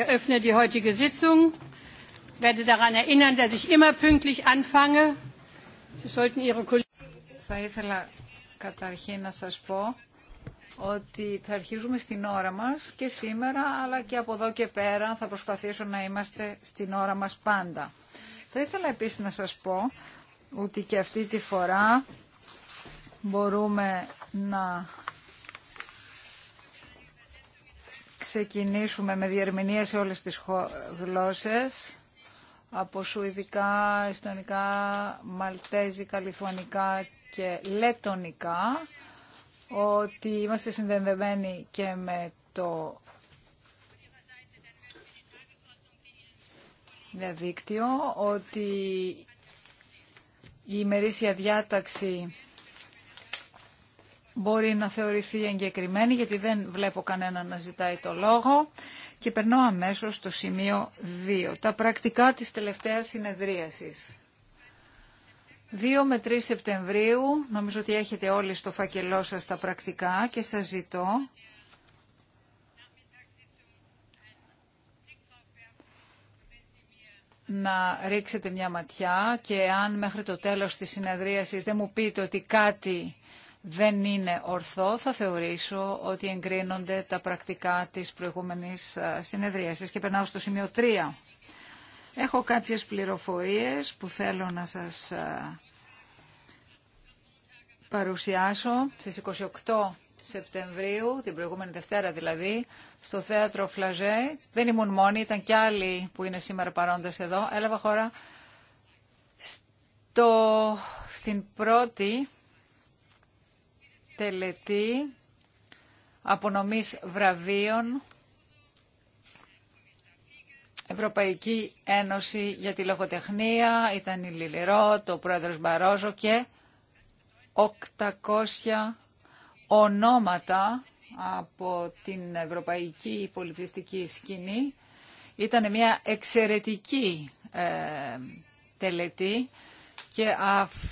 Ich eröffne die heutige Sitzung. werde daran erinnern, dass ich immer pünktlich anfange. Θα ήθελα καταρχήν να πω ότι θα αρχίζουμε στην ώρα μας και σήμερα, αλλά και από εδώ και πέρα θα προσπαθήσω να είμαστε στην ώρα μας πάντα. Θα ήθελα επίσης να σας πω ότι και αυτή τη φορά μπορούμε να ξεκινήσουμε με διερμηνία σε όλες τις γλώσσες από σουηδικά, ιστονικά, μαλτέζικα, λιθουανικά και λετονικά ότι είμαστε συνδεδεμένοι και με το διαδίκτυο ότι η ημερήσια διάταξη μπορεί να θεωρηθεί εγκεκριμένη γιατί δεν βλέπω κανένα να ζητάει το λόγο και περνώ αμέσως στο σημείο 2. Τα πρακτικά της τελευταίας συνεδρίασης. 2 με 3 Σεπτεμβρίου, νομίζω ότι έχετε όλοι στο φακελό σας τα πρακτικά και σας ζητώ να ρίξετε μια ματιά και αν μέχρι το τέλος της συνεδρίασης δεν μου πείτε ότι κάτι δεν είναι ορθό, θα θεωρήσω ότι εγκρίνονται τα πρακτικά της προηγούμενης ε, συνεδρίασης. Και περνάω στο σημείο 3. Έχω κάποιες πληροφορίες που θέλω να σας ε, παρουσιάσω. Στις 28 Σεπτεμβρίου, την προηγούμενη Δευτέρα δηλαδή, στο θέατρο Φλαζέ. Δεν ήμουν μόνη, ήταν κι άλλοι που είναι σήμερα παρόντες εδώ. Έλαβα χώρα στο, στην πρώτη τελετή απονομής βραβείων Ευρωπαϊκή Ένωση για τη Λογοτεχνία, ήταν η Λιλερό, το πρόεδρος Μπαρόζο και 800 ονόματα από την ευρωπαϊκή πολιτιστική σκηνή. Ήταν μια εξαιρετική ε, τελετή και αυτό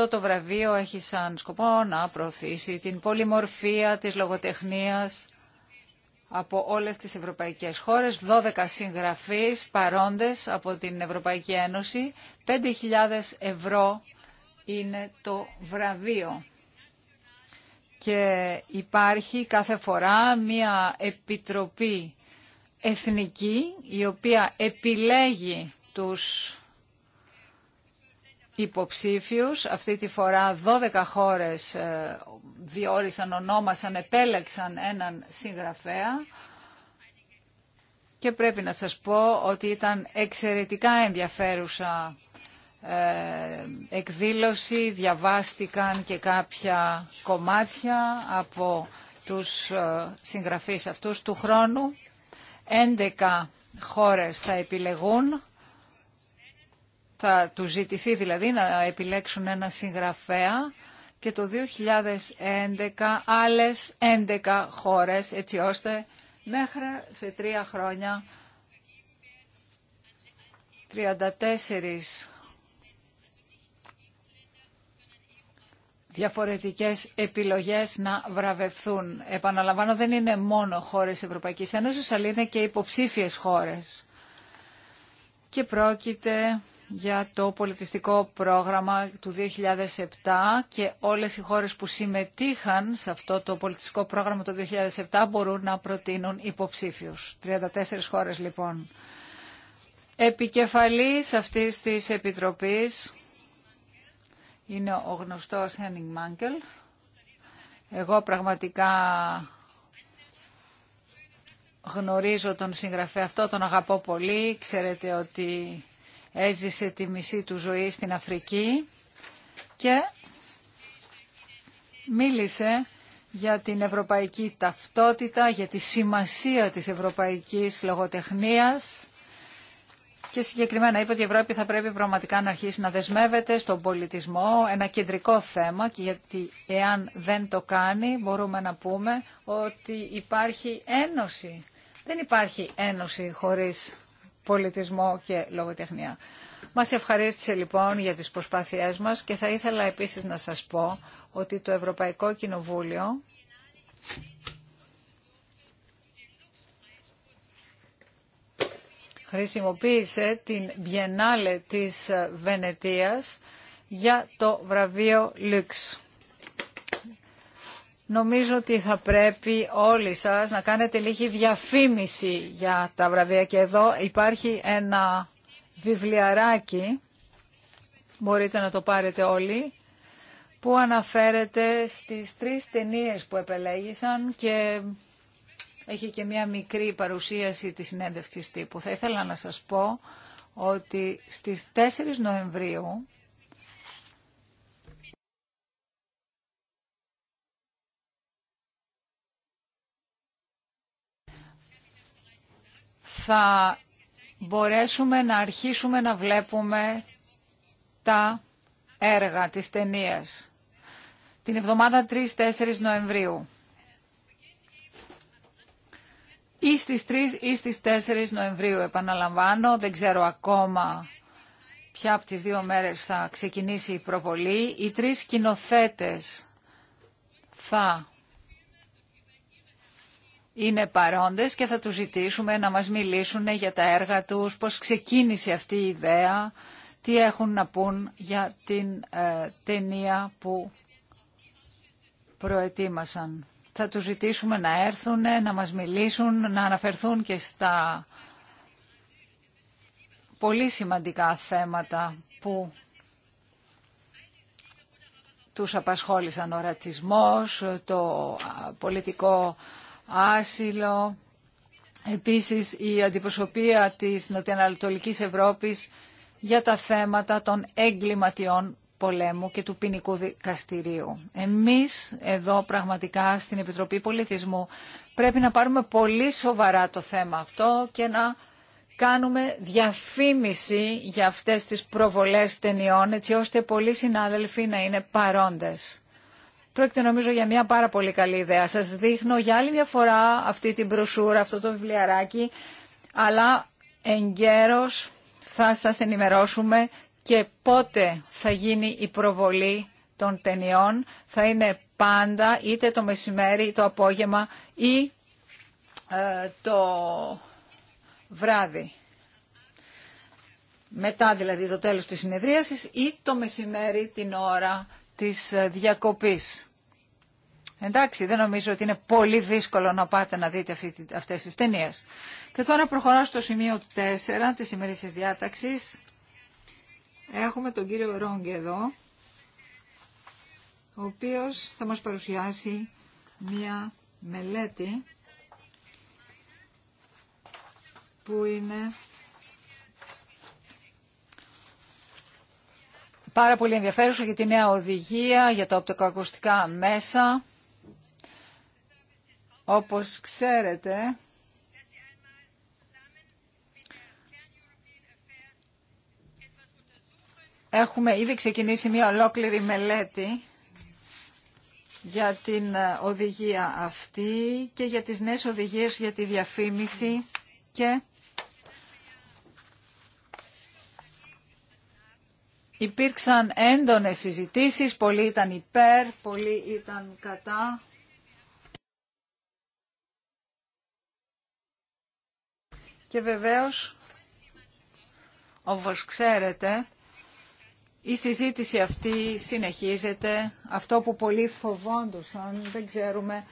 αυτό το βραβείο έχει σαν σκοπό να προωθήσει την πολυμορφία της λογοτεχνίας από όλες τις ευρωπαϊκές χώρες, 12 συγγραφείς παρόντες από την Ευρωπαϊκή Ένωση, 5.000 ευρώ είναι το βραβείο. Και υπάρχει κάθε φορά μια επιτροπή εθνική η οποία επιλέγει τους υποψήφιους. Αυτή τη φορά 12 χώρες ε, διόρισαν, ονόμασαν, επέλεξαν έναν συγγραφέα. Και πρέπει να σας πω ότι ήταν εξαιρετικά ενδιαφέρουσα ε, εκδήλωση. Διαβάστηκαν και κάποια κομμάτια από τους ε, συγγραφείς αυτούς του χρόνου. 11 χώρες θα επιλεγούν θα του ζητηθεί δηλαδή να επιλέξουν ένα συγγραφέα και το 2011 άλλες 11 χώρες έτσι ώστε μέχρι σε τρία χρόνια 34 διαφορετικές επιλογές να βραβευθούν. Επαναλαμβάνω, δεν είναι μόνο χώρες Ευρωπαϊκής Ένωσης, αλλά είναι και υποψήφιες χώρες. Και πρόκειται για το πολιτιστικό πρόγραμμα του 2007 και όλες οι χώρες που συμμετείχαν σε αυτό το πολιτιστικό πρόγραμμα το 2007 μπορούν να προτείνουν υποψήφιους. 34 χώρες λοιπόν. Επικεφαλής αυτής της Επιτροπής είναι ο γνωστός Henning Mankel. Εγώ πραγματικά γνωρίζω τον συγγραφέα αυτό, τον αγαπώ πολύ. Ξέρετε ότι έζησε τη μισή του ζωή στην Αφρική και μίλησε για την ευρωπαϊκή ταυτότητα, για τη σημασία της ευρωπαϊκής λογοτεχνίας και συγκεκριμένα είπε ότι η Ευρώπη θα πρέπει πραγματικά να αρχίσει να δεσμεύεται στον πολιτισμό, ένα κεντρικό θέμα, και γιατί εάν δεν το κάνει μπορούμε να πούμε ότι υπάρχει ένωση. Δεν υπάρχει ένωση χωρίς πολιτισμό και λογοτεχνία. Μας ευχαρίστησε λοιπόν για τις προσπάθειές μας και θα ήθελα επίσης να σας πω ότι το Ευρωπαϊκό Κοινοβούλιο χρησιμοποίησε την Biennale της Βενετίας για το βραβείο Λουξ. Νομίζω ότι θα πρέπει όλοι σας να κάνετε λίγη διαφήμιση για τα βραβεία και εδώ υπάρχει ένα βιβλιαράκι, μπορείτε να το πάρετε όλοι, που αναφέρεται στις τρεις ταινίες που επελέγησαν και έχει και μια μικρή παρουσίαση της συνέντευξης τύπου. Θα ήθελα να σας πω ότι στις 4 Νοεμβρίου θα μπορέσουμε να αρχίσουμε να βλέπουμε τα έργα της ταινία. την εβδομάδα 3-4 Νοεμβρίου. Ή στις 3 ή στις 4 Νοεμβρίου, επαναλαμβάνω, δεν ξέρω ακόμα ποια από τις δύο μέρες θα ξεκινήσει η προβολή. Οι τρεις σκηνοθέτες θα είναι παρόντες και θα τους ζητήσουμε να μας μιλήσουν για τα έργα τους, πώς ξεκίνησε αυτή η ιδέα, τι έχουν να πούν για την ε, ταινία που προετοίμασαν. Θα τους ζητήσουμε να έρθουν, να μας μιλήσουν, να αναφερθούν και στα πολύ σημαντικά θέματα που τους απασχόλησαν ο το πολιτικό άσυλο. Επίσης η αντιπροσωπεία της Νοτιοανατολικής Ευρώπης για τα θέματα των εγκληματιών πολέμου και του ποινικού δικαστηρίου. Εμείς εδώ πραγματικά στην Επιτροπή Πολιτισμού πρέπει να πάρουμε πολύ σοβαρά το θέμα αυτό και να κάνουμε διαφήμιση για αυτές τις προβολές ταινιών έτσι ώστε πολλοί συνάδελφοι να είναι παρόντες. Πρόκειται νομίζω για μια πάρα πολύ καλή ιδέα. Σας δείχνω για άλλη μια φορά αυτή την μπροσούρα, αυτό το βιβλιαράκι, αλλά εγκαίρως θα σας ενημερώσουμε και πότε θα γίνει η προβολή των ταινιών. Θα είναι πάντα είτε το μεσημέρι, το απόγευμα ή ε, το βράδυ. Μετά δηλαδή το τέλος της συνεδρίασης ή το μεσημέρι την ώρα της ε, διακοπής. Εντάξει, δεν νομίζω ότι είναι πολύ δύσκολο να πάτε να δείτε αυτές τις ταινίε. Και τώρα προχωράω στο σημείο 4 τη ημερήσιας διάταξη, Έχουμε τον κύριο Ρόγκε εδώ, ο οποίος θα μας παρουσιάσει μία μελέτη που είναι πάρα πολύ ενδιαφέρουσα για τη νέα οδηγία για τα οπτικοακουστικά μέσα. Όπως ξέρετε, έχουμε ήδη ξεκινήσει μια ολόκληρη μελέτη για την οδηγία αυτή και για τις νέες οδηγίες για τη διαφήμιση και υπήρξαν έντονες συζητήσεις, πολλοί ήταν υπέρ, πολλοί ήταν κατά. Και βεβαίως, όπως ξέρετε, η συζήτηση αυτή συνεχίζεται. Αυτό που πολλοί φοβόντουσαν, δεν ξέρουμε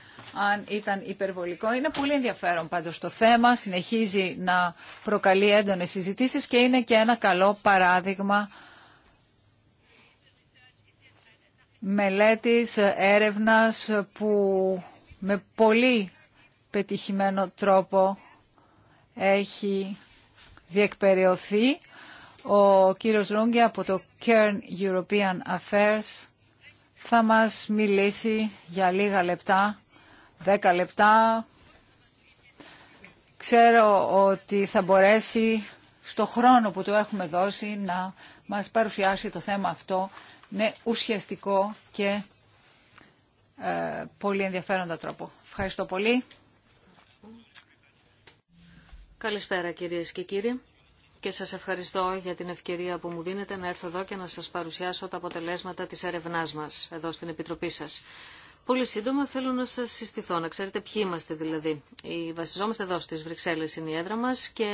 αν ήταν υπερβολικό. Είναι πολύ ενδιαφέρον πάντως το θέμα, συνεχίζει να προκαλεί έντονες συζητήσεις και είναι και ένα καλό παράδειγμα μελέτης, έρευνας που με πολύ πετυχημένο τρόπο έχει διεκπεραιωθεί. Ο κύριος Ρούγκε από το Kern European Affairs θα μας μιλήσει για λίγα λεπτά, δέκα λεπτά. Ξέρω ότι θα μπορέσει στο χρόνο που του έχουμε δώσει να μας παρουσιάσει το θέμα αυτό με ουσιαστικό και ε, πολύ ενδιαφέροντα τρόπο. Ευχαριστώ πολύ. Καλησπέρα κυρίες και κύριοι και σας ευχαριστώ για την ευκαιρία που μου δίνετε να έρθω εδώ και να σας παρουσιάσω τα αποτελέσματα της έρευνάς μας εδώ στην Επιτροπή σας. Πολύ σύντομα θέλω να σας συστηθώ, να ξέρετε ποιοι είμαστε δηλαδή. Βασιζόμαστε εδώ στις Βρυξέλλες είναι η έδρα μας και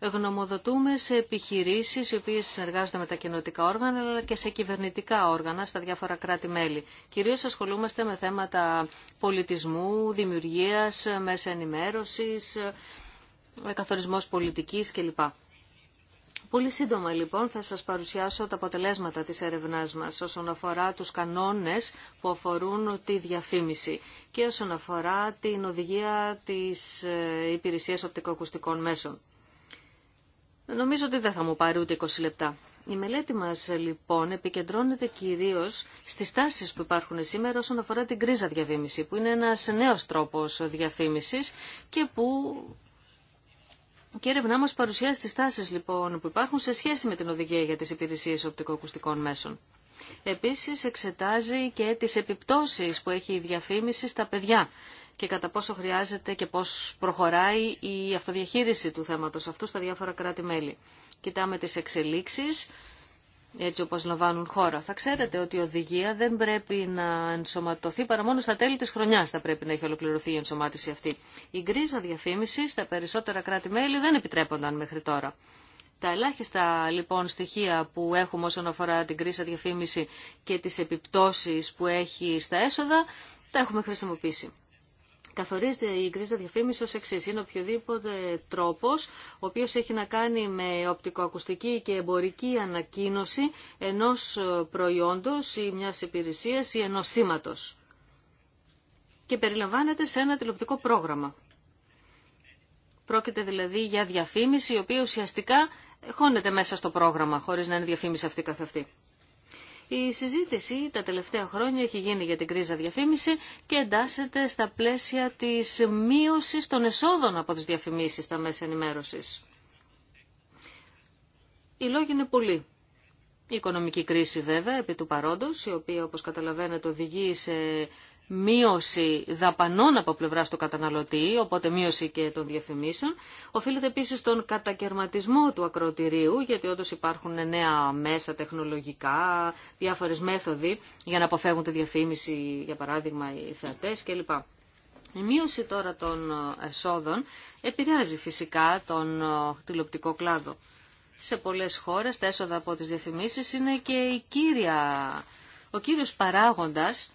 γνωμοδοτούμε σε επιχειρήσεις οι οποίες συνεργάζονται με τα κοινωτικά όργανα αλλά και σε κυβερνητικά όργανα στα διάφορα κράτη-μέλη. Κυρίως ασχολούμαστε με θέματα πολιτισμού, δημιουργίας, μέσα ενημέρωση. Ε, καθορισμός πολιτικής κλπ. Πολύ σύντομα λοιπόν θα σας παρουσιάσω τα αποτελέσματα της έρευνάς μας όσον αφορά τους κανόνες που αφορούν τη διαφήμιση και όσον αφορά την οδηγία της ε, υπηρεσίας οπτικοακουστικών μέσων. Νομίζω ότι δεν θα μου πάρει ούτε 20 λεπτά. Η μελέτη μας ε, λοιπόν επικεντρώνεται κυρίως στις τάσεις που υπάρχουν σήμερα όσον αφορά την κρίζα διαφήμιση, που είναι ένας νέος τρόπος διαφήμισης και που και η έρευνά παρουσιάζει τις τάσεις λοιπόν που υπάρχουν σε σχέση με την οδηγία για τις υπηρεσίες οπτικοακουστικών μέσων. Επίσης εξετάζει και τις επιπτώσεις που έχει η διαφήμιση στα παιδιά και κατά πόσο χρειάζεται και πώς προχωράει η αυτοδιαχείριση του θέματος αυτού στα διάφορα κράτη-μέλη. Κοιτάμε τις εξελίξεις έτσι όπως λαμβάνουν χώρα. Θα ξέρετε ότι η οδηγία δεν πρέπει να ενσωματωθεί παρά μόνο στα τέλη της χρονιάς θα πρέπει να έχει ολοκληρωθεί η ενσωμάτιση αυτή. Η γκρίζα διαφήμιση στα περισσότερα κράτη-μέλη δεν επιτρέπονταν μέχρι τώρα. Τα ελάχιστα λοιπόν στοιχεία που έχουμε όσον αφορά την κρίση διαφήμιση και τις επιπτώσεις που έχει στα έσοδα, τα έχουμε χρησιμοποιήσει. Καθορίζεται η γκρίζα διαφήμιση ως εξής. Είναι οποιοδήποτε τρόπος ο οποίος έχει να κάνει με οπτικοακουστική και εμπορική ανακοίνωση ενός προϊόντος ή μιας υπηρεσίας ή ενός σήματος και περιλαμβάνεται σε ένα τηλεοπτικό πρόγραμμα. Πρόκειται δηλαδή για διαφήμιση η οποία ουσιαστικά χώνεται μέσα στο πρόγραμμα χωρίς να είναι διαφήμιση αυτή καθ' αυτή. Η συζήτηση τα τελευταία χρόνια έχει γίνει για την κρίζα διαφήμιση και εντάσσεται στα πλαίσια της μείωσης των εσόδων από τις διαφημίσεις στα μέσα ενημέρωσης. Οι λόγοι είναι πολλοί. Η οικονομική κρίση βέβαια επί του παρόντος, η οποία όπως καταλαβαίνετε οδηγεί σε μείωση δαπανών από πλευρά του καταναλωτή, οπότε μείωση και των διαφημίσεων. Οφείλεται επίση στον κατακαιρματισμό του ακροτηρίου, γιατί όντω υπάρχουν νέα μέσα τεχνολογικά, διάφορε μέθοδοι για να αποφεύγουν τη διαφήμιση, για παράδειγμα, οι θεατέ κλπ. Η μείωση τώρα των εσόδων επηρεάζει φυσικά τον ε, τηλεοπτικό κλάδο. Σε πολλές χώρες τα έσοδα από τις διαφημίσεις είναι και η κύρια, ο κύριος παράγοντας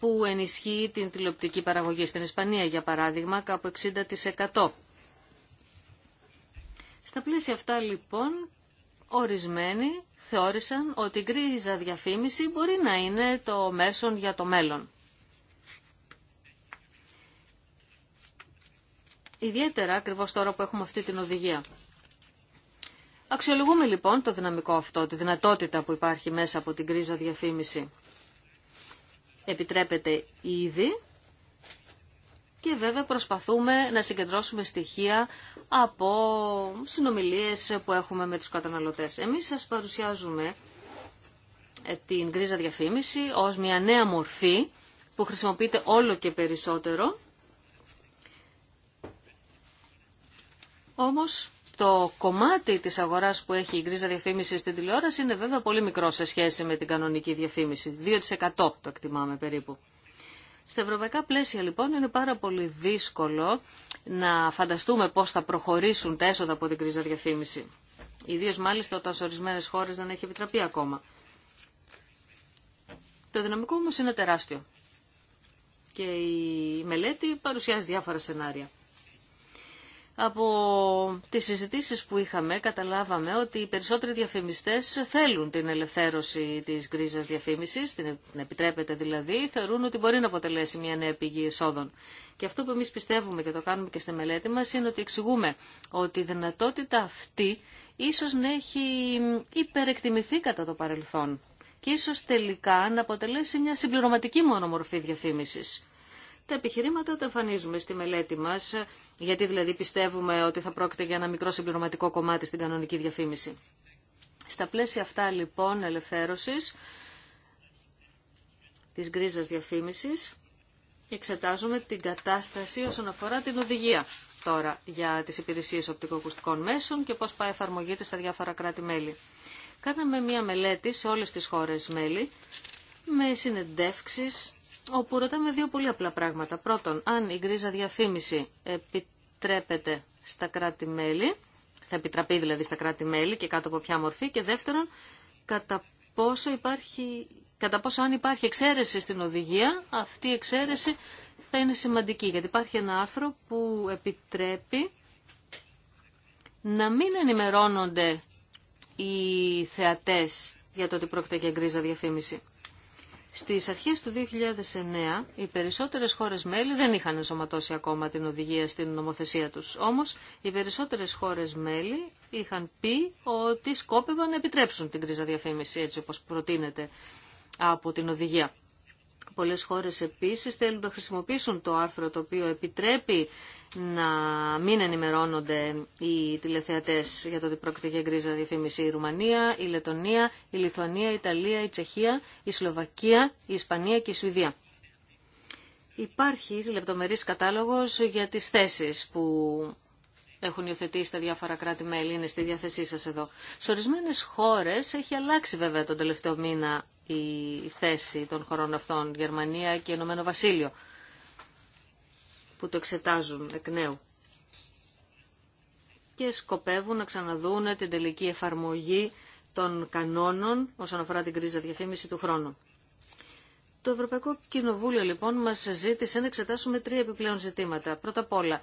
που ενισχύει την τηλεοπτική παραγωγή. Στην Ισπανία, για παράδειγμα, κάπου 60%. Στα πλαίσια αυτά, λοιπόν, ορισμένοι θεώρησαν ότι η γκρίζα διαφήμιση μπορεί να είναι το μέσον για το μέλλον. Ιδιαίτερα ακριβώς τώρα που έχουμε αυτή την οδηγία. Αξιολογούμε λοιπόν το δυναμικό αυτό, τη δυνατότητα που υπάρχει μέσα από την κρίζα διαφήμιση επιτρέπεται ήδη και βέβαια προσπαθούμε να συγκεντρώσουμε στοιχεία από συνομιλίες που έχουμε με τους καταναλωτές. Εμείς σας παρουσιάζουμε ε, την γκρίζα διαφήμιση ως μια νέα μορφή που χρησιμοποιείται όλο και περισσότερο. Όμως το κομμάτι της αγοράς που έχει η γκρίζα διαφήμιση στην τηλεόραση είναι βέβαια πολύ μικρό σε σχέση με την κανονική διαφήμιση. 2% το εκτιμάμε περίπου. Στα ευρωπαϊκά πλαίσια λοιπόν είναι πάρα πολύ δύσκολο να φανταστούμε πώς θα προχωρήσουν τα έσοδα από την γκρίζα διαφήμιση. Ιδίως μάλιστα όταν σε ορισμένες χώρες δεν έχει επιτραπεί ακόμα. Το δυναμικό όμως είναι τεράστιο. Και η μελέτη παρουσιάζει διάφορα σενάρια. Από τις συζητήσεις που είχαμε καταλάβαμε ότι οι περισσότεροι διαφημιστές θέλουν την ελευθέρωση της γκρίζας διαφήμισης, την ε, επιτρέπεται δηλαδή, θεωρούν ότι μπορεί να αποτελέσει μια νέα πηγή εσόδων. Και αυτό που εμείς πιστεύουμε και το κάνουμε και στη μελέτη μας είναι ότι εξηγούμε ότι η δυνατότητα αυτή ίσως να έχει υπερεκτιμηθεί κατά το παρελθόν και ίσως τελικά να αποτελέσει μια συμπληρωματική μόνο διαφήμισης. Τα επιχειρήματα τα εμφανίζουμε στη μελέτη μας, γιατί δηλαδή πιστεύουμε ότι θα πρόκειται για ένα μικρό συμπληρωματικό κομμάτι στην κανονική διαφήμιση. Στα πλαίσια αυτά λοιπόν ελευθέρωσης της γκρίζας διαφήμισης, εξετάζουμε την κατάσταση όσον αφορά την οδηγία τώρα για τις υπηρεσίες οπτικοακουστικών μέσων και πώς πάει εφαρμογείται στα διάφορα κράτη-μέλη. Κάναμε μία μελέτη σε όλες τις χώρες μέλη με συνεντεύξεις όπου ρωτάμε δύο πολύ απλά πράγματα. Πρώτον, αν η γκρίζα διαφήμιση επιτρέπεται στα κράτη-μέλη, θα επιτραπεί δηλαδή στα κράτη-μέλη και κάτω από ποια μορφή, και δεύτερον, κατά πόσο, υπάρχει, κατά πόσο αν υπάρχει εξαίρεση στην οδηγία, αυτή η εξαίρεση θα είναι σημαντική, γιατί υπάρχει ένα άρθρο που επιτρέπει να μην ενημερώνονται οι θεατές για το ότι πρόκειται για γκρίζα διαφήμιση. Στις αρχές του 2009 οι περισσότερες χώρες μέλη δεν είχαν ενσωματώσει ακόμα την οδηγία στην νομοθεσία τους. Όμως οι περισσότερες χώρες μέλη είχαν πει ότι σκόπευαν να επιτρέψουν την κρίζα διαφήμιση έτσι όπως προτείνεται από την οδηγία. Πολλές χώρες επίσης θέλουν να χρησιμοποιήσουν το άρθρο το οποίο επιτρέπει να μην ενημερώνονται οι τηλεθεατές για το ότι πρόκειται για γκρίζα διαφήμιση. Η Ρουμανία, η Λετωνία, η Λιθουανία, η Ιταλία, η Τσεχία, η Σλοβακία, η Ισπανία και η Σουηδία. Υπάρχει λεπτομερής κατάλογος για τις θέσεις που έχουν υιοθετήσει τα διάφορα κράτη-μέλη, είναι στη διάθεσή σας εδώ. Σε ορισμένες χώρες έχει αλλάξει βέβαια τον τελευταίο μήνα η θέση των χωρών αυτών, Γερμανία και Ηνωμένο Βασίλειο, που το εξετάζουν εκ νέου. Και σκοπεύουν να ξαναδούν την τελική εφαρμογή των κανόνων όσον αφορά την κρίζα διαφήμιση του χρόνου. Το Ευρωπαϊκό Κοινοβούλιο λοιπόν μας ζήτησε να εξετάσουμε τρία επιπλέον ζητήματα. Πρώτα απ' όλα,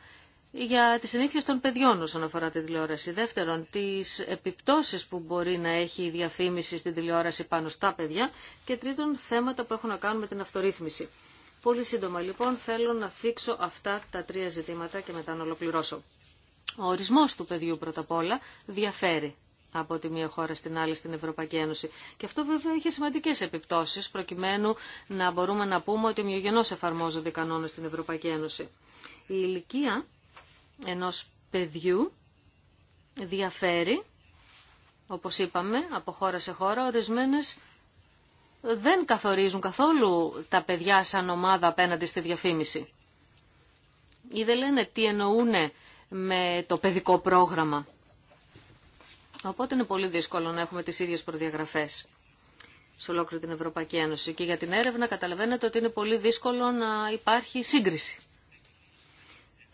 για τις συνήθειες των παιδιών όσον αφορά τη τηλεόραση. Δεύτερον, τις επιπτώσεις που μπορεί να έχει η διαφήμιση στην τηλεόραση πάνω στα παιδιά. Και τρίτον, θέματα που έχουν να κάνουν με την αυτορύθμιση. Πολύ σύντομα λοιπόν θέλω να θίξω αυτά τα τρία ζητήματα και μετά να ολοκληρώσω. Ο ορισμός του παιδιού πρώτα απ' όλα διαφέρει από τη μία χώρα στην άλλη στην Ευρωπαϊκή Ένωση. Και αυτό βέβαια έχει σημαντικέ επιπτώσει, προκειμένου να μπορούμε να πούμε ότι ομοιογενώ εφαρμόζονται κανόνε στην Ευρωπαϊκή Ένωση. Η ηλικία ενός παιδιού διαφέρει, όπως είπαμε, από χώρα σε χώρα. Ορισμένες δεν καθορίζουν καθόλου τα παιδιά σαν ομάδα απέναντι στη διαφήμιση. Ή δεν λένε τι εννοούν με το παιδικό πρόγραμμα. Οπότε είναι πολύ δύσκολο να έχουμε τις ίδιες προδιαγραφές σε ολόκληρη την Ευρωπαϊκή Ένωση. Και για την έρευνα καταλαβαίνετε ότι είναι πολύ δύσκολο να υπάρχει σύγκριση.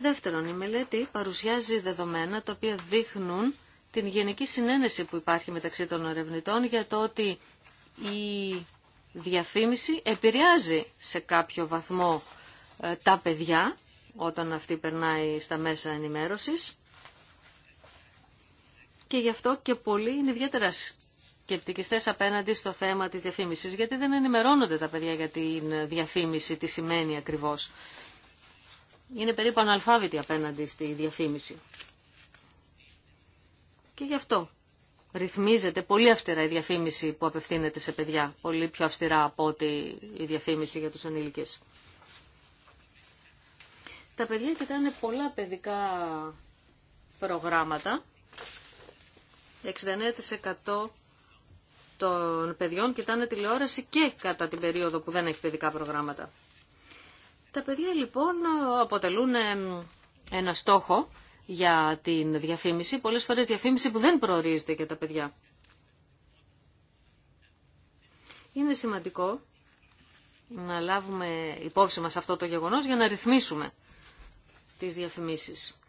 Δεύτερον, η μελέτη παρουσιάζει δεδομένα τα οποία δείχνουν την γενική συνένεση που υπάρχει μεταξύ των ερευνητών για το ότι η διαφήμιση επηρεάζει σε κάποιο βαθμό ε, τα παιδιά όταν αυτή περνάει στα μέσα ενημέρωσης και γι' αυτό και πολλοί είναι ιδιαίτερα σκεπτικιστές απέναντι στο θέμα της διαφήμισης γιατί δεν ενημερώνονται τα παιδιά για την διαφήμιση, τι σημαίνει ακριβώς είναι περίπου αναλφάβητη απέναντι στη διαφήμιση. Και γι' αυτό ρυθμίζεται πολύ αυστηρά η διαφήμιση που απευθύνεται σε παιδιά. Πολύ πιο αυστηρά από ότι η διαφήμιση για τους ανήλικες. Τα παιδιά κοιτάνε πολλά παιδικά προγράμματα. 69% των παιδιών κοιτάνε τηλεόραση και κατά την περίοδο που δεν έχει παιδικά προγράμματα. Τα παιδιά λοιπόν αποτελούν ένα στόχο για την διαφήμιση, πολλές φορές διαφήμιση που δεν προορίζεται για τα παιδιά. Είναι σημαντικό να λάβουμε υπόψη μας αυτό το γεγονός για να ρυθμίσουμε τις διαφημίσεις.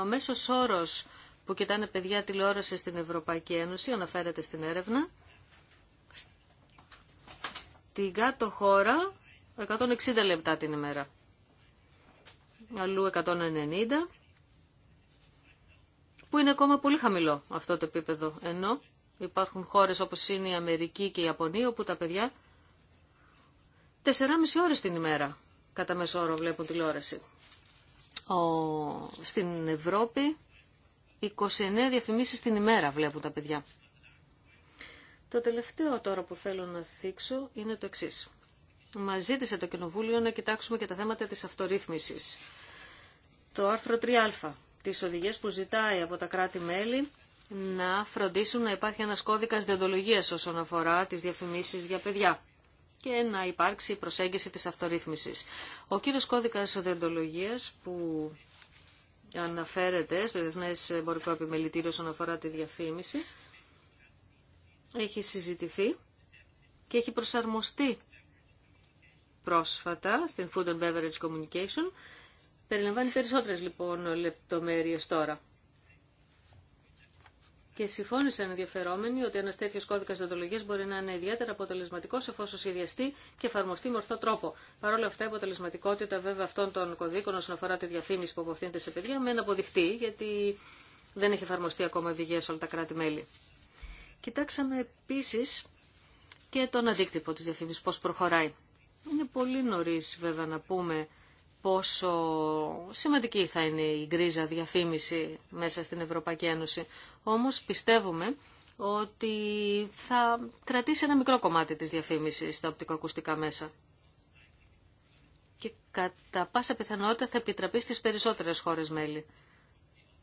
Ο μέσος όρος που κοιτάνε παιδιά τηλεόραση στην Ευρωπαϊκή Ένωση αναφέρεται στην έρευνα. Στην κάτω χώρα 160 λεπτά την ημέρα. Αλλού 190, που είναι ακόμα πολύ χαμηλό αυτό το επίπεδο. Ενώ υπάρχουν χώρες όπως είναι η Αμερική και η Ιαπωνία, όπου τα παιδιά 4,5 ώρες την ημέρα κατά μέσο όρο βλέπουν τηλεόραση. Στην Ευρώπη 29 διαφημίσεις την ημέρα βλέπουν τα παιδιά. Το τελευταίο τώρα που θέλω να θίξω είναι το εξής μας ζήτησε το Κοινοβούλιο να κοιτάξουμε και τα θέματα της αυτορύθμισης. Το άρθρο 3α, τις οδηγίες που ζητάει από τα κράτη-μέλη να φροντίσουν να υπάρχει ένας κώδικας διοντολογίας όσον αφορά τις διαφημίσεις για παιδιά και να υπάρξει η προσέγγιση της αυτορύθμισης. Ο κύριος κώδικας διοντολογίας που αναφέρεται στο Διεθνές Εμπορικό Επιμελητήριο όσον αφορά τη διαφήμιση έχει συζητηθεί και έχει προσαρμοστεί πρόσφατα στην Food and Beverage Communication. Περιλαμβάνει περισσότερες λοιπόν λεπτομέρειες τώρα. Και συμφώνησαν ενδιαφερόμενοι ότι ένα τέτοιο κώδικα δοντολογία μπορεί να είναι ιδιαίτερα αποτελεσματικό εφόσον σχεδιαστεί και εφαρμοστεί με ορθό τρόπο. Παρ' όλα αυτά, η αποτελεσματικότητα βέβαια αυτών των κωδίκων όσον αφορά τη διαφήμιση που αποφθύνεται σε παιδιά μένει αποδειχτή, γιατί δεν έχει εφαρμοστεί ακόμα οδηγία σε όλα τα κράτη-μέλη. Κοιτάξαμε επίση και τον αντίκτυπο τη διαφήμιση, πώ προχωράει. Είναι πολύ νωρίς βέβαια να πούμε πόσο σημαντική θα είναι η γκρίζα διαφήμιση μέσα στην Ευρωπαϊκή Ένωση. Όμως πιστεύουμε ότι θα κρατήσει ένα μικρό κομμάτι της διαφήμισης στα οπτικοακουστικά μέσα. Και κατά πάσα πιθανότητα θα επιτραπεί στις περισσότερες χώρες μέλη.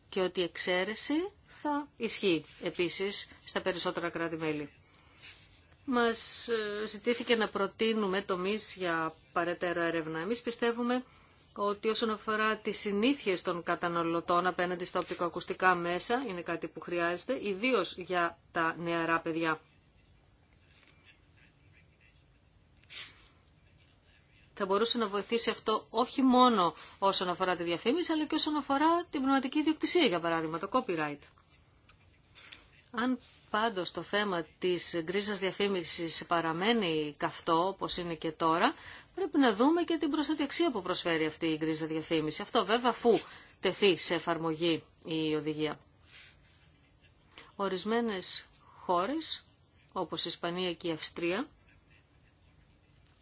Και ότι η εξαίρεση θα ισχύει επίσης στα περισσότερα κράτη-μέλη μας ε, ζητήθηκε να προτείνουμε τομείς για παρέτερα έρευνα. Εμείς πιστεύουμε ότι όσον αφορά τις συνήθειες των καταναλωτών απέναντι στα οπτικοακουστικά μέσα, είναι κάτι που χρειάζεται, ιδίως για τα νεαρά παιδιά. Θα μπορούσε να βοηθήσει αυτό όχι μόνο όσον αφορά τη διαφήμιση, αλλά και όσον αφορά την πνευματική ιδιοκτησία, για παράδειγμα, το copyright. Αν Πάντως το θέμα της γκρίζας διαφήμισης παραμένει καυτό, όπως είναι και τώρα. Πρέπει να δούμε και την προστατευσία που προσφέρει αυτή η γκρίζα διαφήμιση. Αυτό βέβαια αφού τεθεί σε εφαρμογή η οδηγία. Ορισμένες χώρες, όπως η Ισπανία και η Αυστρία,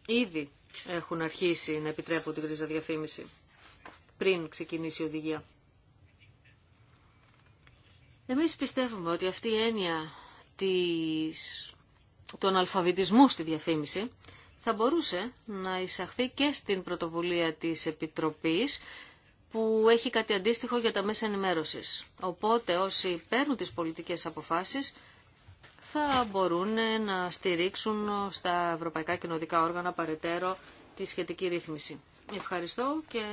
ήδη έχουν αρχίσει να επιτρέπουν την γκρίζα διαφήμιση πριν ξεκινήσει η οδηγία. Εμείς πιστεύουμε ότι αυτή η έννοια της... των αλφαβητισμού στη διαφήμιση θα μπορούσε να εισαχθεί και στην πρωτοβουλία της Επιτροπής που έχει κάτι αντίστοιχο για τα μέσα ενημέρωσης. Οπότε όσοι παίρνουν τις πολιτικές αποφάσεις θα μπορούν να στηρίξουν στα ευρωπαϊκά κοινωτικά όργανα παρετέρω τη σχετική ρύθμιση. Ευχαριστώ και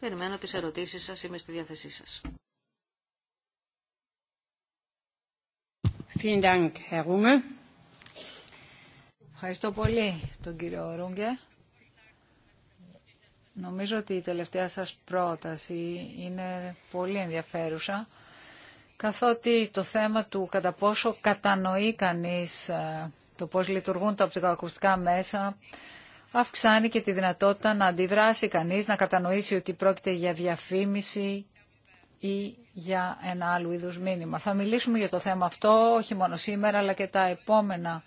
περιμένω τις ερωτήσεις σας. Είμαι στη διάθεσή σας. Ευχαριστώ πολύ τον κύριο Ρούγκε. Νομίζω ότι η τελευταία σας πρόταση είναι πολύ ενδιαφέρουσα, καθότι το θέμα του κατά πόσο κατανοεί κανείς ε, το πώς λειτουργούν τα οπτικοακουστικά μέσα αυξάνει και τη δυνατότητα να αντιδράσει κανείς, να κατανοήσει ότι πρόκειται για διαφήμιση ή για ένα άλλο είδους μήνυμα. Θα μιλήσουμε για το θέμα αυτό όχι μόνο σήμερα αλλά και τα επόμενα,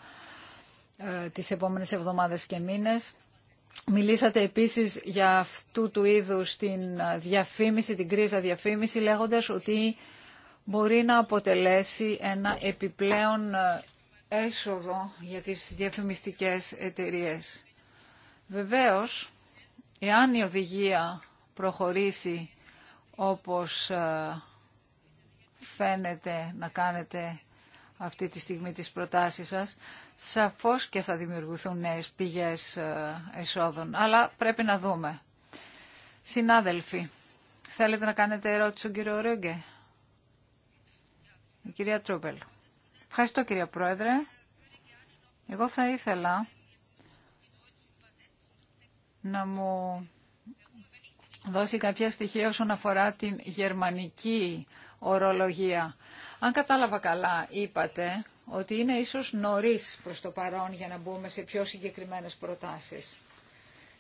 ε, τις επόμενες εβδομάδες και μήνες. Μιλήσατε επίσης για αυτού του είδους την ε, διαφήμιση, την κρίζα διαφήμιση λέγοντας ότι μπορεί να αποτελέσει ένα επιπλέον ε, έσοδο για τις διαφημιστικές εταιρείες. Βεβαίως, εάν η οδηγία προχωρήσει όπως ε, φαίνεται να κάνετε αυτή τη στιγμή τις προτάσεις σας, σαφώς και θα δημιουργηθούν νέες πηγές ε, εσόδων. Αλλά πρέπει να δούμε. Συνάδελφοι, θέλετε να κάνετε ερώτηση στον κύριο Ρούγκε. Η κυρία Τρούπελ. Ευχαριστώ κυρία Πρόεδρε. Εγώ θα ήθελα να μου δώσει κάποια στοιχεία όσον αφορά την γερμανική ορολογία. Αν κατάλαβα καλά, είπατε ότι είναι ίσως νωρίς προς το παρόν για να μπούμε σε πιο συγκεκριμένες προτάσεις.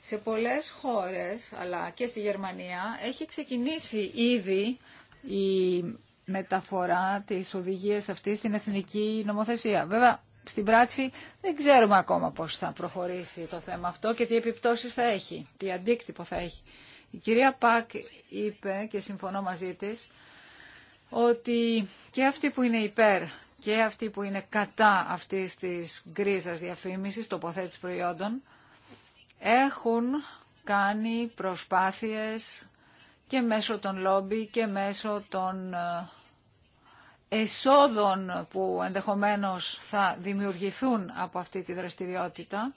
Σε πολλές χώρες, αλλά και στη Γερμανία, έχει ξεκινήσει ήδη η μεταφορά της οδηγίας αυτής στην εθνική νομοθεσία. Βέβαια, στην πράξη δεν ξέρουμε ακόμα πώς θα προχωρήσει το θέμα αυτό και τι επιπτώσεις θα έχει, τι αντίκτυπο θα έχει. Η κυρία Πακ είπε και συμφωνώ μαζί της ότι και αυτοί που είναι υπέρ και αυτοί που είναι κατά αυτής της γκρίζας διαφήμισης, τοποθέτηση προϊόντων, έχουν κάνει προσπάθειες και μέσω των λόμπι και μέσω των ε, εσόδων που ενδεχομένως θα δημιουργηθούν από αυτή τη δραστηριότητα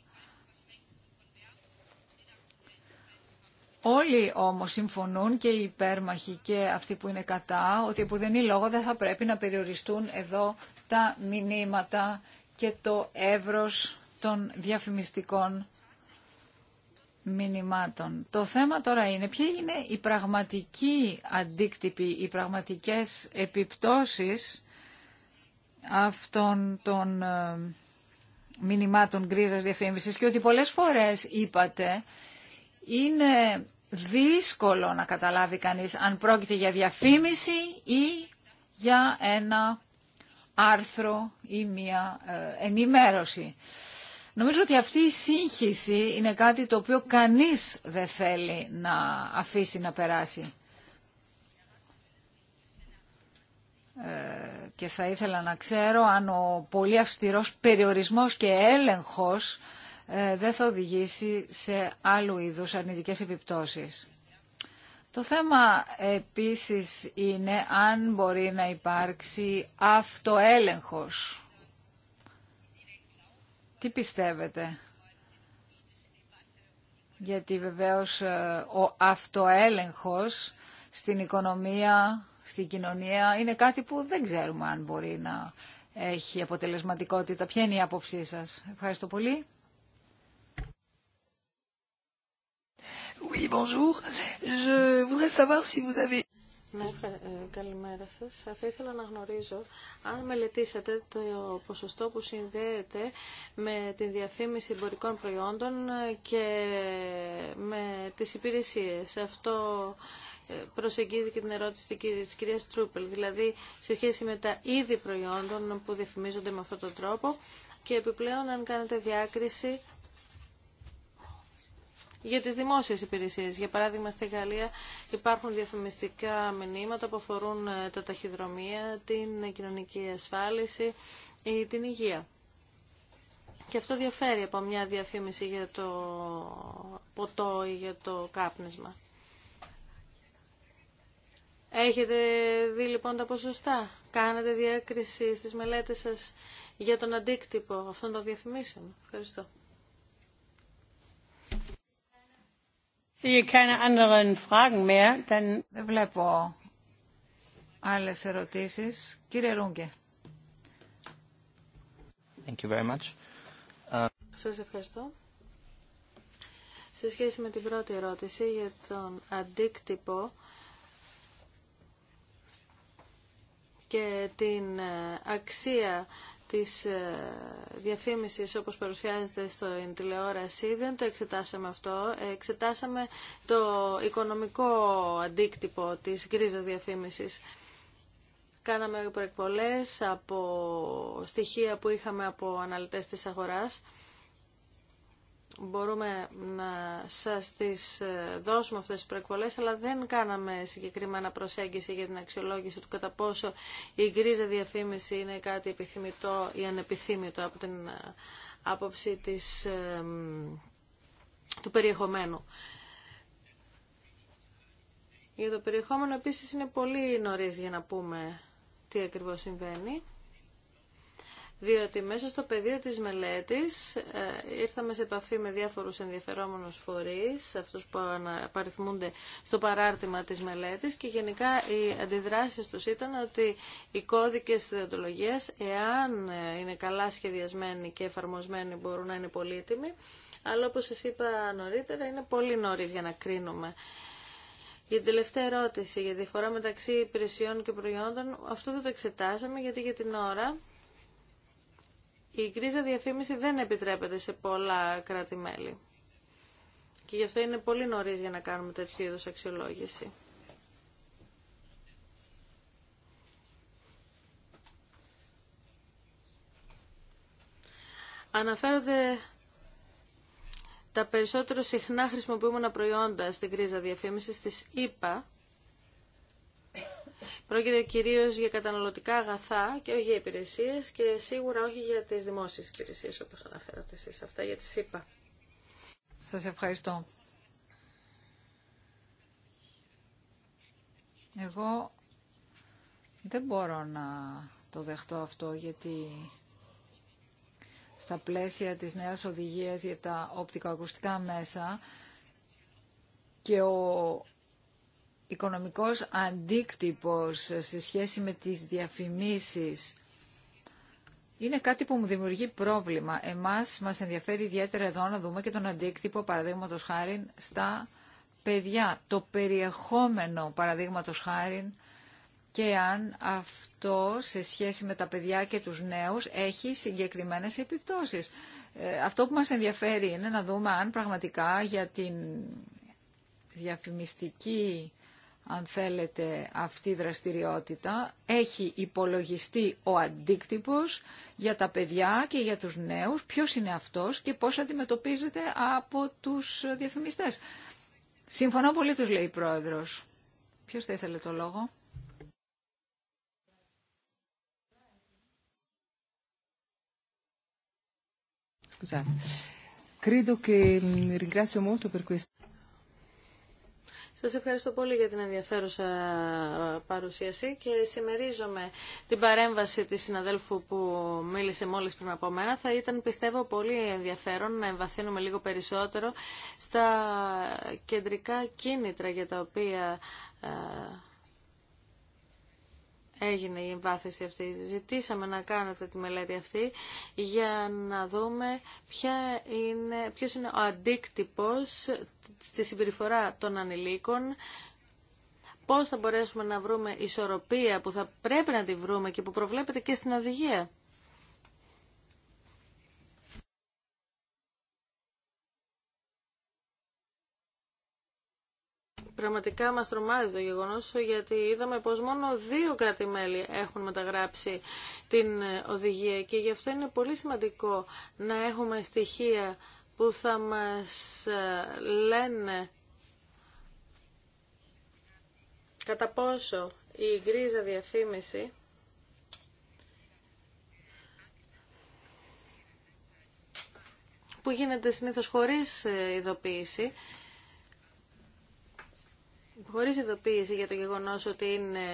Όλοι όμως συμφωνούν και οι υπέρμαχοι και αυτοί που είναι κατά ότι που δεν είναι λόγο δεν θα πρέπει να περιοριστούν εδώ τα μηνύματα και το εύρος των διαφημιστικών μηνυμάτων. Το θέμα τώρα είναι ποιοι είναι οι πραγματικοί αντίκτυποι, οι πραγματικές επιπτώσεις αυτών των ε, μηνυμάτων γκρίζας διαφήμισης και ότι πολλές φορές είπατε είναι δύσκολο να καταλάβει κανείς αν πρόκειται για διαφήμιση ή για ένα άρθρο ή μια ε, ενημέρωση. Νομίζω ότι αυτή η σύγχυση είναι κάτι το οποίο κανείς δεν θέλει να αφήσει να περάσει. Ε, και θα ήθελα να ξέρω αν ο πολύ αυστηρός περιορισμός και έλεγχος ε, δεν θα οδηγήσει σε άλλου είδους αρνητικές επιπτώσεις. Το θέμα επίσης είναι αν μπορεί να υπάρξει αυτοέλεγχος. Τι πιστεύετε. Γιατί βεβαίως ε, ο αυτοέλεγχος στην οικονομία, στην κοινωνία είναι κάτι που δεν ξέρουμε αν μπορεί να έχει αποτελεσματικότητα. Ποια είναι η άποψή σας. Ευχαριστώ πολύ. Ναι, ε, καλημέρα σας. Θα ήθελα να γνωρίζω αν μελετήσατε το ποσοστό που συνδέεται με τη διαφήμιση εμπορικών προϊόντων και με τις υπηρεσίες. Αυτό ε, προσεγγίζει και την ερώτηση της κυρίας Τρούπελ, δηλαδή σε σχέση με τα είδη προϊόντων που διαφημίζονται με αυτόν τον τρόπο και επιπλέον αν κάνετε διάκριση για τις δημόσιες υπηρεσίες. Για παράδειγμα, στη Γαλλία υπάρχουν διαφημιστικά μηνύματα που αφορούν ε, τα ταχυδρομεία, την κοινωνική ασφάλιση ή την υγεία. Και αυτό διαφέρει από μια διαφήμιση για το ποτό ή για το κάπνισμα. Έχετε δει λοιπόν τα ποσοστά. Κάνετε διάκριση στις μελέτες σας για τον αντίκτυπο αυτών των διαφημίσεων. Ευχαριστώ. Δεν βλέπω άλλε ερωτήσει. Κύριε Ρούγκε. Thank you very much. Uh, Σας ευχαριστώ. Σε σχέση με την πρώτη ερώτηση για τον αντίκτυπο και την ε, αξία της ε, διαφήμισης όπως παρουσιάζεται στην τηλεόραση δεν το εξετάσαμε αυτό. Εξετάσαμε το οικονομικό αντίκτυπο της γκρίζας διαφήμισης. Κάναμε προεκπολές από στοιχεία που είχαμε από αναλυτές της αγοράς μπορούμε να σας τις ε, δώσουμε αυτές τις προεκβολές, αλλά δεν κάναμε συγκεκριμένα προσέγγιση για την αξιολόγηση του κατά πόσο η γκρίζα διαφήμιση είναι κάτι επιθυμητό ή ανεπιθύμητο από την ε, άποψη της, ε, του περιεχομένου. Για το περιεχόμενο επίσης είναι πολύ νωρίς για να πούμε τι ακριβώς συμβαίνει διότι μέσα στο πεδίο της μελέτης ε, ήρθαμε σε επαφή με διάφορους ενδιαφερόμενους φορείς, αυτούς που παριθμούνται στο παράρτημα της μελέτης και γενικά οι αντιδράσεις τους ήταν ότι οι κώδικες διοντολογίας, εάν ε, είναι καλά σχεδιασμένοι και εφαρμοσμένοι, μπορούν να είναι πολύτιμοι, αλλά όπως σας είπα νωρίτερα, είναι πολύ νωρίς για να κρίνουμε. Για την τελευταία ερώτηση, για τη διαφορά μεταξύ υπηρεσιών και προϊόντων, αυτό δεν το εξετάσαμε, γιατί για την ώρα η γκρίζα διαφήμιση δεν επιτρέπεται σε πολλά κράτη-μέλη. Και γι' αυτό είναι πολύ νωρί για να κάνουμε τέτοιου είδου αξιολόγηση. Αναφέρονται τα περισσότερο συχνά χρησιμοποιούμενα προϊόντα στην κρίζα διαφήμιση της ΕΠΑ Πρόκειται κυρίως για καταναλωτικά αγαθά και όχι για υπηρεσίε, και σίγουρα όχι για τις δημόσιες υπηρεσίε όπως αναφέρατε εσεί. αυτά για τι είπα. Σα ευχαριστώ. Εγώ δεν μπορώ να το δεχτώ αυτό γιατί στα πλαίσια της νέας οδηγίας για τα οπτικοακουστικά μέσα και ο οικονομικός αντίκτυπος σε σχέση με τις διαφημίσεις είναι κάτι που μου δημιουργεί πρόβλημα. Εμάς μας ενδιαφέρει ιδιαίτερα εδώ να δούμε και τον αντίκτυπο, παραδείγματο χάρη, στα παιδιά. Το περιεχόμενο, παραδείγματο χάρη, και αν αυτό σε σχέση με τα παιδιά και τους νέους έχει συγκεκριμένες επιπτώσεις. Ε, αυτό που μας ενδιαφέρει είναι να δούμε αν πραγματικά για την διαφημιστική αν θέλετε, αυτή η δραστηριότητα. Έχει υπολογιστεί ο αντίκτυπος για τα παιδιά και για τους νέους, ποιος είναι αυτός και πώς αντιμετωπίζεται από τους διαφημιστές. Συμφωνώ πολύ τους λέει η Πρόεδρος. Ποιος θα ήθελε το λόγο. Credo che ringrazio molto για questo. Σας ευχαριστώ πολύ για την ενδιαφέρουσα παρουσίαση και συμμερίζομαι την παρέμβαση της συναδέλφου που μίλησε μόλις πριν από μένα. Θα ήταν πιστεύω πολύ ενδιαφέρον να εμβαθύνουμε λίγο περισσότερο στα κεντρικά κίνητρα για τα οποία ε, έγινε η εμβάθυνση αυτή. Ζητήσαμε να κάνετε τη μελέτη αυτή για να δούμε ποια είναι, ποιος είναι ο αντίκτυπος στη συμπεριφορά των ανηλίκων πώς θα μπορέσουμε να βρούμε ισορροπία που θα πρέπει να τη βρούμε και που προβλέπεται και στην οδηγία. Πραγματικά μας τρομάζει το γεγονός γιατί είδαμε πως μόνο δύο έχουν μεταγράψει την ε, οδηγία και γι' αυτό είναι πολύ σημαντικό να έχουμε στοιχεία που θα μας ε, λένε κατά πόσο η γκρίζα διαφήμιση που γίνεται συνήθως χωρίς ε, ειδοποίηση χωρίς ειδοποίηση για το γεγονός ότι είναι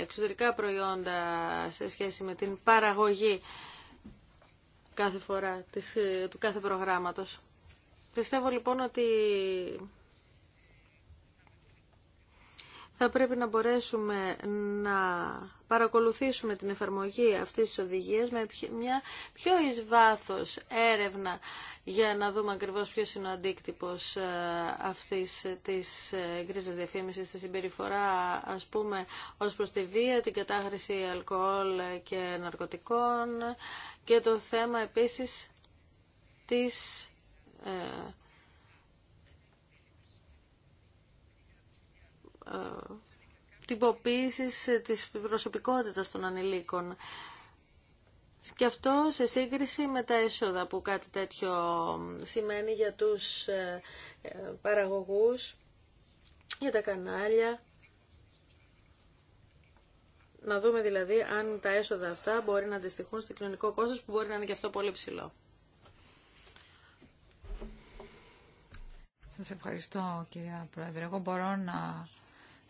εξωτερικά προϊόντα σε σχέση με την παραγωγή κάθε φορά της, ε, του κάθε προγράμματος. Πιστεύω λοιπόν ότι θα πρέπει να μπορέσουμε να παρακολουθήσουμε την εφαρμογή αυτής της οδηγίας με μια πιο εις βάθος έρευνα για να δούμε ακριβώς ποιος είναι ο αντίκτυπος ε, αυτής της ε, γκρίζας διαφήμισης, στη συμπεριφορά ας πούμε ως προς τη βία, την κατάχρηση αλκοόλ και ναρκωτικών και το θέμα επίσης της ε, Ε, τυποποίησης της προσωπικότητας των ανηλίκων. Και αυτό σε σύγκριση με τα έσοδα που κάτι τέτοιο σημαίνει για τους ε, ε, παραγωγούς, για τα κανάλια. Να δούμε δηλαδή αν τα έσοδα αυτά μπορεί να αντιστοιχούν στο κοινωνικό κόστος που μπορεί να είναι και αυτό πολύ ψηλό. Σας ευχαριστώ κυρία Πρόεδρε. Εγώ μπορώ να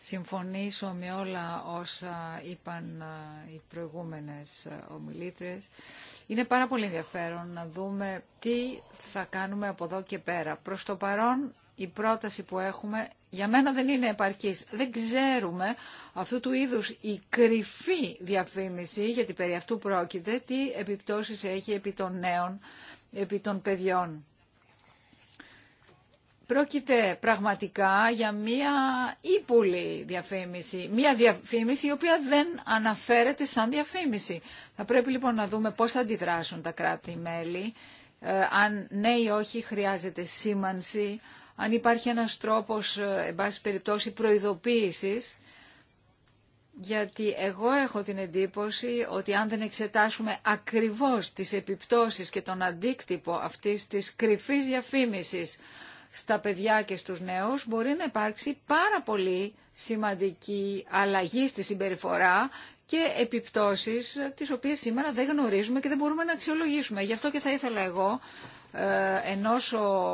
συμφωνήσω με όλα όσα είπαν οι προηγούμενες ομιλήτρες. Είναι πάρα πολύ ενδιαφέρον να δούμε τι θα κάνουμε από εδώ και πέρα. Προς το παρόν η πρόταση που έχουμε για μένα δεν είναι επαρκής. Δεν ξέρουμε αυτού του είδους η κρυφή διαφήμιση, γιατί περί αυτού πρόκειται, τι επιπτώσεις έχει επί των νέων, επί των παιδιών. Πρόκειται πραγματικά για μία ύπουλη διαφήμιση, μία διαφήμιση η οποία δεν αναφέρεται σαν διαφήμιση. Θα πρέπει λοιπόν να δούμε πώς θα αντιδράσουν τα κράτη-μέλη, ε, αν ναι ή όχι χρειάζεται σήμανση, αν υπάρχει ένας τρόπος, ε, εν πάση περιπτώσει, προειδοποίησης, γιατί εγώ έχω την εντύπωση ότι αν δεν εξετάσουμε ακριβώς τις επιπτώσεις και τον αντίκτυπο αυτής της κρυφής διαφήμισης, στα παιδιά και στους νέους μπορεί να υπάρξει πάρα πολύ σημαντική αλλαγή στη συμπεριφορά και επιπτώσεις ε, τις οποίες σήμερα δεν γνωρίζουμε και δεν μπορούμε να αξιολογήσουμε. Γι' αυτό και θα ήθελα εγώ, ε, ενώ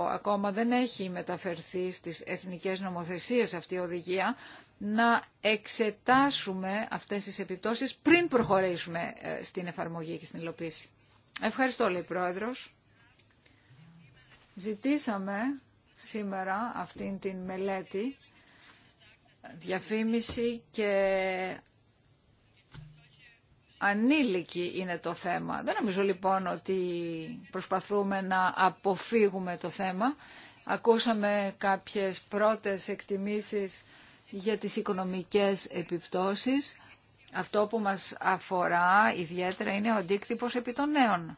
ακόμα δεν έχει μεταφερθεί στις εθνικές νομοθεσίες αυτή η οδηγία, να εξετάσουμε αυτές τις επιπτώσεις πριν προχωρήσουμε ε, στην εφαρμογή και στην υλοποίηση. Ευχαριστώ, λέει Πρόεδρος. Ζητήσαμε σήμερα αυτήν την μελέτη διαφήμιση και ανήλικη είναι το θέμα. Δεν νομίζω λοιπόν ότι προσπαθούμε να αποφύγουμε το θέμα. Ακούσαμε κάποιες πρώτες εκτιμήσεις για τις οικονομικές επιπτώσεις. Αυτό που μας αφορά ιδιαίτερα είναι ο αντίκτυπος επί των νέων.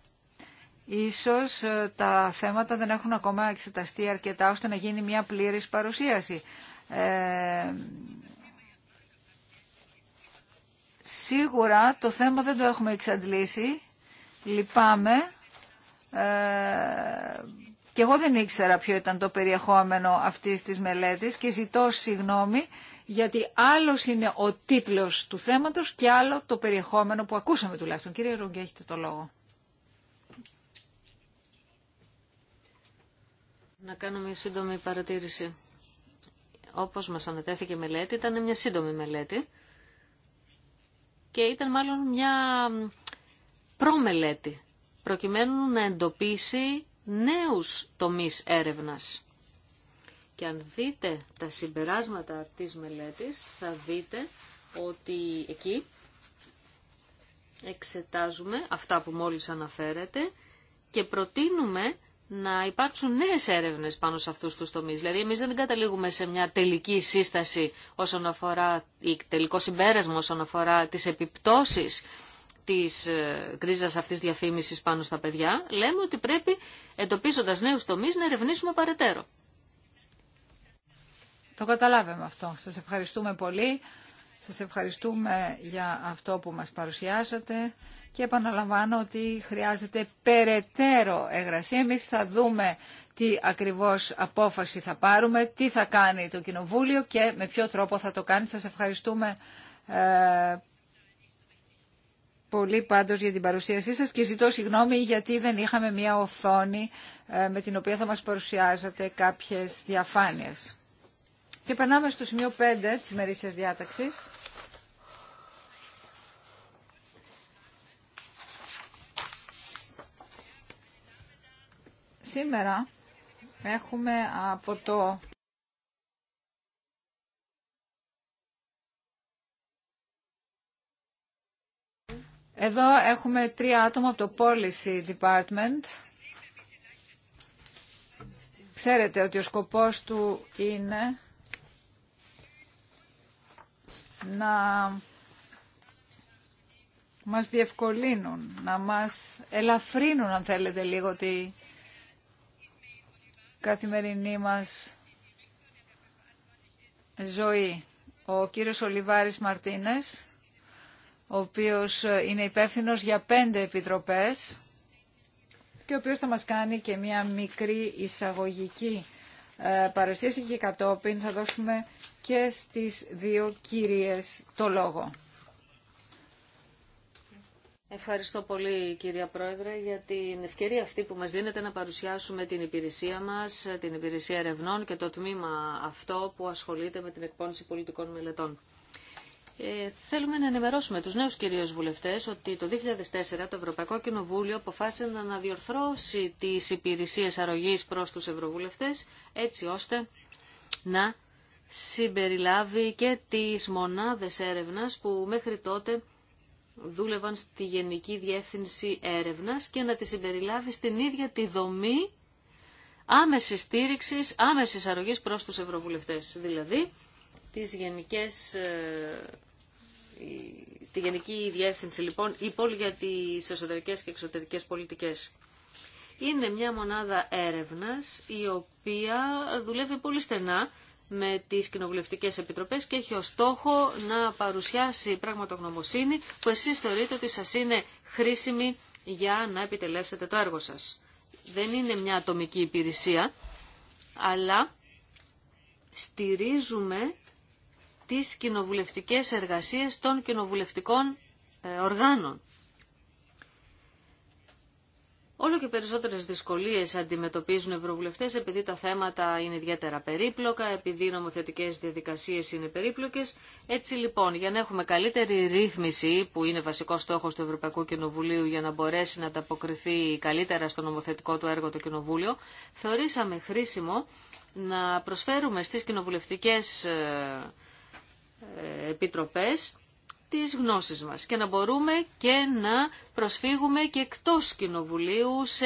Ίσως ε, τα θέματα δεν έχουν ακόμα εξεταστεί αρκετά ώστε να γίνει μια πλήρης παρουσίαση. Ε, σίγουρα το θέμα δεν το έχουμε εξαντλήσει. Λυπάμαι. Ε, και εγώ δεν ήξερα ποιο ήταν το περιεχόμενο αυτής της μελέτης και ζητώ συγγνώμη γιατί άλλο είναι ο τίτλος του θέματος και άλλο το περιεχόμενο που ακούσαμε τουλάχιστον. Κύριε Ρουγκέ, έχετε το λόγο. Να κάνω μια σύντομη παρατήρηση. Όπως μας ανατέθηκε η μελέτη, ήταν μια σύντομη μελέτη και ήταν μάλλον μια προμελέτη, προκειμένου να εντοπίσει νέους τομείς έρευνας. Και αν δείτε τα συμπεράσματα της μελέτης, θα δείτε ότι εκεί εξετάζουμε αυτά που μόλις αναφέρετε και προτείνουμε να υπάρξουν νέε έρευνες πάνω σε αυτού του τομεί. Δηλαδή εμεί δεν καταλήγουμε σε μια τελική σύσταση όσον αφορά, ή τελικό συμπέρασμα όσον αφορά τι επιπτώσεις της ε, κρίζα αυτής διαφήμιση πάνω στα παιδιά. Λέμε ότι πρέπει εντοπίζοντα νέους τομείς να ερευνήσουμε παρετέρω. Το καταλάβαμε αυτό. Σας ευχαριστούμε πολύ. Σας ευχαριστούμε για αυτό που μας παρουσιάσατε και επαναλαμβάνω ότι χρειάζεται περαιτέρω εγγρασία. Εμείς θα δούμε τι ακριβώς απόφαση θα πάρουμε, τι θα κάνει το Κοινοβούλιο και με ποιο τρόπο θα το κάνει. Σας ευχαριστούμε ε, πολύ πάντως για την παρουσίασή σας και ζητώ συγγνώμη γιατί δεν είχαμε μια οθόνη ε, με την οποία θα μας παρουσιάζατε κάποιες διαφάνειες. Και περνάμε στο σημείο 5 της ημερήσιας διάταξης. Σήμερα έχουμε από το Εδώ έχουμε τρία άτομα από το Policy Department. Ξέρετε ότι ο σκοπός του είναι να μας διευκολύνουν, να μας ελαφρύνουν, αν θέλετε, λίγο τη καθημερινή μας ζωή. Ο κύριος Ολιβάρης Μαρτίνες, ο οποίος είναι υπεύθυνος για πέντε επιτροπές και ο οποίος θα μας κάνει και μια μικρή εισαγωγική ε, παρουσίαση και κατόπιν θα δώσουμε και στις δύο κυρίες το λόγο. Ευχαριστώ πολύ κυρία Πρόεδρε για την ευκαιρία αυτή που μας δίνεται να παρουσιάσουμε την υπηρεσία μας, την υπηρεσία ερευνών και το τμήμα αυτό που ασχολείται με την εκπόνηση πολιτικών μελετών. Ε, θέλουμε να ενημερώσουμε τους νέους κυρίως βουλευτές ότι το 2004 το Ευρωπαϊκό Κοινοβούλιο αποφάσισε να αναδιορθώσει τις υπηρεσίες αρρωγής προς τους ευρωβουλευτές έτσι ώστε να συμπεριλάβει και τις μονάδες έρευνας που μέχρι τότε δούλευαν στη Γενική Διεύθυνση Έρευνας και να τις συμπεριλάβει στην ίδια τη δομή άμεση στήριξη, άμεση αρρωγή προ τους ευρωβουλευτέ. Δηλαδή, τις γενικές, ε, τη Γενική Διεύθυνση, λοιπόν, πόλη για τι εσωτερικέ και εξωτερικέ πολιτικές Είναι μια μονάδα έρευνας η οποία δουλεύει πολύ στενά με τις κοινοβουλευτικές επιτροπές και έχει ως στόχο να παρουσιάσει πραγματογνωμοσύνη που εσείς θεωρείτε ότι σας είναι χρήσιμη για να επιτελέσετε το έργο σας. Δεν είναι μια ατομική υπηρεσία, αλλά στηρίζουμε τις κοινοβουλευτικές εργασίες των κοινοβουλευτικών ε, οργάνων. Όλο και περισσότερε δυσκολίε αντιμετωπίζουν οι ευρωβουλευτές επειδή τα θέματα είναι ιδιαίτερα περίπλοκα, επειδή οι νομοθετικές διαδικασίες είναι περίπλοκες. Έτσι λοιπόν, για να έχουμε καλύτερη ρύθμιση, που είναι βασικό στόχο του Ευρωπαϊκού Κοινοβουλίου για να μπορέσει να ανταποκριθεί καλύτερα στο νομοθετικό του έργο το Κοινοβούλιο, θεωρήσαμε χρήσιμο να προσφέρουμε στις κοινοβουλευτικέ ε, ε, επιτροπές τις γνώσεις μας και να μπορούμε και να προσφύγουμε και εκτός κοινοβουλίου σε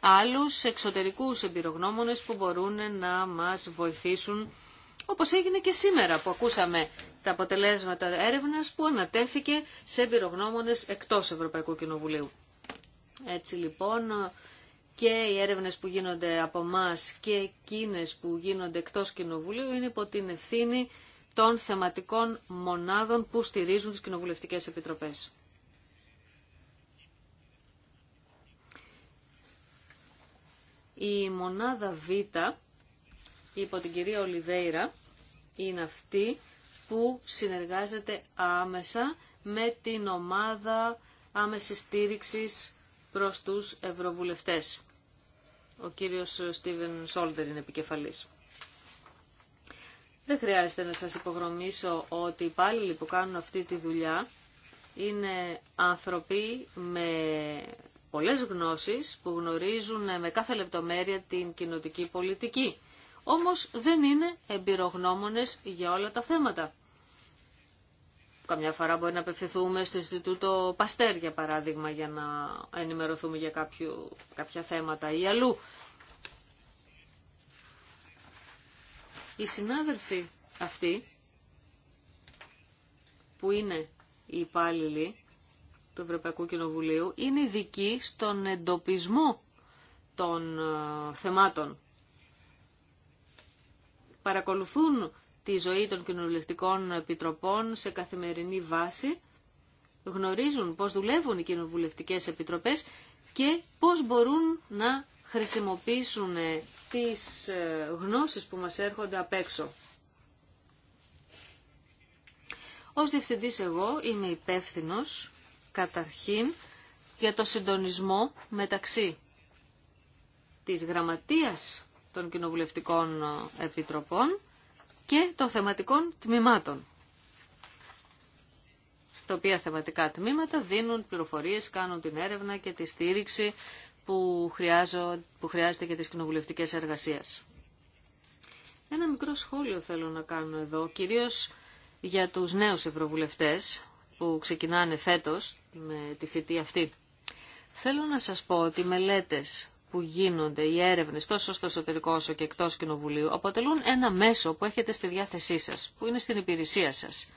άλλους εξωτερικούς εμπειρογνώμονες που μπορούν να μας βοηθήσουν όπως έγινε και σήμερα που ακούσαμε τα αποτελέσματα έρευνας που ανατέθηκε σε εμπειρογνώμονες εκτός Ευρωπαϊκού Κοινοβουλίου. Έτσι λοιπόν και οι έρευνες που γίνονται από μάς και εκείνες που γίνονται εκτός Κοινοβουλίου είναι υπό την ευθύνη των θεματικών μονάδων που στηρίζουν τις κοινοβουλευτικές επιτροπές. Η μονάδα Β υπό την κυρία Ολιβέηρα είναι αυτή που συνεργάζεται άμεσα με την ομάδα άμεσης στήριξης προς τους ευρωβουλευτές. Ο κύριος Στίβεν Σόλτερ είναι επικεφαλής. Δεν χρειάζεται να σας υπογραμμίσω ότι οι υπάλληλοι που κάνουν αυτή τη δουλειά είναι άνθρωποι με πολλές γνώσεις που γνωρίζουν με κάθε λεπτομέρεια την κοινοτική πολιτική. Όμως δεν είναι εμπειρογνώμονες για όλα τα θέματα. Καμιά φορά μπορεί να απευθυνθούμε στο Ινστιτούτο Παστέρ, για παράδειγμα, για να ενημερωθούμε για κάποιο, κάποια θέματα ή αλλού. Οι συνάδελφοι αυτοί που είναι οι υπάλληλοι του Ευρωπαϊκού Κοινοβουλίου είναι ειδικοί στον εντοπισμό των ε, θεμάτων. Παρακολουθούν τη ζωή των κοινοβουλευτικών επιτροπών σε καθημερινή βάση, γνωρίζουν πώς δουλεύουν οι κοινοβουλευτικές επιτροπές και πώς μπορούν να χρησιμοποιήσουν τις ε, γνώσεις που μας έρχονται απ' έξω. Ως διευθυντής εγώ είμαι υπεύθυνο καταρχήν για το συντονισμό μεταξύ της γραμματείας των κοινοβουλευτικών ε, επιτροπών και των θεματικών τμήματων. Τα οποία θεματικά τμήματα δίνουν πληροφορίες, κάνουν την έρευνα και τη στήριξη που, που χρειάζεται για τις κοινοβουλευτικές εργασίες. Ένα μικρό σχόλιο θέλω να κάνω εδώ, κυρίως για τους νέους ευρωβουλευτές που ξεκινάνε φέτος με τη θητή αυτή. Θέλω να σας πω ότι οι μελέτες που γίνονται, οι έρευνες τόσο στο εσωτερικό όσο και εκτός κοινοβουλίου αποτελούν ένα μέσο που έχετε στη διάθεσή σας, που είναι στην υπηρεσία σας.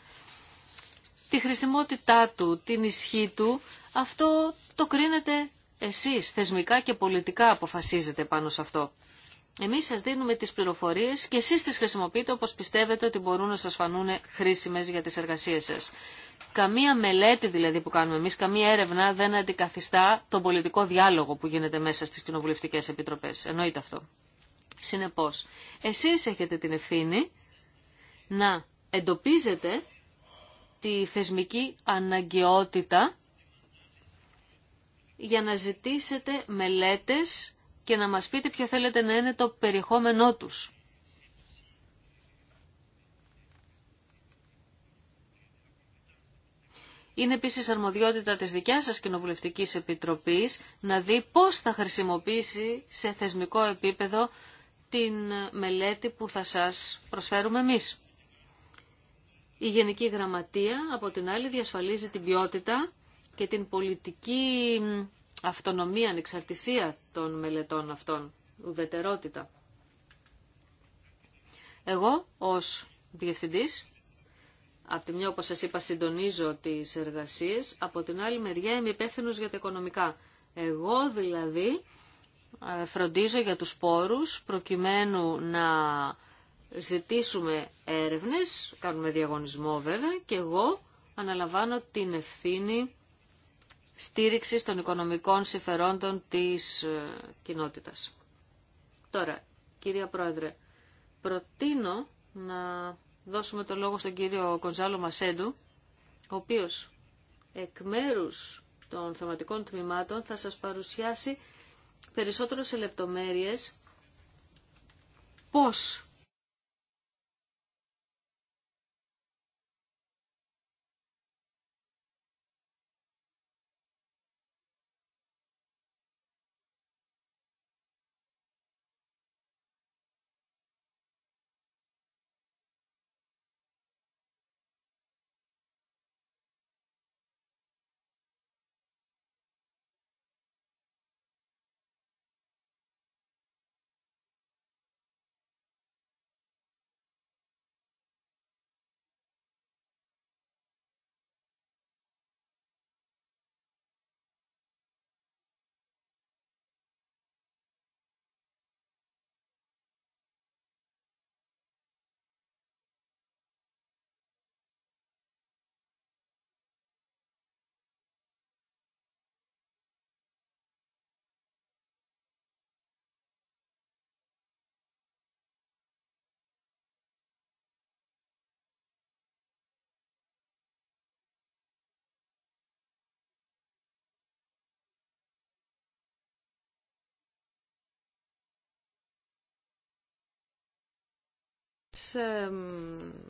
Τη χρησιμότητά του, την ισχύ του, αυτό το κρίνετε εσείς θεσμικά και πολιτικά αποφασίζετε πάνω σε αυτό. Εμείς σας δίνουμε τις πληροφορίες και εσείς τις χρησιμοποιείτε όπως πιστεύετε ότι μπορούν να σας φανούν χρήσιμες για τις εργασίες σας. Καμία μελέτη δηλαδή που κάνουμε εμείς, καμία έρευνα δεν αντικαθιστά τον πολιτικό διάλογο που γίνεται μέσα στις κοινοβουλευτικές επιτροπές. Εννοείται αυτό. Συνεπώς, εσείς έχετε την ευθύνη να εντοπίζετε τη θεσμική αναγκαιότητα για να ζητήσετε μελέτες και να μας πείτε ποιο θέλετε να είναι το περιεχόμενό τους. Είναι επίσης αρμοδιότητα της δικιάς σας Κοινοβουλευτικής Επιτροπής να δει πώς θα χρησιμοποιήσει σε θεσμικό επίπεδο την μελέτη που θα σας προσφέρουμε εμείς. Η Γενική Γραμματεία, από την άλλη, διασφαλίζει την ποιότητα και την πολιτική αυτονομία, ανεξαρτησία των μελετών αυτών, ουδετερότητα. Εγώ ως διευθυντής, από τη μια όπως σας είπα συντονίζω τις εργασίες, από την άλλη μεριά είμαι υπεύθυνο για τα οικονομικά. Εγώ δηλαδή ε, φροντίζω για τους πόρους προκειμένου να ζητήσουμε έρευνες, κάνουμε διαγωνισμό βέβαια και εγώ αναλαμβάνω την ευθύνη Στήριξη των οικονομικών συμφερόντων της ε, κοινότητας. Τώρα, κυρία Πρόεδρε, προτείνω να δώσουμε το λόγο στον κύριο Κονζάλο Μασέντου, ο οποίος εκ μέρους των θεματικών τμήματων θα σας παρουσιάσει περισσότερο σε λεπτομέρειες πώς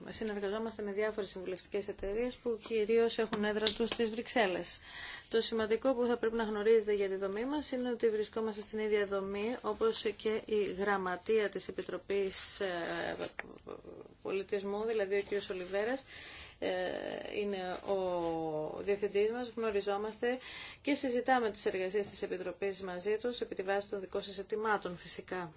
συνεργαζόμαστε με διάφορες συμβουλευτικές εταιρείες που κυρίως έχουν έδρα τους στις Βρυξέλλες. Το σημαντικό που θα πρέπει να γνωρίζετε για τη δομή μας είναι ότι βρισκόμαστε στην ίδια δομή όπως και η γραμματεία της Επιτροπής ε, Πολιτισμού, δηλαδή ο κ. Ολιβέρας, ε, είναι ο διευθυντής μας, γνωριζόμαστε και συζητάμε τις εργασίες της Επιτροπής μαζί τους επί τη βάση των δικών σας ετοιμάτων φυσικά.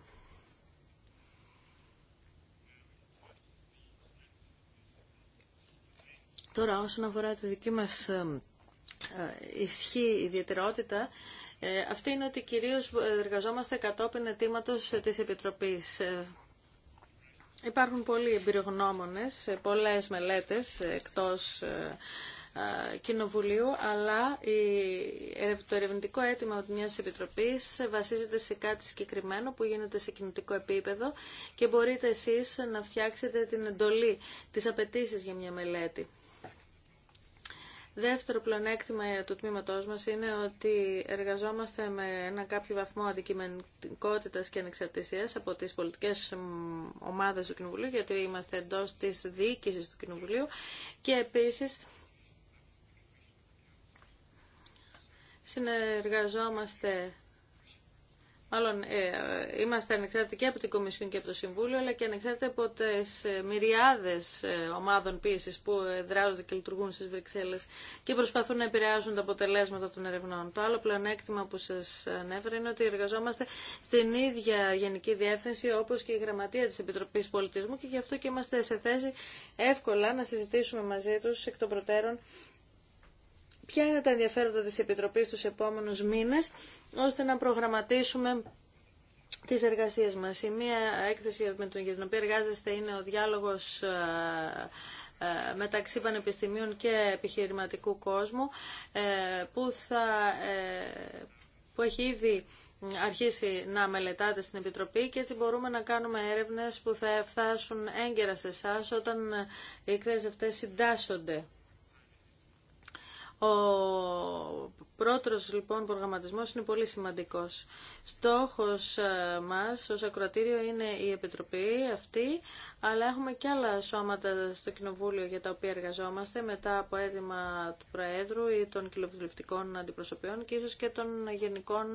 Τώρα, όσον αφορά τη δική μας ε, ε, ισχύ ιδιαιτερότητα, ε, αυτή είναι ότι κυρίως εργαζόμαστε κατόπιν αιτήματος της Επιτροπής. Υπάρχουν πολλοί εμπειρογνώμονες, πολλές μελέτες εκτός Κοινοβουλίου, αλλά το ερευνητικό αίτημα μια Επιτροπής βασίζεται σε κάτι συγκεκριμένο που γίνεται σε κινητικό επίπεδο και μπορείτε εσείς να φτιάξετε την εντολή, τις απαιτήσει για μια μελέτη. Δεύτερο πλεονέκτημα του τμήματός μας είναι ότι εργαζόμαστε με ένα κάποιο βαθμό αντικειμενικότητας και ανεξαρτησίας από τις πολιτικές ομάδες του Κοινοβουλίου, γιατί είμαστε εντός της διοίκησης του Κοινοβουλίου και επίσης συνεργαζόμαστε Μάλλον ε, είμαστε ανεξάρτητοι και από την Κομισιόν και από το Συμβούλιο, αλλά και ανεξάρτητοι από τι ε, μυριάδε ε, ομάδων πίεση που εδράζονται και λειτουργούν στι Βρυξέλλε και προσπαθούν να επηρεάζουν τα αποτελέσματα των ερευνών. Το άλλο πλεονέκτημα που σα ανέφερα είναι ότι εργαζόμαστε στην ίδια Γενική Διεύθυνση όπω και η Γραμματεία τη Επιτροπή Πολιτισμού και γι' αυτό και είμαστε σε θέση εύκολα να συζητήσουμε μαζί του εκ των προτέρων ποια είναι τα ενδιαφέροντα της Επιτροπής στους επόμενους μήνες, ώστε να προγραμματίσουμε τις εργασίες μας. Η μία έκθεση με τον, για την οποία εργάζεστε είναι ο διάλογος ε, ε, μεταξύ πανεπιστημίων και επιχειρηματικού κόσμου ε, που, θα, που έχει ήδη αρχίσει να μελετάτε στην Επιτροπή και έτσι μπορούμε να κάνουμε έρευνες που θα φτάσουν έγκαιρα σε εσά όταν οι εκθέσεις αυτές συντάσσονται. Ο πρώτος λοιπόν προγραμματισμός είναι πολύ σημαντικός. Στόχος ε, μας ως ακροατήριο είναι η Επιτροπή αυτή, αλλά έχουμε και άλλα σώματα στο Κοινοβούλιο για τα οποία εργαζόμαστε μετά από έτοιμα του Προέδρου ή των κοινοβουλευτικών αντιπροσωπιών και ίσως και των γενικών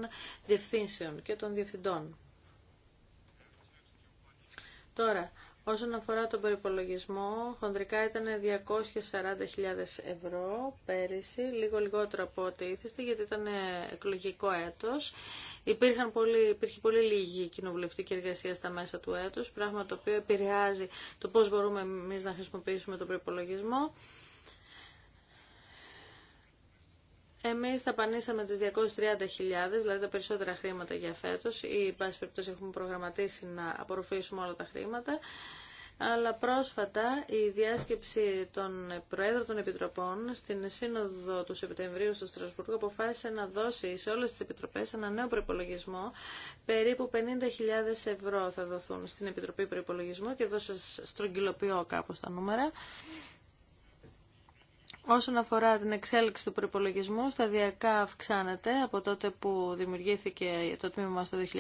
διευθύνσεων και των διευθυντών. Τώρα, Όσον αφορά τον προπολογισμό, χονδρικά ήταν 240.000 ευρώ πέρυσι, λίγο λιγότερο από ό,τι ήθιστε, γιατί ήταν εκλογικό έτος. Υπήρχαν πολύ, υπήρχε πολύ λίγη κοινοβουλευτική εργασία στα μέσα του έτους, πράγμα το οποίο επηρεάζει το πώς μπορούμε εμείς να χρησιμοποιήσουμε τον προπολογισμό. Εμεί θα ταπανίσαμε τι 230.000, δηλαδή τα περισσότερα χρήματα για φέτο. η διάσκεψη των Προέδρων των Επιτροπών στην Σύνοδο του Σεπτεμβρίου στο Στρασβούργο αποφάσισε να δώσει σε όλες τις επιτροπές ένα νέο προπολογισμό. Περίπου 50.000 ευρώ θα δοθούν στην Επιτροπή Προπολογισμού και εδώ σας στρογγυλοποιώ κάπως τα νούμερα. Όσον αφορά την εξέλιξη του προπολογισμού, σταδιακά αυξάνεται από τότε που δημιουργήθηκε το τμήμα μας το 2004.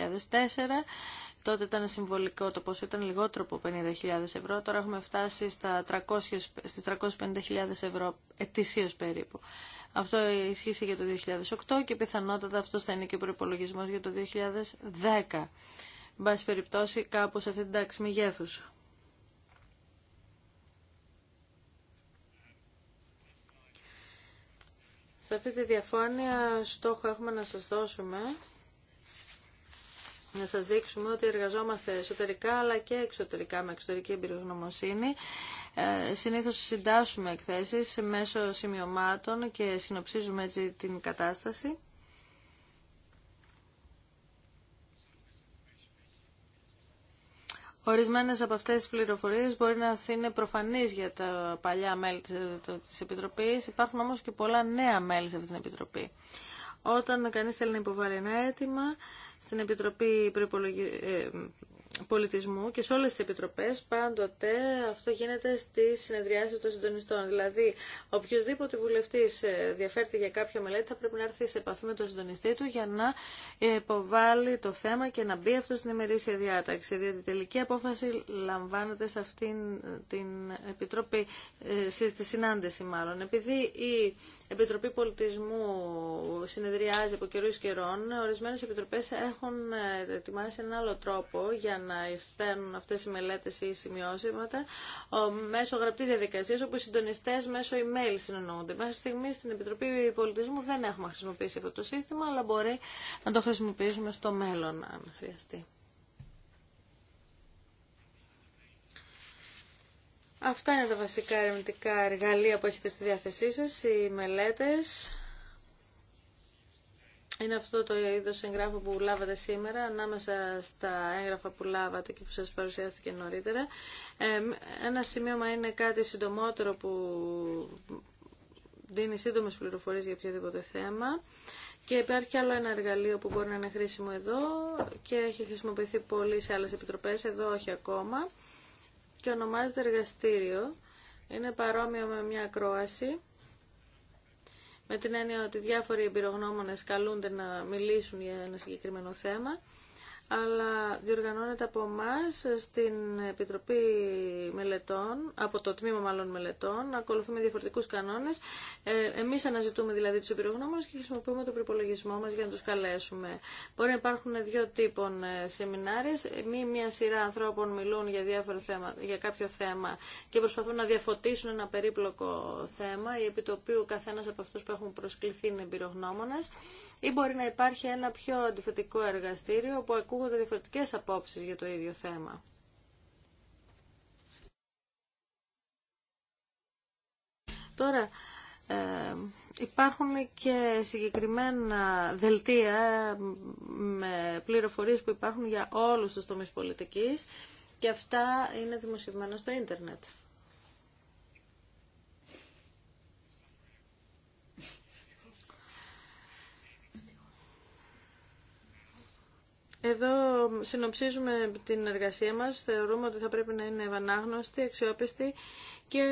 Τότε ήταν συμβολικό το ποσό, ήταν λιγότερο από 50.000 ευρώ. Τώρα έχουμε φτάσει στα 300, στις 350.000 ευρώ ετησίω περίπου. Αυτό ισχύσει για το 2008 και πιθανότατα αυτό θα είναι και ο προπολογισμό για το 2010. Εν περιπτώσει κάπω σε αυτή την τάξη μεγέθου Σε αυτή τη διαφάνεια στόχο έχουμε να σας δώσουμε να σας δείξουμε ότι εργαζόμαστε εσωτερικά αλλά και εξωτερικά με εξωτερική εμπειρογνωμοσύνη. Ε, συνήθως συντάσσουμε εκθέσεις μέσω σημειωμάτων και συνοψίζουμε έτσι την κατάσταση. Ορισμένες από αυτές τις πληροφορίες μπορεί να είναι προφανείς για τα παλιά μέλη ε, της Επιτροπής, υπάρχουν όμως και πολλά νέα μέλη σε αυτή την Επιτροπή. Όταν κανείς θέλει να υποβάλει ένα αίτημα στην Επιτροπή ε, πολιτισμού και σε όλες τις επιτροπές πάντοτε αυτό γίνεται στις συνεδριάσεις των συντονιστών. Δηλαδή, οποιοδήποτε βουλευτής ε, διαφέρει για κάποια μελέτη θα πρέπει να έρθει σε επαφή με τον συντονιστή του για να υποβάλει το θέμα και να μπει αυτό στην ημερήσια διάταξη. Διότι η τελική απόφαση λαμβάνεται σε αυτήν την επιτροπή, ε, στη συνάντηση μάλλον. Επειδή η Επιτροπή Πολιτισμού συνεδριάζει από καιρούς καιρών, ορισμένες επιτροπές έχουν ε, ετοιμάσει έναν άλλο τρόπο για να να στέλνουν αυτέ οι μελέτε ή σημειώσετε. Μέσω γραπτική διαδικασία όχι συντονιστέ, μέσω ή οι μέσω γραπτής διαδικασια όπου οι συντονιστέ μέσω email συνεννοούνται. Μέχρι στιγμή στην Επιτροπή Πολιτισμού δεν έχουμε χρησιμοποιήσει αυτό το σύστημα αλλά μπορεί να το χρησιμοποιήσουμε στο μέλλον αν χρειαστεί. Αυτά είναι τα βασικά ερευνητικά εργαλεία που έχετε στη διάθεσή σας, οι μελέτες, είναι αυτό το είδος εγγράφου που λάβατε σήμερα, ανάμεσα στα έγγραφα που λάβατε και που σας παρουσιάστηκε νωρίτερα. ένα σημείωμα είναι κάτι συντομότερο που δίνει σύντομες πληροφορίες για οποιοδήποτε θέμα. Και υπάρχει άλλο ένα εργαλείο που μπορεί να είναι χρήσιμο εδώ και έχει χρησιμοποιηθεί πολύ σε άλλες επιτροπές, εδώ όχι ακόμα. Και ονομάζεται εργαστήριο. Είναι παρόμοιο με μια ακρόαση με την έννοια ότι διάφοροι εμπειρογνώμονες καλούνται να μιλήσουν για ένα συγκεκριμένο θέμα αλλά διοργανώνεται από εμά στην Επιτροπή Μελετών, από το Τμήμα μάλλον Μελετών, ακολουθούμε διαφορετικού κανόνε. Ε, Εμεί αναζητούμε δηλαδή του εμπειρογνώμονε και χρησιμοποιούμε τον προπολογισμό μα για να του καλέσουμε. Μπορεί να υπάρχουν δύο τύπων ε, σεμινάρια. Μη μία σειρά ανθρώπων μιλούν για, διάφορα θέμα, για κάποιο θέμα και προσπαθούν να διαφωτίσουν ένα περίπλοκο θέμα, επί το οποίο καθένα από αυτού που έχουν προσκληθεί είναι εμπειρογνώμονε ή μπορεί να υπάρχει ένα πιο αντιφατικό εργαστήριο όπου ακούγονται διαφορετικές απόψεις για το ίδιο θέμα. Τώρα, ε, υπάρχουν και συγκεκριμένα δελτία με πληροφορίες που υπάρχουν για όλους τους τομείς πολιτικής και αυτά είναι δημοσιευμένα στο ίντερνετ. Εδώ συνοψίζουμε την εργασία μας, θεωρούμε ότι θα πρέπει να είναι ευανάγνωστη, αξιόπιστη και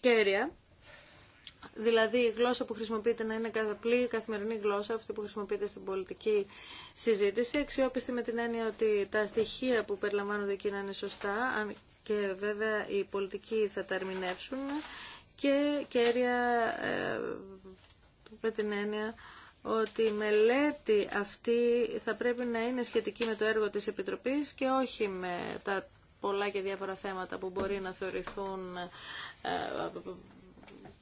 κέρια. Δηλαδή η γλώσσα που χρησιμοποιείται να είναι καθαπλή, καθημερινή γλώσσα, αυτή που χρησιμοποιείται στην πολιτική συζήτηση, αξιόπιστη με την έννοια ότι τα στοιχεία που περιλαμβάνονται εκεί να είναι σωστά και βέβαια οι πολιτικοί θα τα ερμηνεύσουν και κέρια ε, με την έννοια ότι η μελέτη αυτή θα πρέπει να είναι σχετική με το έργο της Επιτροπής και όχι με τα πολλά και διάφορα θέματα που μπορεί να θεωρηθούν ε,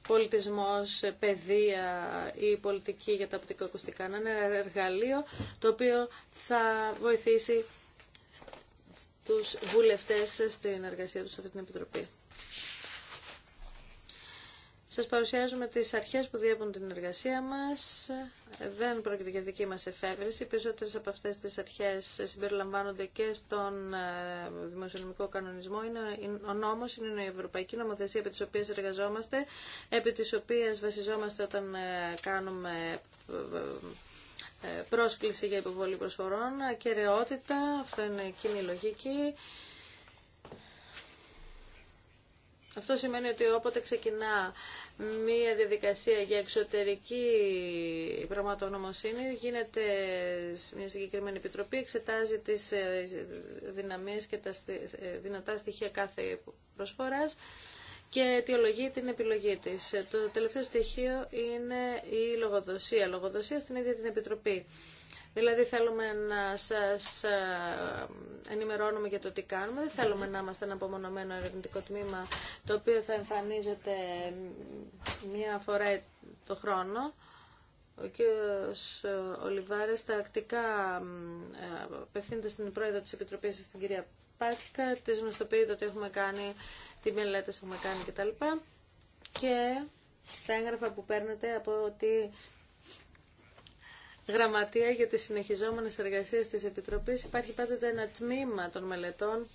πολιτισμός, ε, παιδεία ή πολιτική για τα οπτικοακουστικά. Να είναι ένα εργαλείο το οποίο θα βοηθήσει τους βουλευτές στην εργασία τους σε αυτή την Επιτροπή. Σας παρουσιάζουμε τις αρχές που διέπουν την εργασία μας. Δεν πρόκειται για δική μας εφεύρεση. Οι περισσότερες από αυτές τις αρχές συμπεριλαμβάνονται και στον ε, δημοσιονομικό κανονισμό. Είναι, ο νόμος είναι η ευρωπαϊκή νομοθεσία επί της οποίας εργαζόμαστε, επί της οποίας βασιζόμαστε όταν ε, κάνουμε ε, πρόσκληση για υποβολή προσφορών, Ακεραιότητα, αυτό είναι κοινή λογική, Αυτό σημαίνει ότι όποτε ξεκινά μία διαδικασία για εξωτερική πραγματογνωμοσύνη, γίνεται μια συγκεκριμένη επιτροπή, εξετάζει τις ε, δυναμίες και τα ε, δυνατά στοιχεία κάθε προσφοράς και αιτιολογεί την επιλογή της. Ε, το τελευταίο στοιχείο είναι η λογοδοσία. Λογοδοσία στην ίδια την Επιτροπή. Δηλαδή θέλουμε να σας ε, ενημερώνουμε για το τι κάνουμε, δεν θέλουμε να είμαστε ένα απομονωμένο ερευνητικό τμήμα το οποίο θα εμφανίζεται μία φορά το χρόνο. Ο κ. Ε, Ολιβάρης τακτικά ε, απευθύνεται στην πρόεδρο της Επιτροπής, στην κυρία Πάτκα, της γνωστοποιείται ότι έχουμε κάνει, τι μελέτες έχουμε κάνει κτλ. Και στα έγγραφα που παίρνετε από ότι γραμματεία για τις συνεχιζόμενες εργασίες της Επιτροπής υπάρχει πάντοτε ένα τμήμα των μελετών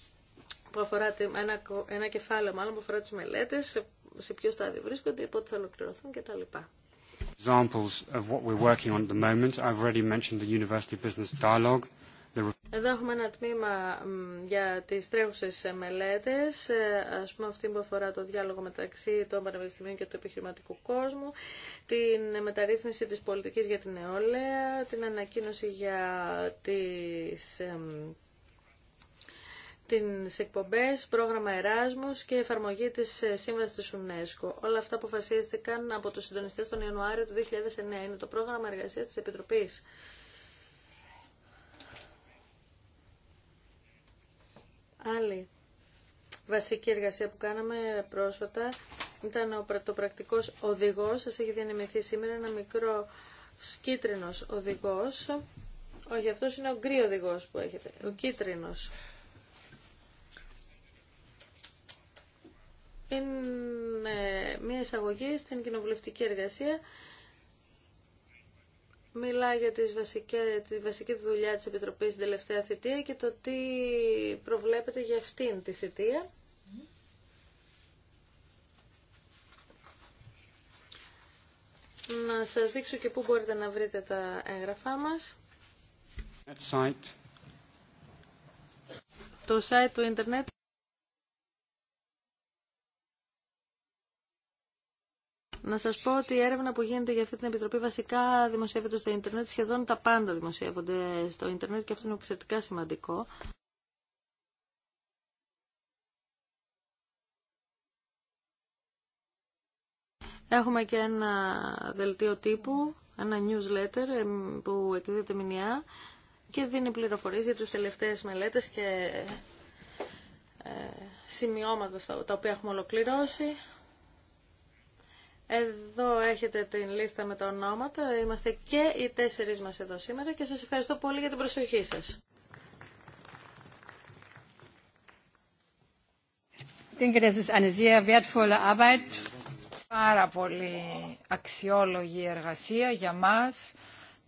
που αφορά ένα, ένα κεφάλαιο μάλλον που αφορά τις μελέτες, σε, σε ποιο στάδιο βρίσκονται, πότε θα ολοκληρωθούν κτλ. Examples of what we're working on at the moment. I've already mentioned the University Business Dialogue. Εδώ έχουμε ένα τμήμα για τις τρέχουσες μελέτες, ε, ας πούμε αυτή που αφορά το διάλογο μεταξύ των πανεπιστημίων και του επιχειρηματικού κόσμου, την μεταρρύθμιση της πολιτικής για την νεολαία, την ανακοίνωση για τις την εκπομπές, πρόγραμμα Εράσμου και εφαρμογή τη ε, σύμβασης τη UNESCO. Όλα αυτά αποφασίστηκαν από του συντονιστέ τον Ιανουάριο του 2009. Είναι το πρόγραμμα εργασία τη Επιτροπή. Άλλη βασική εργασία που κάναμε πρόσφατα ήταν το πρακτικός οδηγός. Σας έχει διανεμηθεί σήμερα ένα μικρό κίτρινος οδηγός. Όχι, αυτός είναι ο γκρι οδηγός που έχετε, ο κίτρινος. Είναι μια εισαγωγή στην κοινοβουλευτική εργασία μιλάει για τις βασικές, τη βασική δουλειά της Επιτροπής στην τελευταία θητεία και το τι προβλέπεται για αυτήν τη θητεία. Να σας δείξω και πού μπορείτε να βρείτε τα έγγραφά μας. Το site του ίντερνετ. Να σας πω ότι η έρευνα που γίνεται για αυτή την επιτροπή βασικά δημοσιεύεται στο ίντερνετ. Σχεδόν τα πάντα δημοσιεύονται στο ίντερνετ και αυτό είναι εξαιρετικά σημαντικό. Έχουμε και ένα δελτίο τύπου, ένα newsletter ε, που εκδίδεται μηνιαία και δίνει πληροφορίες για τις τελευταίες μελέτες και ε, σημειώματα τα οποία έχουμε ολοκληρώσει. Εδώ έχετε την λίστα με τα ονόματα. Είμαστε και οι τέσσερις μας εδώ σήμερα και σας ευχαριστώ πολύ για την προσοχή σας. Πάρα πολύ αξιόλογη εργασία για μας,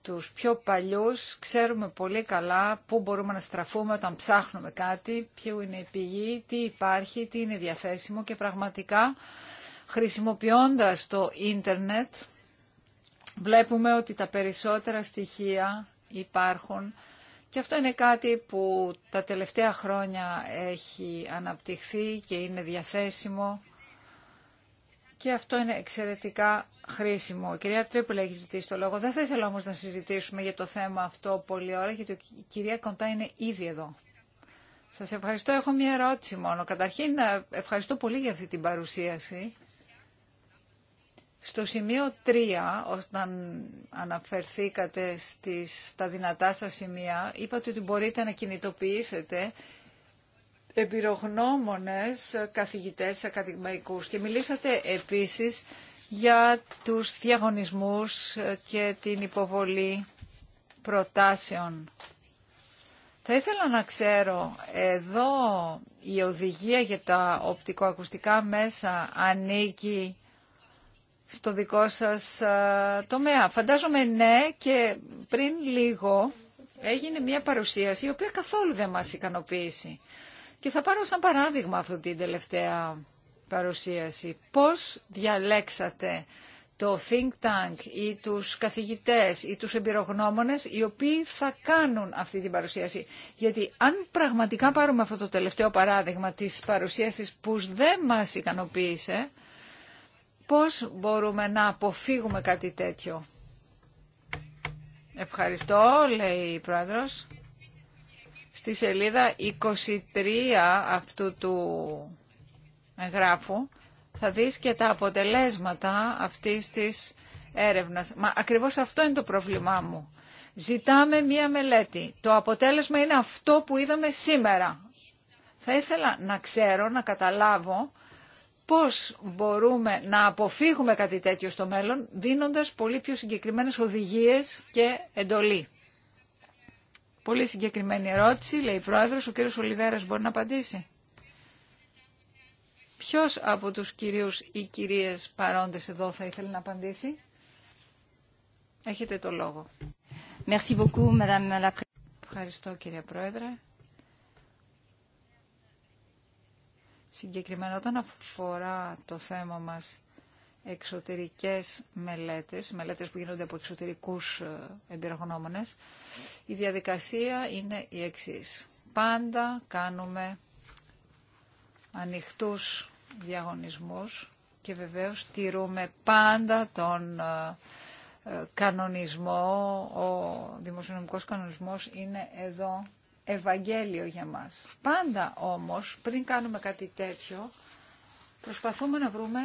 τους πιο παλιούς. Ξέρουμε πολύ καλά πού μπορούμε να στραφούμε όταν ψάχνουμε κάτι, ποιο είναι η πηγή, τι υπάρχει, τι είναι διαθέσιμο και πραγματικά Χρησιμοποιώντας το ίντερνετ βλέπουμε ότι τα περισσότερα στοιχεία υπάρχουν και αυτό είναι κάτι που τα τελευταία χρόνια έχει αναπτυχθεί και είναι διαθέσιμο και αυτό είναι εξαιρετικά χρήσιμο. Η κυρία Τρίπουλα έχει ζητήσει το λόγο. Δεν θα ήθελα όμως να συζητήσουμε για το θέμα αυτό πολύ ώρα, γιατί η κυρία Κοντά είναι ήδη εδώ. Σας ευχαριστώ. Έχω μια ερώτηση μόνο. Καταρχήν, ε, ευχαριστώ πολύ για αυτή την παρουσίαση. Στο σημείο 3, όταν αναφερθήκατε στις, στα δυνατά σας σημεία, είπατε ότι μπορείτε να κινητοποιήσετε εμπειρογνώμονες, καθηγητές, ακαδημαϊκούς και μιλήσατε επίσης για τους διαγωνισμούς και την υποβολή προτάσεων. Θα ήθελα να ξέρω, εδώ η οδηγία για τα οπτικοακουστικά μέσα ανήκει στο δικό σας τομέα. Φαντάζομαι ναι και πριν λίγο έγινε μια παρουσίαση η οποία καθόλου δεν μας ικανοποίησε. Και θα πάρω σαν παράδειγμα αυτή την τελευταία παρουσίαση. Πώς διαλέξατε το think tank ή τους καθηγητές ή τους εμπειρογνώμονες οι οποίοι θα κάνουν αυτή την παρουσίαση. Γιατί αν πραγματικά πάρουμε αυτό το τελευταίο παράδειγμα της παρουσίασης που δεν μας ικανοποίησε, Πώς μπορούμε να αποφύγουμε κάτι τέτοιο. Ευχαριστώ, λέει η Πρόεδρος. Στη σελίδα 23 αυτού του εγγράφου θα δεις και τα αποτελέσματα αυτής της έρευνας. Μα ακριβώς αυτό είναι το πρόβλημά μου. Ζητάμε μία μελέτη. Το αποτέλεσμα είναι αυτό που είδαμε σήμερα. Θα ήθελα να ξέρω, να καταλάβω πώς μπορούμε να αποφύγουμε κάτι τέτοιο στο μέλλον, δίνοντας πολύ πιο συγκεκριμένες οδηγίες και εντολή. Πολύ συγκεκριμένη ερώτηση, λέει η Πρόεδρος, ο κύριος Ολιβέρας μπορεί να απαντήσει. Ποιος από τους κυρίους ή κυρίες παρόντες εδώ θα ήθελε να απαντήσει. Έχετε το λόγο. Ευχαριστώ κύριε Πρόεδρε. Συγκεκριμένα όταν αφορά το θέμα μας εξωτερικές μελέτες, μελέτες που γίνονται από εξωτερικούς ε, εμπειρογνώμονες, η διαδικασία είναι η εξής. Πάντα κάνουμε ανοιχτούς διαγωνισμούς και βεβαίως τηρούμε πάντα τον ε, ε, κανονισμό, ο δημοσιονομικός κανονισμός είναι εδώ Ευαγγέλιο για μας. Πάντα όμως, πριν κάνουμε κάτι τέτοιο, προσπαθούμε να βρούμε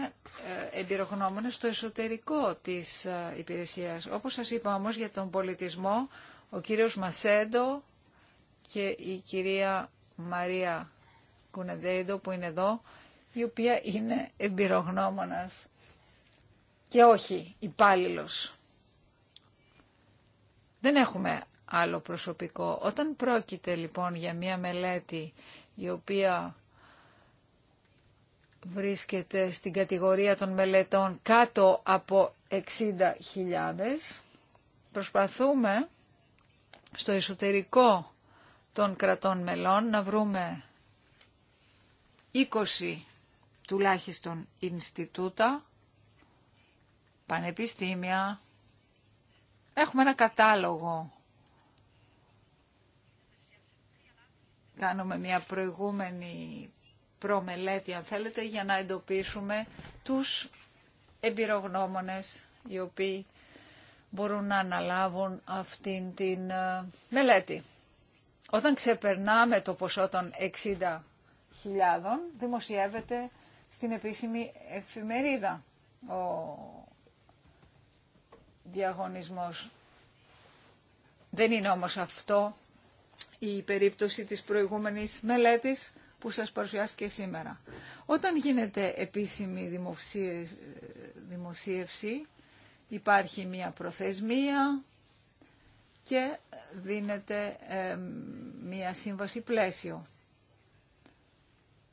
ε, εμπειρογνώμονες στο εσωτερικό της ε, υπηρεσίας. Όπως σας είπα όμως για τον πολιτισμό, ο κύριος Μασέντο και η κυρία Μαρία Κουνεντέιντο που είναι εδώ, η οποία είναι εμπειρογνώμονας και όχι υπάλληλο. Δεν έχουμε άλλο προσωπικό. Όταν πρόκειται λοιπόν για μια μελέτη η οποία βρίσκεται στην κατηγορία των μελετών κάτω από 60.000, προσπαθούμε στο εσωτερικό των κρατών μελών να βρούμε 20 τουλάχιστον Ινστιτούτα, πανεπιστήμια. Έχουμε ένα κατάλογο κάνουμε μια προηγούμενη προμελέτη, αν θέλετε, για να εντοπίσουμε τους εμπειρογνώμονες οι οποίοι μπορούν να αναλάβουν αυτήν την ε, μελέτη. Όταν ξεπερνάμε το ποσό των 60.000, δημοσιεύεται στην επίσημη εφημερίδα ο διαγωνισμός. Δεν είναι όμως αυτό η περίπτωση της προηγούμενης μελέτης που σας παρουσιάστηκε σήμερα. Όταν γίνεται επίσημη δημοσίευση υπάρχει μια προθεσμία και δίνεται μια σύμβαση πλαίσιο.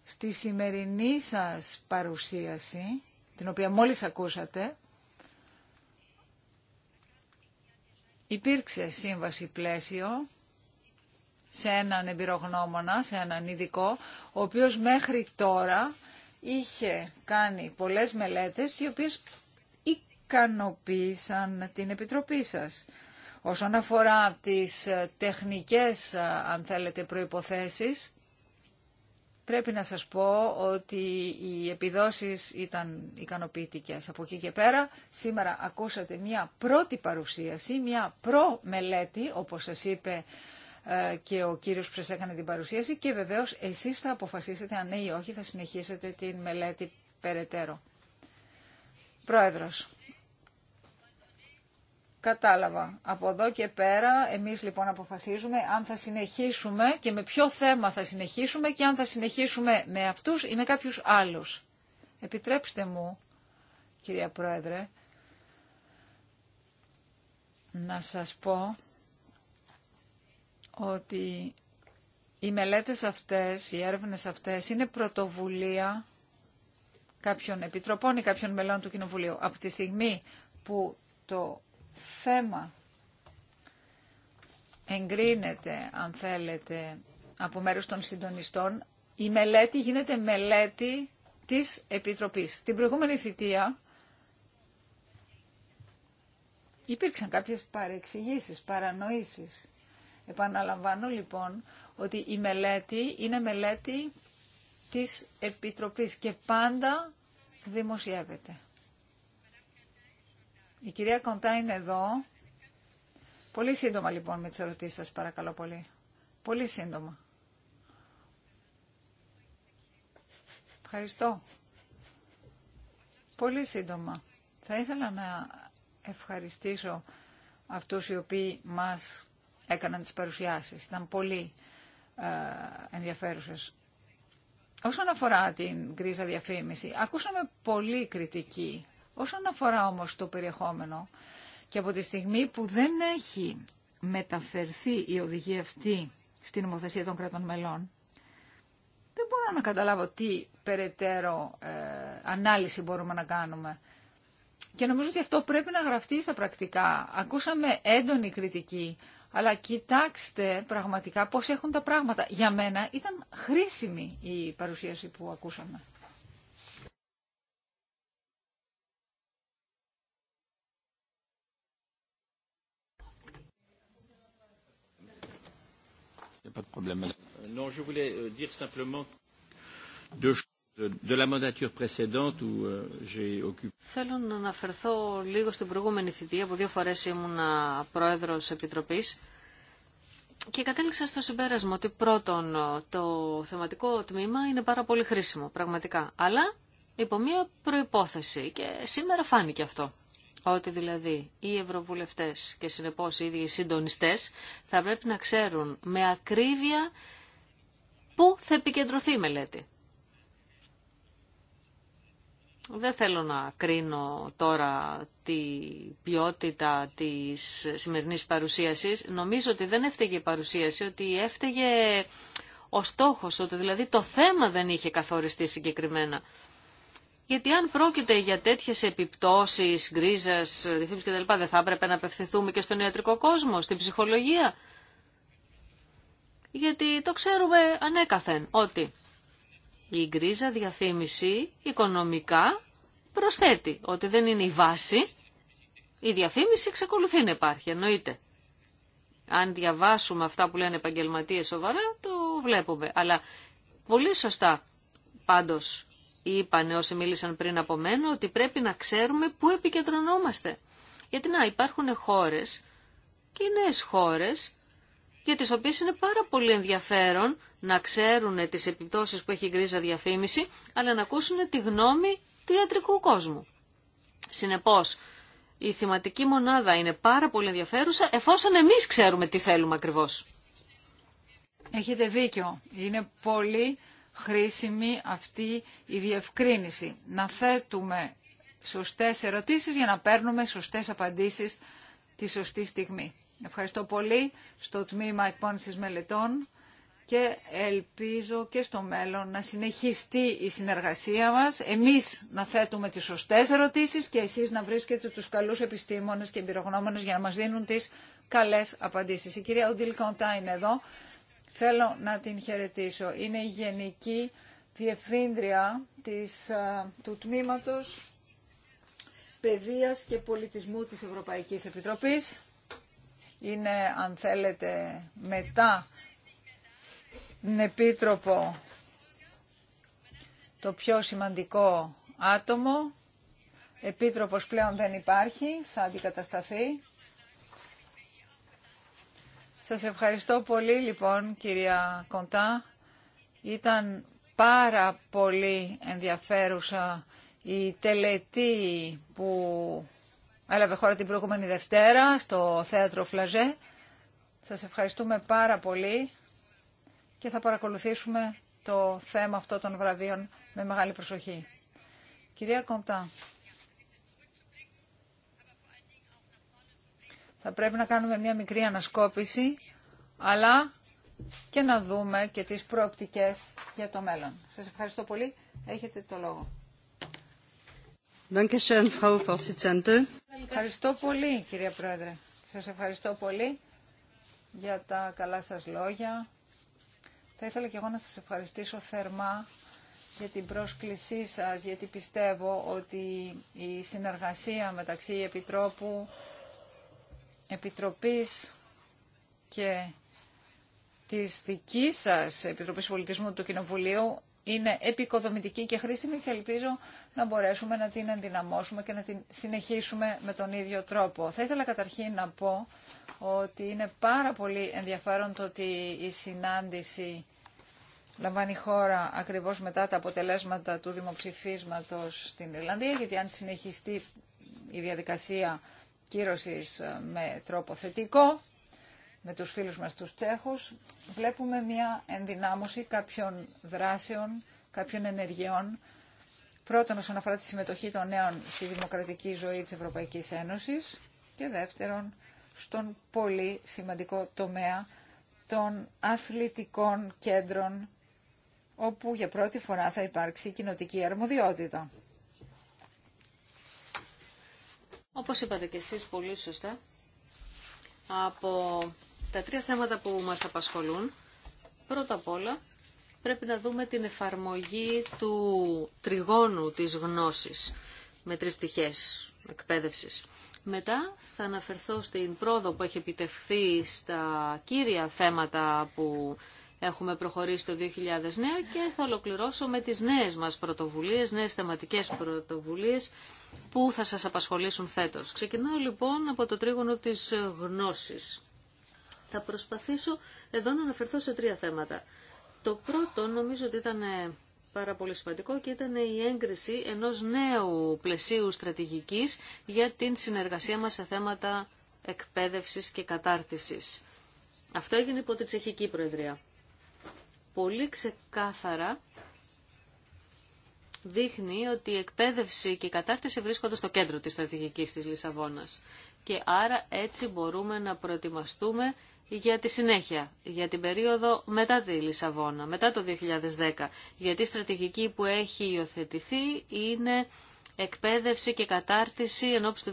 Στη σημερινή σας παρουσίαση, την οποία μόλις ακούσατε, υπήρξε σύμβαση πλαίσιο σε έναν εμπειρογνώμονα, σε έναν ειδικό, ο οποίος μέχρι τώρα είχε κάνει πολλές μελέτες οι οποίες ικανοποίησαν την Επιτροπή σας. Όσον αφορά τις ε, τεχνικές, ε, αν θέλετε, προϋποθέσεις, πρέπει να σας πω ότι οι επιδόσεις ήταν ικανοποιητικές. Από εκεί και πέρα, σήμερα ακούσατε μια πρώτη παρουσίαση, μια προμελέτη μελετη όπως σας είπε ε, και ο κύριος που έκανε την παρουσίαση και βεβαίως εσείς θα αποφασίσετε αν ναι ή όχι θα συνεχίσετε την μελέτη περαιτέρω. Πρόεδρος. Κατάλαβα. Από εδώ και πέρα εμείς λοιπόν αποφασίζουμε αν θα συνεχίσουμε και με ποιο θέμα θα συνεχίσουμε και αν θα συνεχίσουμε με αυτούς ή με κάποιους άλλους. Επιτρέψτε μου, κυρία Πρόεδρε, να σας πω ότι οι μελέτες αυτές, οι έρευνες αυτές είναι πρωτοβουλία κάποιων επιτροπών ή κάποιων μελών του Κοινοβουλίου. Από τη στιγμή που το θέμα εγκρίνεται, αν θέλετε, από μέρους των συντονιστών, η μελέτη γίνεται μελέτη της Επιτροπής. Την προηγούμενη θητεία υπήρξαν κάποιες παρεξηγήσεις, παρανοήσεις. Επαναλαμβάνω λοιπόν ότι η μελέτη είναι μελέτη της Επιτροπής και πάντα δημοσιεύεται. Η κυρία Κοντά είναι εδώ. Πολύ σύντομα λοιπόν με τις ερωτήσεις σας παρακαλώ πολύ. Πολύ σύντομα. Ευχαριστώ. Πολύ σύντομα. Θα ήθελα να ευχαριστήσω αυτούς οι οποίοι μας έκαναν τις παρουσιάσεις. Ήταν πολύ ε, ενδιαφέρουσες. Όσον αφορά την γκρίζα διαφήμιση, ακούσαμε πολύ κριτική. Όσον αφορά όμως το περιεχόμενο και από τη στιγμή που δεν έχει μεταφερθεί η οδηγία αυτή στην νομοθεσία των κρατών μελών, δεν μπορώ να καταλάβω τι περαιτέρω ε, ανάλυση μπορούμε να κάνουμε. Και νομίζω ότι αυτό πρέπει να γραφτεί στα πρακτικά. Ακούσαμε έντονη κριτική αλλά κοιτάξτε πραγματικά πώς έχουν τα πράγματα. Για μένα ήταν χρήσιμη η παρουσίαση που ακούσαμε. Euh, non, je voulais euh, dire simplement deux Euh, Θέλω να αναφερθώ λίγο στην προηγούμενη θητεία που δύο φορές ήμουν πρόεδρος επιτροπής και κατέληξα στο συμπέρασμα ότι πρώτον το θεματικό τμήμα είναι πάρα πολύ χρήσιμο πραγματικά αλλά υπό μία προϋπόθεση και σήμερα φάνηκε αυτό ότι δηλαδή οι ευρωβουλευτές και συνεπώς οι ίδιοι συντονιστές θα πρέπει να ξέρουν με ακρίβεια πού θα επικεντρωθεί η μελέτη. Δεν θέλω να κρίνω τώρα τη ποιότητα της σημερινής παρουσίασης. Νομίζω ότι δεν έφταιγε η παρουσίαση, ότι έφταιγε ο στόχος, ότι δηλαδή το θέμα δεν είχε καθοριστεί συγκεκριμένα. Γιατί αν πρόκειται για τέτοιες επιπτώσεις, γκρίζας, διθύμψης κτλ. δεν θα έπρεπε να απευθυνθούμε και στον ιατρικό κόσμο, στην ψυχολογία. Γιατί το ξέρουμε ανέκαθεν ότι η γκρίζα διαφήμιση οικονομικά προσθέτει ότι δεν είναι η βάση. Η διαφήμιση εξακολουθεί να υπάρχει, εννοείται. Αν διαβάσουμε αυτά που λένε επαγγελματίε σοβαρά, το βλέπουμε. Αλλά πολύ σωστά πάντως είπαν όσοι μίλησαν πριν από μένα ότι πρέπει να ξέρουμε πού επικεντρωνόμαστε. Γιατί να υπάρχουν χώρες και χώρες για τις οποίες είναι πάρα πολύ ενδιαφέρον να ξέρουν τις επιπτώσεις που έχει η γκρίζα διαφήμιση, αλλά να ακούσουν τη γνώμη του ιατρικού κόσμου. Συνεπώς, η θυματική μονάδα είναι πάρα πολύ ενδιαφέρουσα, εφόσον εμείς ξέρουμε τι θέλουμε ακριβώς. Έχετε δίκιο. Είναι πολύ χρήσιμη αυτή η διευκρίνηση. Να θέτουμε σωστές ερωτήσεις για να παίρνουμε σωστές απαντήσεις τη σωστή στιγμή. Ευχαριστώ πολύ στο τμήμα εκπόνησης μελετών και ελπίζω και στο μέλλον να συνεχιστεί η συνεργασία μας, εμείς να θέτουμε τις σωστές ερωτήσεις και εσείς να βρίσκετε τους καλούς επιστήμονες και εμπειρογνώμονες για να μας δίνουν τις καλές απαντήσεις. Η κυρία Οντιλ Κοντά είναι εδώ. Θέλω να την χαιρετήσω. Είναι η Γενική Διευθύντρια της, του Τμήματος Παιδείας και Πολιτισμού της Ευρωπαϊκής Επιτροπής είναι αν θέλετε μετά την Επίτροπο το πιο σημαντικό άτομο. Επίτροπος πλέον δεν υπάρχει, θα αντικατασταθεί. Σας ευχαριστώ πολύ λοιπόν κυρία Κοντά. Ήταν πάρα πολύ ενδιαφέρουσα η τελετή που έλαβε χώρα την προηγούμενη Δευτέρα στο Θέατρο Φλαζέ. Σας ευχαριστούμε πάρα πολύ και θα παρακολουθήσουμε το θέμα αυτό των βραβείων με μεγάλη προσοχή. Κυρία Κοντά, θα πρέπει να κάνουμε μια μικρή ανασκόπηση, αλλά και να δούμε και τις προοπτικές για το μέλλον. Σας ευχαριστώ πολύ. Έχετε το λόγο. Ευχαριστώ πολύ, κυρία Πρόεδρε. Σας ευχαριστώ πολύ για τα καλά σας λόγια. Θα ήθελα και εγώ να σας ευχαριστήσω θερμά για την πρόσκλησή σας, γιατί πιστεύω ότι η συνεργασία μεταξύ Επιτρόπου, Επιτροπής και της δικής σας Επιτροπής Πολιτισμού του Κοινοβουλίου είναι επικοδομητική και χρήσιμη και ελπίζω να μπορέσουμε να την ενδυναμώσουμε και να την συνεχίσουμε με τον ίδιο τρόπο. Θα ήθελα καταρχήν να πω ότι είναι πάρα πολύ ενδιαφέρον το ότι η συνάντηση λαμβάνει χώρα ακριβώς μετά τα αποτελέσματα του δημοψηφίσματος στην Ιρλανδία, γιατί αν συνεχιστεί η διαδικασία κύρωσης με τρόπο θετικό, με τους φίλους μας τους Τσέχους, βλέπουμε μια ενδυνάμωση κάποιων δράσεων, κάποιων ενεργειών. Πρώτον, όσον αφορά τη συμμετοχή των νέων στη δημοκρατική ζωή της Ευρωπαϊκής Ένωσης και δεύτερον, στον πολύ σημαντικό τομέα των αθλητικών κέντρων, όπου για πρώτη φορά θα υπάρξει κοινοτική αρμοδιότητα. Όπως είπατε και εσείς πολύ σωστά, από τα τρία θέματα που μας απασχολούν. Πρώτα απ' όλα πρέπει να δούμε την εφαρμογή του τριγώνου της γνώσης με τρεις πτυχές εκπαίδευσης. Μετά θα αναφερθώ στην πρόοδο που έχει επιτευχθεί στα κύρια θέματα που έχουμε προχωρήσει το 2009 και θα ολοκληρώσω με τις νέες μας πρωτοβουλίες, νέες θεματικές πρωτοβουλίες που θα σας απασχολήσουν φέτος. Ξεκινάω λοιπόν από το τρίγωνο της γνώσης. Θα προσπαθήσω εδώ να αναφερθώ σε τρία θέματα. Το πρώτο νομίζω ότι ήταν ε, πάρα πολύ σημαντικό και ήταν η έγκριση ενός νέου πλαισίου στρατηγικής για την συνεργασία μας σε θέματα εκπαίδευσης και κατάρτισης. Αυτό έγινε υπό την Τσεχική Προεδρία. Πολύ ξεκάθαρα δείχνει ότι η εκπαίδευση και η κατάρτιση βρίσκονται στο κέντρο της στρατηγικής της Λισαβόνας. Και άρα έτσι μπορούμε να προετοιμαστούμε για τη συνέχεια, για την περίοδο μετά τη Λισαβόνα, μετά το 2010. Γιατί η στρατηγική που έχει υιοθετηθεί είναι εκπαίδευση και κατάρτιση ενώπιση του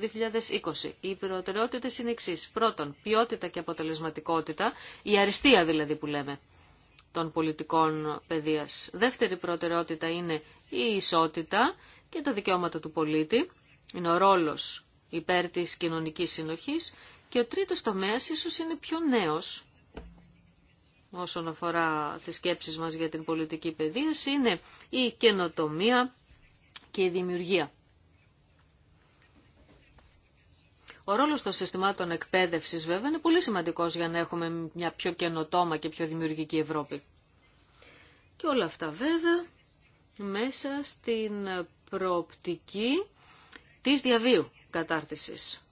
2020. Οι προτεραιότητε είναι εξή. Πρώτον, ποιότητα και αποτελεσματικότητα, η αριστεία δηλαδή που λέμε των πολιτικών παιδείας. Δεύτερη προτεραιότητα είναι η ισότητα και τα δικαιώματα του πολίτη. Είναι ο ρόλος υπέρ της κοινωνικής συνοχής και ο τρίτος τομέας ίσως είναι πιο νέος όσον αφορά τις σκέψεις μας για την πολιτική παιδεία, είναι η καινοτομία και η δημιουργία. Ο ρόλος των συστημάτων εκπαίδευσης βέβαια είναι πολύ σημαντικός για να έχουμε μια πιο καινοτόμα και πιο δημιουργική Ευρώπη. Και όλα αυτά βέβαια μέσα στην προοπτική της διαβίου κατάρτισης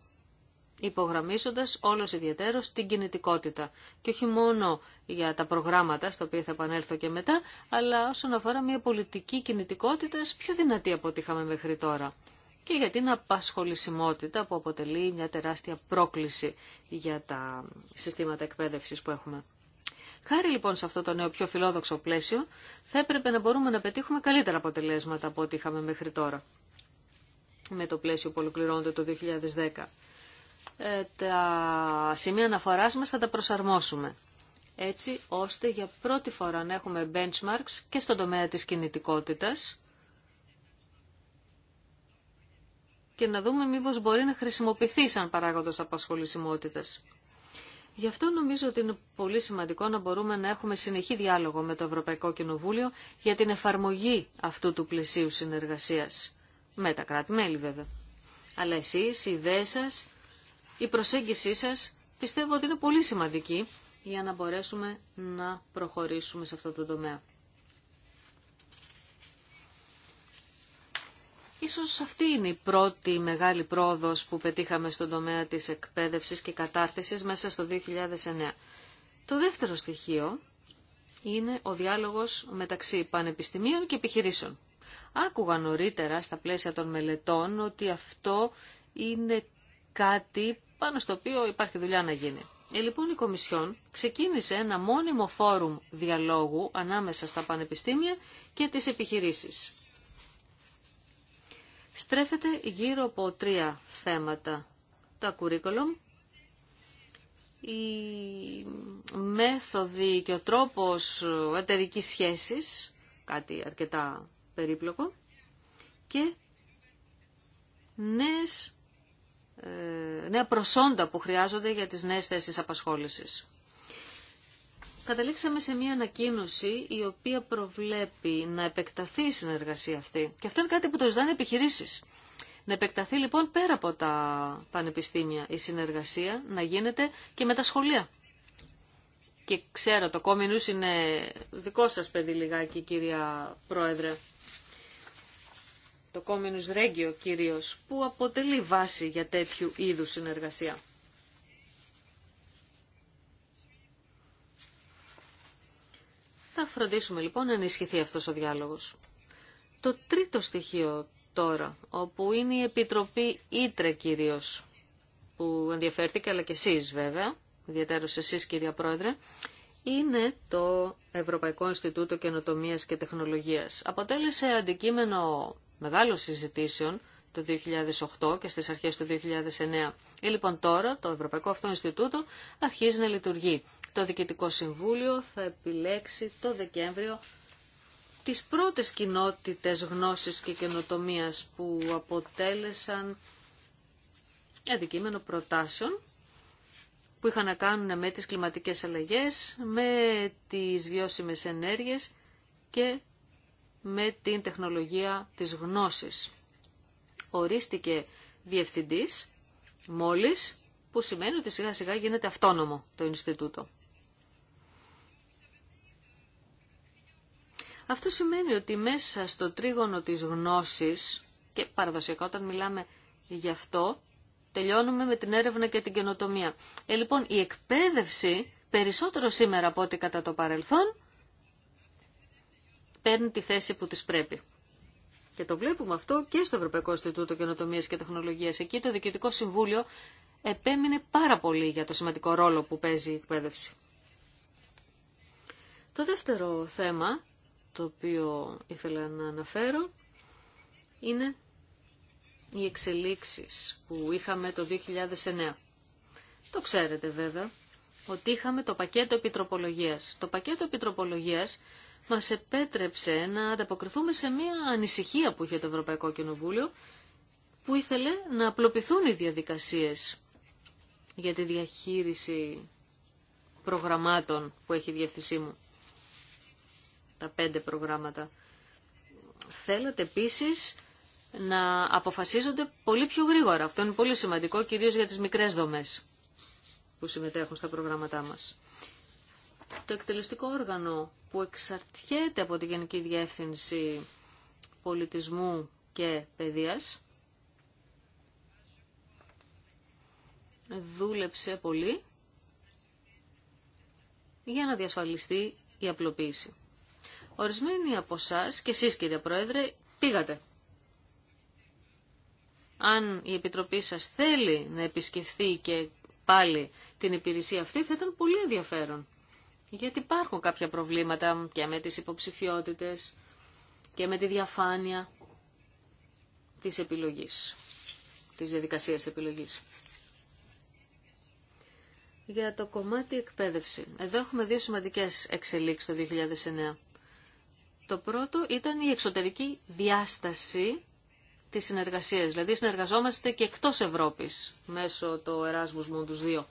υπογραμμίζοντας όλος ιδιαίτερος την κινητικότητα. Και όχι μόνο για τα προγράμματα, στα οποία θα επανέλθω και μετά, αλλά όσον αφορά μια πολιτική κινητικότητα πιο δυνατή από ό,τι είχαμε μέχρι τώρα. Και για την απασχολησιμότητα που αποτελεί μια τεράστια πρόκληση για τα συστήματα εκπαίδευσης που έχουμε. Χάρη λοιπόν σε αυτό το νέο πιο φιλόδοξο πλαίσιο, θα έπρεπε να μπορούμε να πετύχουμε καλύτερα αποτελέσματα από ό,τι είχαμε μέχρι τώρα με το πλαίσιο που ολοκληρώνεται το 2010. Ε, τα σημεία αναφοράς μας θα τα προσαρμόσουμε. Έτσι ώστε για πρώτη φορά να έχουμε benchmarks και στον τομέα της κινητικότητας και να δούμε μήπως μπορεί να χρησιμοποιηθεί σαν παράγοντας απασχολησιμότητας. Γι' αυτό νομίζω ότι είναι πολύ σημαντικό να μπορούμε να έχουμε συνεχή διάλογο με το Ευρωπαϊκό Κοινοβούλιο για την εφαρμογή αυτού του πλαισίου συνεργασίας. Με τα κράτη-μέλη βέβαια. Αλλά εσείς, οι ιδέες σας η προσέγγισή σας πιστεύω ότι είναι πολύ σημαντική για να μπορέσουμε να προχωρήσουμε σε αυτό το τομέα. Ίσως αυτή είναι η πρώτη μεγάλη πρόοδος που πετύχαμε στον τομέα της εκπαίδευσης και κατάρτισης μέσα στο 2009. Το δεύτερο στοιχείο είναι ο διάλογος μεταξύ πανεπιστημίων και επιχειρήσεων. Άκουγα νωρίτερα στα πλαίσια των μελετών ότι αυτό είναι κάτι πάνω στο οποίο υπάρχει δουλειά να γίνει. Ε, λοιπόν, η Κομισιόν ξεκίνησε ένα μόνιμο φόρουμ διαλόγου ανάμεσα στα πανεπιστήμια και τις επιχειρήσεις. Στρέφεται γύρω από τρία θέματα. Τα κουρίκολομ, η μέθοδοι και ο τρόπος εταιρικής σχέσης, κάτι αρκετά περίπλοκο, και νέες ε, νέα προσόντα που χρειάζονται για τις νέες θέσεις απασχόλησης. Καταλήξαμε σε μια ανακοίνωση η οποία προβλέπει να επεκταθεί η συνεργασία αυτή. Και αυτό είναι κάτι που το ζητάνε επιχειρήσεις. Να επεκταθεί λοιπόν πέρα από τα πανεπιστήμια η συνεργασία, να γίνεται και με τα σχολεία. Και ξέρω το κόμινους είναι δικό σας παιδί λιγάκι κυρία Πρόεδρε το Communist ρέγγιο κυρίως, που αποτελεί βάση για τέτοιου είδους συνεργασία. Θα φροντίσουμε λοιπόν να ενισχυθεί αυτός ο διάλογος. Το τρίτο στοιχείο τώρα, όπου είναι η Επιτροπή Ήτρε κυρίως, που ενδιαφέρθηκε, αλλά και εσείς βέβαια, ιδιαίτερως εσείς κυρία Πρόεδρε, είναι το Ευρωπαϊκό Ινστιτούτο Καινοτομίας και Τεχνολογίας. Αποτέλεσε αντικείμενο μεγάλων συζητήσεων το 2008 και στις αρχές του 2009. Ή ε, λοιπόν, τώρα το Ευρωπαϊκό Αυτό Ινστιτούτο αρχίζει να λειτουργεί. Το Διοικητικό Συμβούλιο θα επιλέξει το Δεκέμβριο τις πρώτες κοινότητες γνώσης και καινοτομίας που αποτέλεσαν αντικείμενο προτάσεων που είχαν να κάνουν με τις κλιματικές αλλαγές, με τις βιώσιμες ενέργειες και με την τεχνολογία της γνώσης. Ορίστηκε διευθυντής μόλις, που σημαίνει ότι σιγά σιγά γίνεται αυτόνομο το Ινστιτούτο. Αυτό σημαίνει ότι μέσα στο τρίγωνο της γνώσης, και παραδοσιακά όταν μιλάμε γι' αυτό, τελειώνουμε με την έρευνα και την καινοτομία. Ε, λοιπόν, η εκπαίδευση, περισσότερο σήμερα από ό,τι κατά το παρελθόν, παίρνει τη θέση που της πρέπει. Και το βλέπουμε αυτό και στο Ευρωπαϊκό Ινστιτούτο Καινοτομίας και Τεχνολογίας. Εκεί το Διοικητικό Συμβούλιο επέμεινε πάρα πολύ για το σημαντικό ρόλο που παίζει η εκπαίδευση. Το δεύτερο θέμα, το οποίο ήθελα να αναφέρω, είναι οι εξελίξεις που είχαμε το 2009. Το ξέρετε βέβαια ότι είχαμε το πακέτο επιτροπολογίας. Το πακέτο επιτροπολογίας μας επέτρεψε να ανταποκριθούμε σε μια ανησυχία που είχε το Ευρωπαϊκό Κοινοβούλιο που ήθελε να απλοποιηθούν οι διαδικασίες για τη διαχείριση προγραμμάτων που έχει η διευθυνσή μου. Τα πέντε προγράμματα. Θέλατε επίσης να αποφασίζονται πολύ πιο γρήγορα. Αυτό είναι πολύ σημαντικό, κυρίως για τις μικρές δομές που συμμετέχουν στα προγράμματά μας το εκτελεστικό όργανο που εξαρτιέται από τη Γενική Διεύθυνση Πολιτισμού και Παιδείας δούλεψε πολύ για να διασφαλιστεί η απλοποίηση. Ορισμένοι από εσά και εσείς κύριε Πρόεδρε πήγατε. Αν η Επιτροπή σας θέλει να επισκεφθεί και πάλι την υπηρεσία αυτή θα ήταν πολύ ενδιαφέρον. Γιατί υπάρχουν κάποια προβλήματα και με τις υποψηφιότητες και με τη διαφάνεια της επιλογής, της διαδικασίας επιλογής. Για το κομμάτι εκπαίδευση. Εδώ έχουμε δύο σημαντικές εξελίξεις το 2009. Το πρώτο ήταν η εξωτερική διάσταση της συνεργασίας. Δηλαδή συνεργαζόμαστε και εκτός Ευρώπης μέσω το Erasmus Mundus 2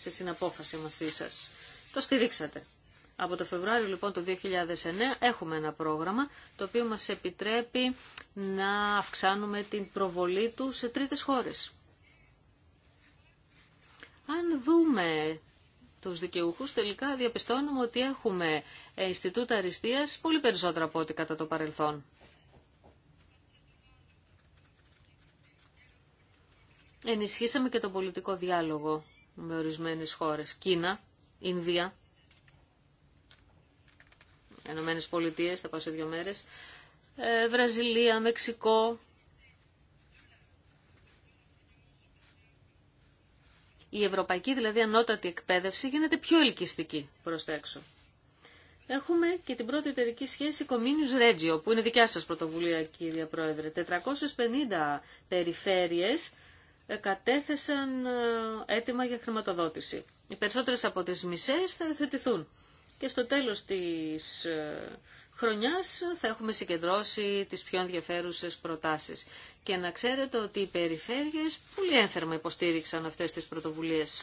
σε συναπόφαση μαζί σας. Το στηρίξατε. Από το Φεβρουάριο λοιπόν του 2009 έχουμε ένα πρόγραμμα το οποίο μας επιτρέπει να αυξάνουμε την προβολή του σε τρίτες χώρες. Αν δούμε τους δικαιούχους τελικά διαπιστώνουμε ότι έχουμε Ινστιτούτα Αριστείας πολύ περισσότερα από ό,τι κατά το παρελθόν. Ενισχύσαμε και τον πολιτικό διάλογο με ορισμένες χώρες. Κίνα, Ινδία, Ενωμένες Πολιτείες, θα πάω σε δύο μέρες, ε, Βραζιλία, Μεξικό. Η ευρωπαϊκή δηλαδή ανώτατη εκπαίδευση γίνεται πιο ελκυστική προς τα έξω. Έχουμε και την πρώτη εταιρική σχέση Comenius Regio, που είναι δικιά σας πρωτοβουλία κύριε Πρόεδρε. 450 περιφέρειες κατέθεσαν έτοιμα ε, για χρηματοδότηση. Οι περισσότερες από τις μισές θα υιοθετηθούν. Και στο τέλος της ε, χρονιάς θα έχουμε συγκεντρώσει τις πιο ενδιαφέρουσες προτάσεις. Και να ξέρετε ότι οι περιφέρειες πολύ ένθερμα υποστήριξαν αυτές τις πρωτοβουλίες.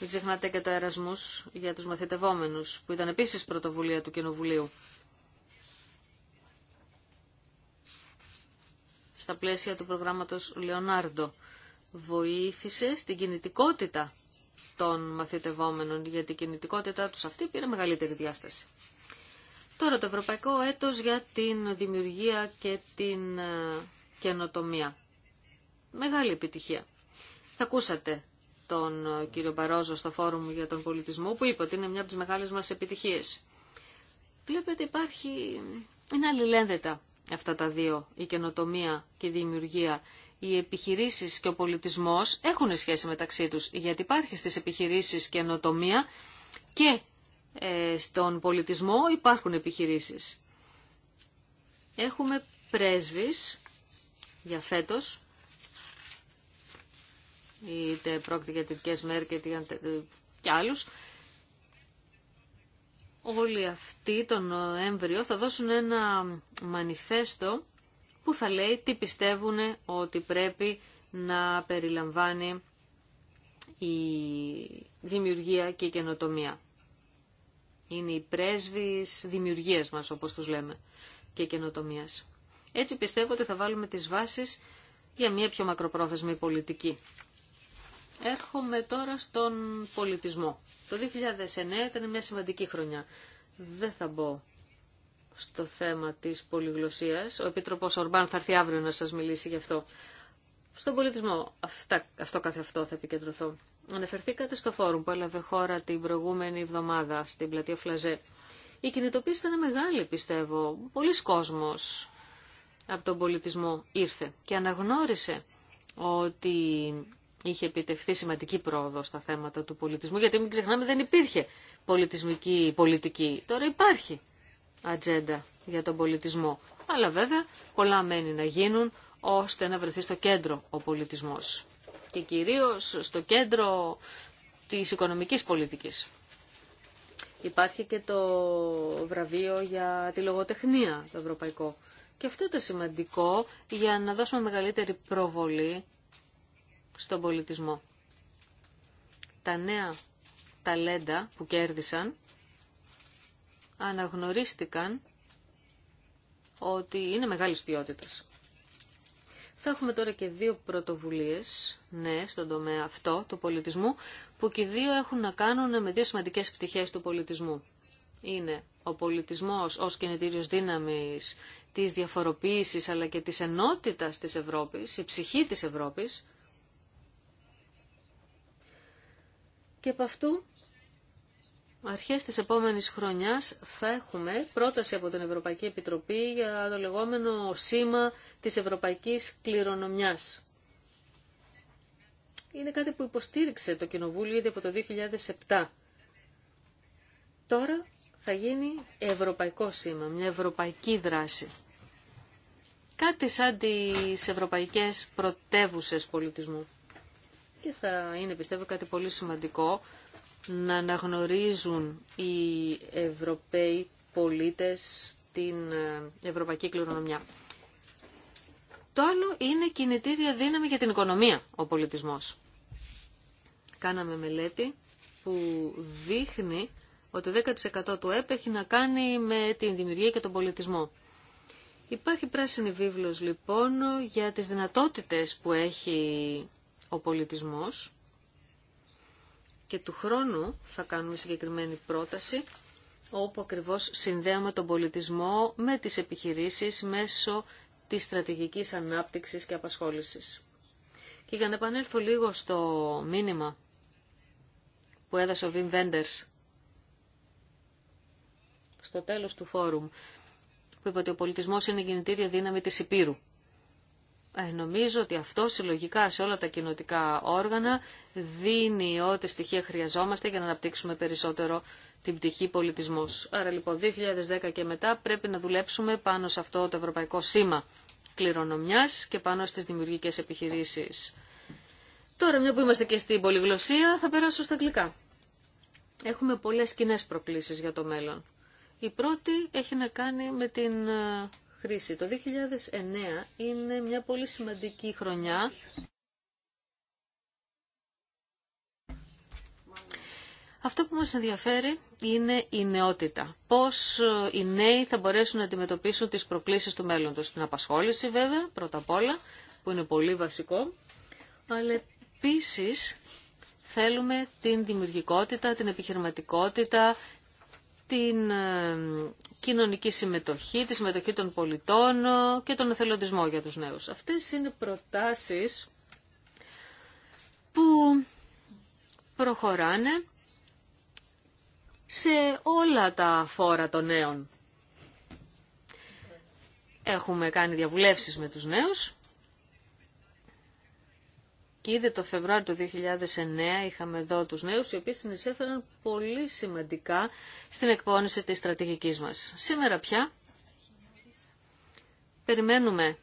Μην ξεχνάτε και το Erasmus για τους μαθητευόμενους, που ήταν επίσης πρωτοβουλία του Κοινοβουλίου. στα πλαίσια του προγράμματος Λεωνάρντο. Βοήθησε στην κινητικότητα των μαθητευόμενων, γιατί η κινητικότητά τους αυτή πήρε μεγαλύτερη διάσταση. Τώρα το Ευρωπαϊκό Έτος για την δημιουργία και την ε, καινοτομία. Μεγάλη επιτυχία. Θα ακούσατε τον ε, κύριο Μπαρόζο στο Φόρουμ για τον Πολιτισμό που είπε ότι είναι μια από τις μεγάλες μας επιτυχίες. Βλέπετε υπάρχει, ε, είναι αλληλένδετα αυτά τα δύο, η καινοτομία και η δημιουργία. Οι επιχειρήσεις και ο πολιτισμός έχουν σχέση μεταξύ τους, γιατί υπάρχει στις επιχειρήσεις καινοτομία και ε, στον πολιτισμό υπάρχουν επιχειρήσεις. Έχουμε πρέσβεις για φέτος, είτε πρόκειται για τι μέρες και και άλλους, όλοι αυτοί τον Νοέμβριο θα δώσουν ένα μανιφέστο που θα λέει τι πιστεύουν ότι πρέπει να περιλαμβάνει η δημιουργία και η καινοτομία. Είναι οι πρέσβεις δημιουργίας μας, όπως τους λέμε, και καινοτομίας. Έτσι πιστεύω ότι θα βάλουμε τις βάσεις για μια πιο μακροπρόθεσμη πολιτική. Έρχομαι τώρα στον πολιτισμό. Το 2009 ήταν μια σημαντική χρονιά. Δεν θα μπω στο θέμα της πολυγλωσσίας. Ο Επίτροπος Ορμπάν θα έρθει αύριο να σας μιλήσει γι' αυτό. Στον πολιτισμό, αυτό κάθε αυτό θα επικεντρωθώ. Αναφερθήκατε στο φόρουμ που έλαβε χώρα την προηγούμενη εβδομάδα στην πλατεία Φλαζέ. Η κινητοποίηση ήταν μεγάλη, πιστεύω. Πολλοί κόσμος από τον πολιτισμό ήρθε και αναγνώρισε ότι είχε επιτευχθεί σημαντική πρόοδο στα θέματα του πολιτισμού, γιατί μην ξεχνάμε δεν υπήρχε πολιτισμική πολιτική. Τώρα υπάρχει ατζέντα για τον πολιτισμό. Αλλά βέβαια πολλά μένει να γίνουν ώστε να βρεθεί στο κέντρο ο πολιτισμός. Και κυρίως στο κέντρο της οικονομικής πολιτικής. Υπάρχει και το βραβείο για τη λογοτεχνία το ευρωπαϊκό. Και αυτό είναι σημαντικό για να δώσουμε μεγαλύτερη προβολή στον πολιτισμό. Τα νέα ταλέντα που κέρδισαν αναγνωρίστηκαν ότι είναι μεγάλης ποιότητας. Θα έχουμε τώρα και δύο πρωτοβουλίες, ναι, στον τομέα αυτό του πολιτισμού, που και δύο έχουν να κάνουν με δύο σημαντικές πτυχές του πολιτισμού. Είναι ο πολιτισμός ως κινητήριος δύναμης της διαφοροποίησης αλλά και της ενότητας της Ευρώπης, η ψυχή της Ευρώπης, Και από αυτού, αρχές της επόμενης χρονιάς θα έχουμε πρόταση από την Ευρωπαϊκή Επιτροπή για το λεγόμενο σήμα της Ευρωπαϊκής Κληρονομιάς. Είναι κάτι που υποστήριξε το Κοινοβούλιο ήδη από το 2007. Τώρα θα γίνει ευρωπαϊκό σήμα, μια ευρωπαϊκή δράση. Κάτι σαν τις ευρωπαϊκές πρωτεύουσες πολιτισμού και θα είναι πιστεύω κάτι πολύ σημαντικό να αναγνωρίζουν οι Ευρωπαίοι πολίτες την ε, ευρωπαϊκή κληρονομιά. Το άλλο είναι κινητήρια δύναμη για την οικονομία, ο πολιτισμός. Κάναμε μελέτη που δείχνει ότι 10% του ΕΠ έχει να κάνει με την δημιουργία και τον πολιτισμό. Υπάρχει πράσινη βίβλος λοιπόν για τις δυνατότητες που έχει ο πολιτισμός και του χρόνου θα κάνουμε συγκεκριμένη πρόταση όπου ακριβώς συνδέουμε τον πολιτισμό με τις επιχειρήσεις μέσω της στρατηγικής ανάπτυξης και απασχόλησης. Και για να επανέλθω λίγο στο μήνυμα που έδωσε ο Βιν Βέντερς στο τέλος του φόρουμ, που είπε ότι ο πολιτισμός είναι η κινητήρια δύναμη της Υπήρου. Ε, νομίζω ότι αυτό συλλογικά σε όλα τα κοινοτικά όργανα δίνει ό,τι στοιχεία χρειαζόμαστε για να αναπτύξουμε περισσότερο την πτυχή πολιτισμός. Άρα λοιπόν 2010 και μετά πρέπει να δουλέψουμε πάνω σε αυτό το ευρωπαϊκό σήμα κληρονομιάς και πάνω στις δημιουργικές επιχειρήσεις. Τώρα μια που είμαστε και στην πολυγλωσία θα περάσω στα αγγλικά. Έχουμε πολλές κοινέ προκλήσεις για το μέλλον. Η πρώτη έχει να κάνει με την ε, χρήση. Το 2009 είναι μια πολύ σημαντική χρονιά. Αυτό που μας ενδιαφέρει είναι η νεότητα. Πώς ε, οι νέοι θα μπορέσουν να αντιμετωπίσουν τις προκλήσεις του μέλλοντος. Την απασχόληση βέβαια, πρώτα απ' όλα, που είναι πολύ βασικό. Αλλά επίσης θέλουμε την δημιουργικότητα, την επιχειρηματικότητα, την ε, κοινωνική συμμετοχή, τη συμμετοχή των πολιτών ε, και τον εθελοντισμό για τους νέους. Αυτές είναι προτάσεις που προχωράνε σε όλα τα φόρα των νέων. Έχουμε κάνει διαβουλεύσεις με τους νέους και ήδη το Φεβρουάριο του 2009 είχαμε εδώ τους νέους, οι οποίοι συνεισέφεραν πολύ σημαντικά στην εκπόνηση της στρατηγικής μας. Σήμερα πια περιμένουμε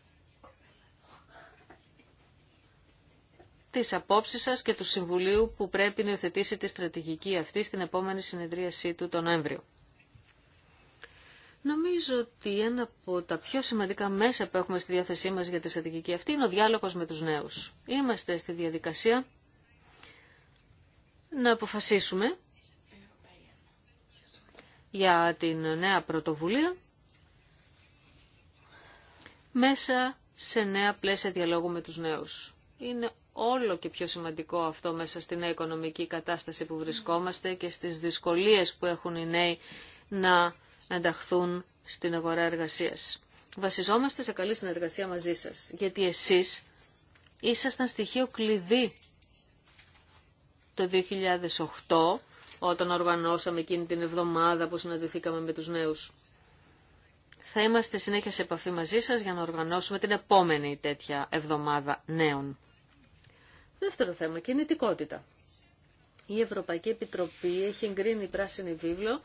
τις απόψεις σας και του Συμβουλίου που πρέπει να υιοθετήσει τη στρατηγική αυτή στην επόμενη συνεδρίασή του τον Νοέμβριο. Νομίζω ότι ένα από τα πιο σημαντικά μέσα που έχουμε στη διάθεσή μας για τη στρατηγική αυτή είναι ο διάλογος με τους νέους. Είμαστε στη διαδικασία να αποφασίσουμε για την νέα πρωτοβουλία μέσα σε νέα πλαίσια διαλόγου με τους νέους. Είναι όλο και πιο σημαντικό αυτό μέσα στην οικονομική κατάσταση που βρισκόμαστε και στις δυσκολίες που έχουν οι νέοι να να ενταχθούν στην αγορά εργασίας. Βασιζόμαστε σε καλή συνεργασία μαζί σας, γιατί εσείς ήσασταν στοιχείο κλειδί το 2008, όταν οργανώσαμε εκείνη την εβδομάδα που συναντηθήκαμε με τους νέους. Θα είμαστε συνέχεια σε επαφή μαζί σας για να οργανώσουμε την επόμενη τέτοια εβδομάδα νέων. Δεύτερο θέμα, κινητικότητα. Η Ευρωπαϊκή Επιτροπή έχει εγκρίνει πράσινη βίβλο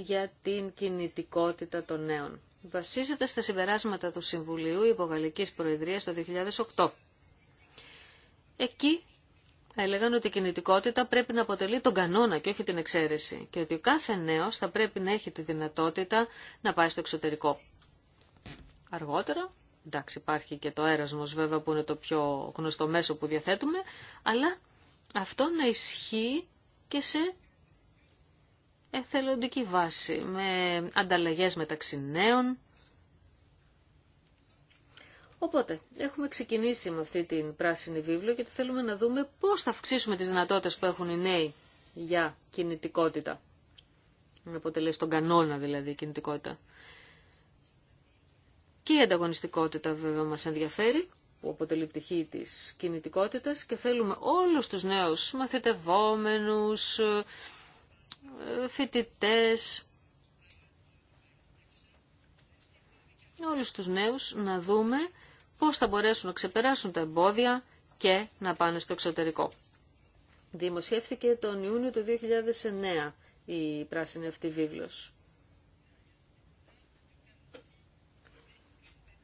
για την κινητικότητα των νέων. Βασίζεται στα συμπεράσματα του Συμβουλίου Υπογαλλικής Προεδρίας το 2008. Εκεί έλεγαν ότι η κινητικότητα πρέπει να αποτελεί τον κανόνα και όχι την εξαίρεση και ότι ο κάθε νέος θα πρέπει να έχει τη δυνατότητα να πάει στο εξωτερικό. Αργότερα, εντάξει υπάρχει και το έρασμος βέβαια που είναι το πιο γνωστό μέσο που διαθέτουμε, αλλά αυτό να ισχύει και σε εθελοντική βάση, με ανταλλαγές μεταξύ νέων. Οπότε, έχουμε ξεκινήσει με αυτή την πράσινη βίβλο γιατί θέλουμε να δούμε πώς θα αυξήσουμε τις δυνατότητες που έχουν οι νέοι για κινητικότητα. Να αποτελέσει τον κανόνα δηλαδή κινητικότητα. Και η ανταγωνιστικότητα βέβαια μας ενδιαφέρει, που αποτελεί πτυχή της κινητικότητας και θέλουμε όλους τους νέους μαθητευόμενους, Φοιτητέ. όλους τους νέους να δούμε πώς θα μπορέσουν να ξεπεράσουν τα εμπόδια και να πάνε στο εξωτερικό. Δημοσιεύθηκε τον Ιούνιο του 2009 η πράσινη αυτή βίβλος.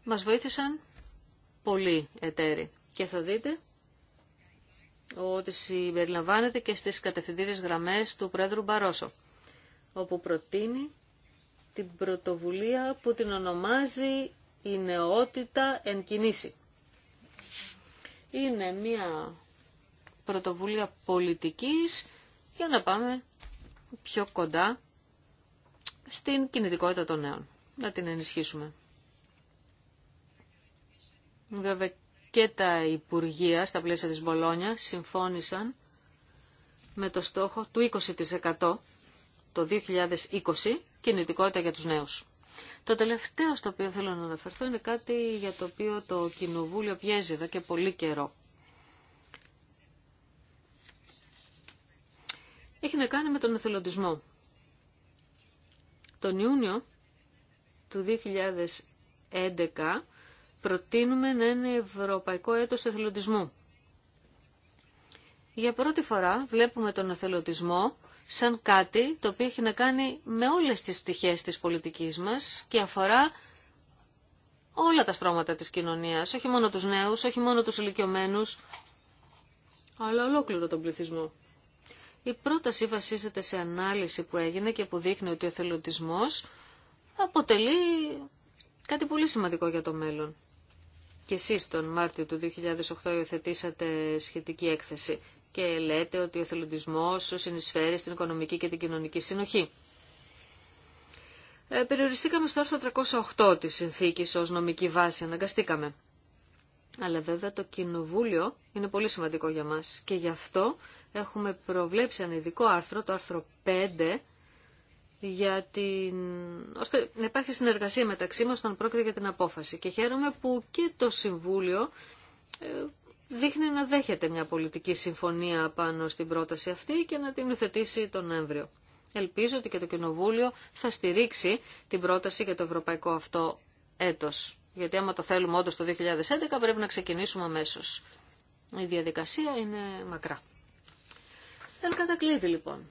Μας βοήθησαν πολλοί εταίροι και θα δείτε ότι συμπεριλαμβάνεται και στις κατευθυντήριες γραμμές του Πρόεδρου Μπαρόσο, όπου προτείνει την πρωτοβουλία που την ονομάζει η νεότητα εν κινήσει. Είναι μια πρωτοβουλία πολιτικής για να πάμε πιο κοντά στην κινητικότητα των νέων, να την ενισχύσουμε και τα Υπουργεία στα πλαίσια της Μπολόνια συμφώνησαν με το στόχο του 20% το 2020 κινητικότητα για τους νέους. Το τελευταίο στο οποίο θέλω να αναφερθώ είναι κάτι για το οποίο το Κοινοβούλιο πιέζει εδώ και πολύ καιρό. Έχει να κάνει με τον εθελοντισμό. Τον Ιούνιο του 2011 προτείνουμε να είναι Ευρωπαϊκό Έτος Εθελοντισμού. Για πρώτη φορά βλέπουμε τον εθελοντισμό σαν κάτι το οποίο έχει να κάνει με όλες τις πτυχές της πολιτικής μας και αφορά όλα τα στρώματα της κοινωνίας, όχι μόνο τους νέους, όχι μόνο τους ηλικιωμένους, αλλά ολόκληρο τον πληθυσμό. Η πρόταση βασίζεται σε ανάλυση που έγινε και που δείχνει ότι ο εθελοντισμός αποτελεί κάτι πολύ σημαντικό για το μέλλον και εσείς τον Μάρτιο του 2008 υιοθετήσατε σχετική έκθεση και λέτε ότι ο εθελοντισμός συνεισφέρει στην οικονομική και την κοινωνική συνοχή. Ε, περιοριστήκαμε στο άρθρο 308 της συνθήκης ως νομική βάση, αναγκαστήκαμε. Αλλά βέβαια το κοινοβούλιο είναι πολύ σημαντικό για μας και γι' αυτό έχουμε προβλέψει ένα ειδικό άρθρο, το άρθρο 5, για την... ώστε να υπάρχει συνεργασία μεταξύ μας όταν πρόκειται για την απόφαση. Και χαίρομαι που και το Συμβούλιο ε, δείχνει να δέχεται μια πολιτική συμφωνία πάνω στην πρόταση αυτή και να την υιοθετήσει τον Νοέμβριο. Ελπίζω ότι και το Κοινοβούλιο θα στηρίξει την πρόταση για το ευρωπαϊκό αυτό έτος. Γιατί άμα το θέλουμε όντως το 2011 πρέπει να ξεκινήσουμε αμέσω. Η διαδικασία είναι μακρά. Εν κατακλείδη λοιπόν.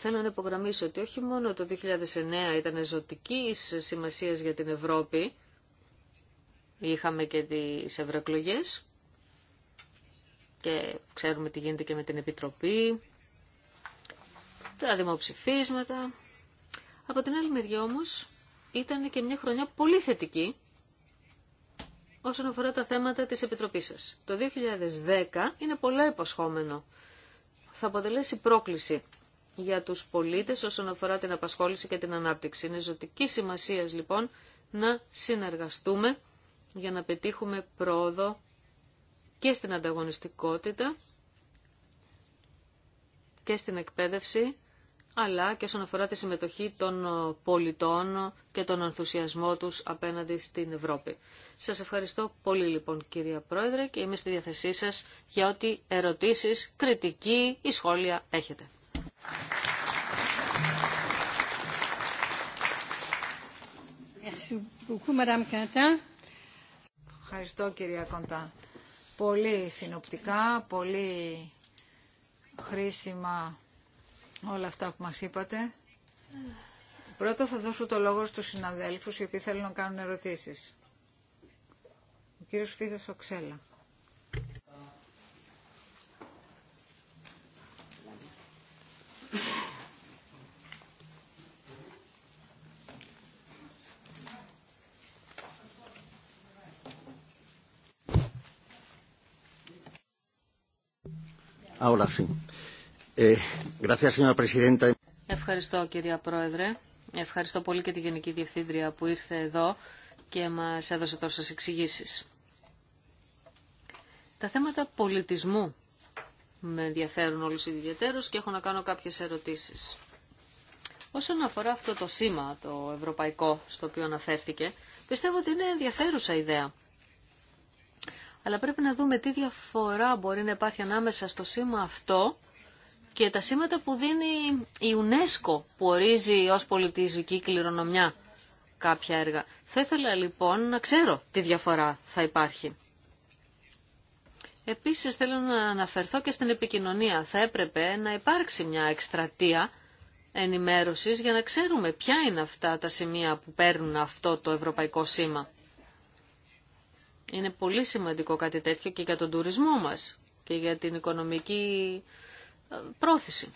Θέλω να υπογραμμίσω ότι όχι μόνο το 2009 ήταν ζωτική σημασία για την Ευρώπη, είχαμε και τις ευρωεκλογέ και ξέρουμε τι γίνεται και με την Επιτροπή, τα δημοψηφίσματα. Από την άλλη μεριά όμως ήταν και μια χρονιά πολύ θετική όσον αφορά τα θέματα της Επιτροπής σας. Το 2010 είναι πολλά υποσχόμενο. Θα αποτελέσει πρόκληση για τους πολίτες όσον αφορά την απασχόληση και την ανάπτυξη. Είναι ζωτική σημασία λοιπόν να συνεργαστούμε για να πετύχουμε πρόοδο και στην ανταγωνιστικότητα και στην εκπαίδευση, αλλά και όσον αφορά τη συμμετοχή των πολιτών και τον ενθουσιασμό τους απέναντι στην Ευρώπη. Σας ευχαριστώ πολύ λοιπόν κυρία Πρόεδρε και είμαι στη διαθεσή σας για ό,τι ερωτήσεις, κριτική ή σχόλια έχετε. Ευχαριστώ κυρία Κοντά. Πολύ συνοπτικά, πολύ χρήσιμα όλα αυτά που μας είπατε. Πρώτα θα δώσω το λόγο στους συναδέλφους οι οποίοι θέλουν να κάνουν ερωτήσεις. Ο κύριος Φίζας Οξέλα. Eh, Ευχαριστώ κυρία Πρόεδρε. Ευχαριστώ πολύ και τη Γενική Διευθύντρια που ήρθε εδώ και μας έδωσε τόσες εξηγήσεις. Τα θέματα πολιτισμού με ενδιαφέρουν όλους ιδιαίτερους και έχω να κάνω κάποιες ερωτήσεις. Όσον αφορά αυτό το σήμα, το ευρωπαϊκό, στο οποίο αναφέρθηκε, πιστεύω ότι είναι ενδιαφέρουσα ιδέα αλλά πρέπει να δούμε τι διαφορά μπορεί να υπάρχει ανάμεσα στο σήμα αυτό και τα σήματα που δίνει η UNESCO που ορίζει ως πολιτιστική κληρονομιά κάποια έργα. Θα ήθελα λοιπόν να ξέρω τι διαφορά θα υπάρχει. Επίσης θέλω να αναφερθώ και στην επικοινωνία. Θα έπρεπε να υπάρξει μια εκστρατεία ενημέρωσης για να ξέρουμε ποια είναι αυτά τα σημεία που παίρνουν αυτό το ευρωπαϊκό σήμα. Είναι πολύ σημαντικό κάτι τέτοιο και για τον τουρισμό μας και για την οικονομική ε, πρόθεση.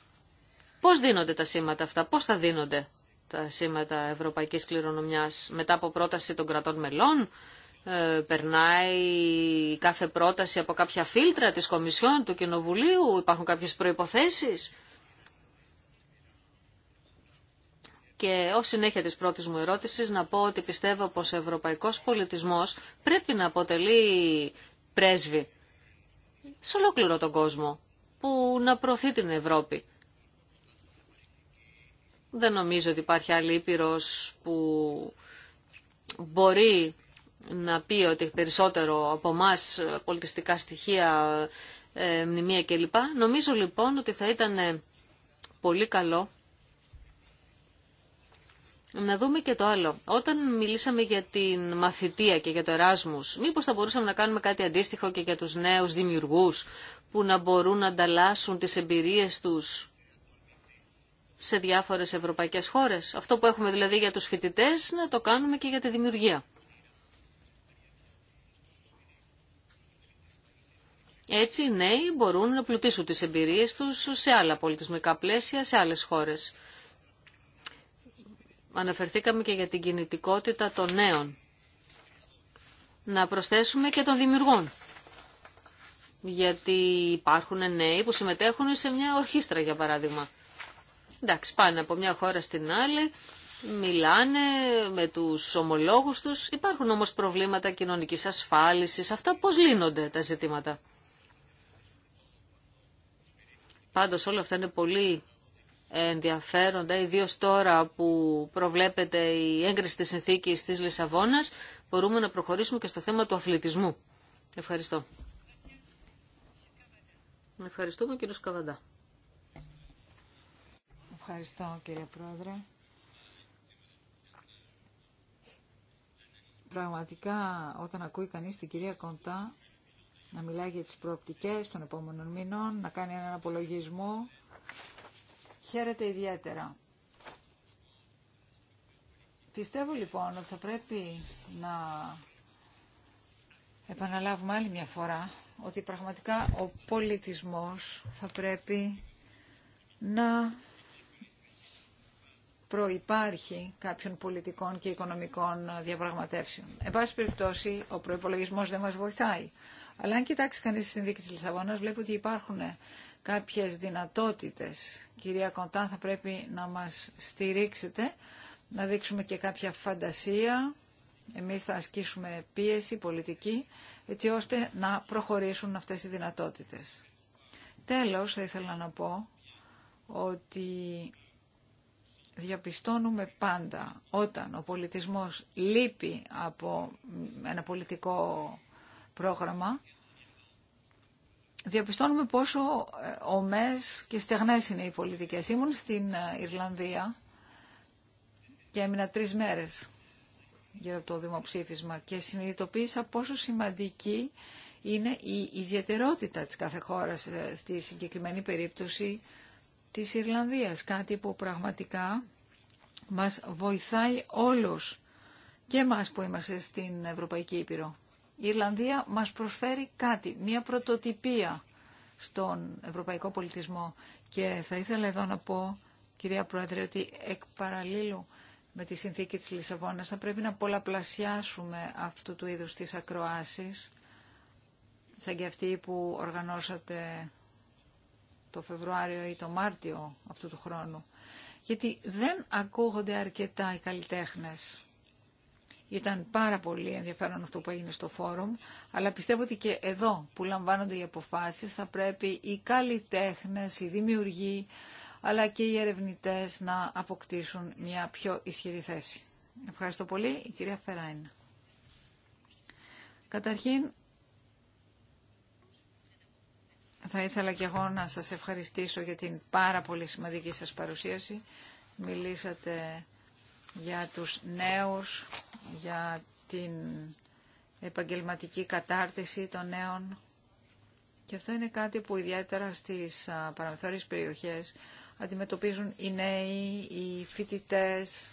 Πώς δίνονται τα σήματα αυτά, πώς θα δίνονται τα σήματα ευρωπαϊκής κληρονομιάς μετά από πρόταση των κρατών μελών, ε, περνάει κάθε πρόταση από κάποια φίλτρα της Κομισιόν του Κοινοβουλίου, υπάρχουν κάποιες προϋποθέσεις. Και ω συνέχεια τη πρώτη μου ερώτηση να πω ότι πιστεύω πως ο ευρωπαϊκός πολιτισμός πρέπει να αποτελεί πρέσβη σε ολόκληρο τον κόσμο που να προωθεί την Ευρώπη. Δεν νομίζω ότι υπάρχει άλλη ήπειρος που μπορεί να πει ότι περισσότερο από εμά πολιτιστικά στοιχεία, ε, μνημεία κλπ. Νομίζω λοιπόν ότι θα ήταν πολύ καλό να δούμε και το άλλο. Όταν μιλήσαμε για την μαθητεία και για το Εράσμους, μήπως θα μπορούσαμε να κάνουμε κάτι αντίστοιχο και για τους νέους δημιουργούς που να μπορούν να ανταλλάσσουν τις εμπειρίες τους σε διάφορες ευρωπαϊκές χώρες. Αυτό που έχουμε δηλαδή για τους φοιτητές να το κάνουμε και για τη δημιουργία. Έτσι οι νέοι μπορούν να πλουτίσουν τις εμπειρίες τους σε άλλα πολιτισμικά πλαίσια, σε άλλες χώρες. Αναφερθήκαμε και για την κινητικότητα των νέων. Να προσθέσουμε και των δημιουργών. Γιατί υπάρχουν νέοι που συμμετέχουν σε μια ορχήστρα, για παράδειγμα. Εντάξει, πάνε από μια χώρα στην άλλη, μιλάνε με τους ομολόγους τους. Υπάρχουν όμως προβλήματα κοινωνικής ασφάλισης. Αυτά πώς λύνονται τα ζητήματα. Πάντως όλα αυτά είναι πολύ ενδιαφέροντα, ιδίω τώρα που προβλέπεται η έγκριση της συνθήκης της Λισαβόνας, μπορούμε να προχωρήσουμε και στο θέμα του αθλητισμού. Ευχαριστώ. Ευχαριστούμε κύριο Σκαβαντά. Ευχαριστώ κύριε Πρόεδρε. Πραγματικά όταν ακούει κανείς την κυρία Κοντά να μιλάει για τις προοπτικές των επόμενων μηνών, να κάνει έναν απολογισμό χαίρεται ιδιαίτερα. Πιστεύω λοιπόν ότι θα πρέπει να επαναλάβουμε άλλη μια φορά ότι πραγματικά ο πολιτισμός θα πρέπει να προϋπάρχει κάποιων πολιτικών και οικονομικών διαπραγματεύσεων. Εν πάση περιπτώσει, ο προϋπολογισμός δεν μας βοηθάει. Αλλά αν κοιτάξει κανείς τη συνδίκη της Λισαβόνας, βλέπει ότι υπάρχουν κάποιες δυνατότητες. Κυρία Κοντά, θα πρέπει να μας στηρίξετε, να δείξουμε και κάποια φαντασία. Εμείς θα ασκήσουμε πίεση πολιτική, έτσι ώστε να προχωρήσουν αυτές οι δυνατότητες. Τέλος, θα ήθελα να πω ότι διαπιστώνουμε πάντα όταν ο πολιτισμός λείπει από ένα πολιτικό πρόγραμμα, διαπιστώνουμε πόσο ε, ομές και στεγνές είναι οι πολιτικές. Ήμουν στην ε, Ιρλανδία και έμεινα τρεις μέρες για το δημοψήφισμα και συνειδητοποίησα πόσο σημαντική είναι η ιδιαιτερότητα της κάθε χώρας ε, στη συγκεκριμένη περίπτωση της Ιρλανδίας. Κάτι που πραγματικά μας βοηθάει όλους και μας που είμαστε στην Ευρωπαϊκή Ήπειρο. Η Ιρλανδία μας προσφέρει κάτι, μια πρωτοτυπία στον ευρωπαϊκό πολιτισμό. Και θα ήθελα εδώ να πω, κυρία Πρόεδρε, ότι εκ παραλίλου με τη συνθήκη της Λισαβόνας θα πρέπει να πολλαπλασιάσουμε αυτού του είδους τις ακροάσεις, σαν και αυτή που οργανώσατε το Φεβρουάριο ή το Μάρτιο αυτού του χρόνου. Γιατί δεν ακούγονται αρκετά οι καλλιτέχνες. Ήταν πάρα πολύ ενδιαφέρον αυτό που έγινε στο φόρουμ, αλλά πιστεύω ότι και εδώ που λαμβάνονται οι αποφάσεις θα πρέπει οι καλλιτέχνε, οι δημιουργοί, αλλά και οι ερευνητές να αποκτήσουν μια πιο ισχυρή θέση. Ευχαριστώ πολύ. Η κυρία Φεράιν. Καταρχήν, θα ήθελα και εγώ να σας ευχαριστήσω για την πάρα πολύ σημαντική σας παρουσίαση. Μιλήσατε για τους νέους, για την επαγγελματική κατάρτιση των νέων. Και αυτό είναι κάτι που ιδιαίτερα στις παραμεθόριες περιοχές αντιμετωπίζουν οι νέοι, οι φοιτητές,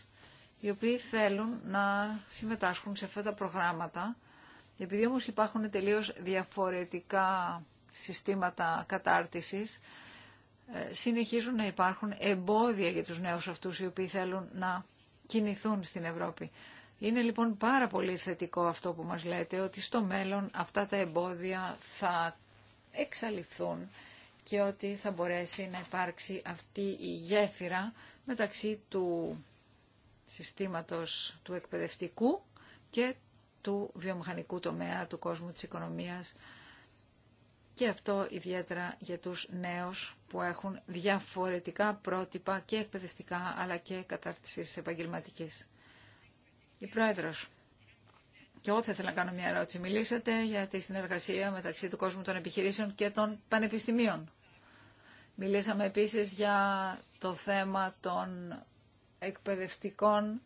οι οποίοι θέλουν να συμμετάσχουν σε αυτά τα προγράμματα. Επειδή όμως υπάρχουν τελείως διαφορετικά συστήματα κατάρτισης, ε, συνεχίζουν να υπάρχουν εμπόδια για τους νέους αυτούς οι οποίοι θέλουν να κινηθούν στην Ευρώπη. Είναι λοιπόν πάρα πολύ θετικό αυτό που μας λέτε, ότι στο μέλλον αυτά τα εμπόδια θα εξαλειφθούν και ότι θα μπορέσει να υπάρξει αυτή η γέφυρα μεταξύ του συστήματος του εκπαιδευτικού και του βιομηχανικού τομέα, του κόσμου της οικονομίας και αυτό ιδιαίτερα για τους νέους που έχουν διαφορετικά πρότυπα και εκπαιδευτικά αλλά και κατάρτισης επαγγελματικής. Η Πρόεδρος, και εγώ θα ήθελα να κάνω μια ερώτηση. Μιλήσατε για τη συνεργασία μεταξύ του κόσμου των επιχειρήσεων και των πανεπιστημίων. Μιλήσαμε επίσης για το θέμα των εκπαιδευτικών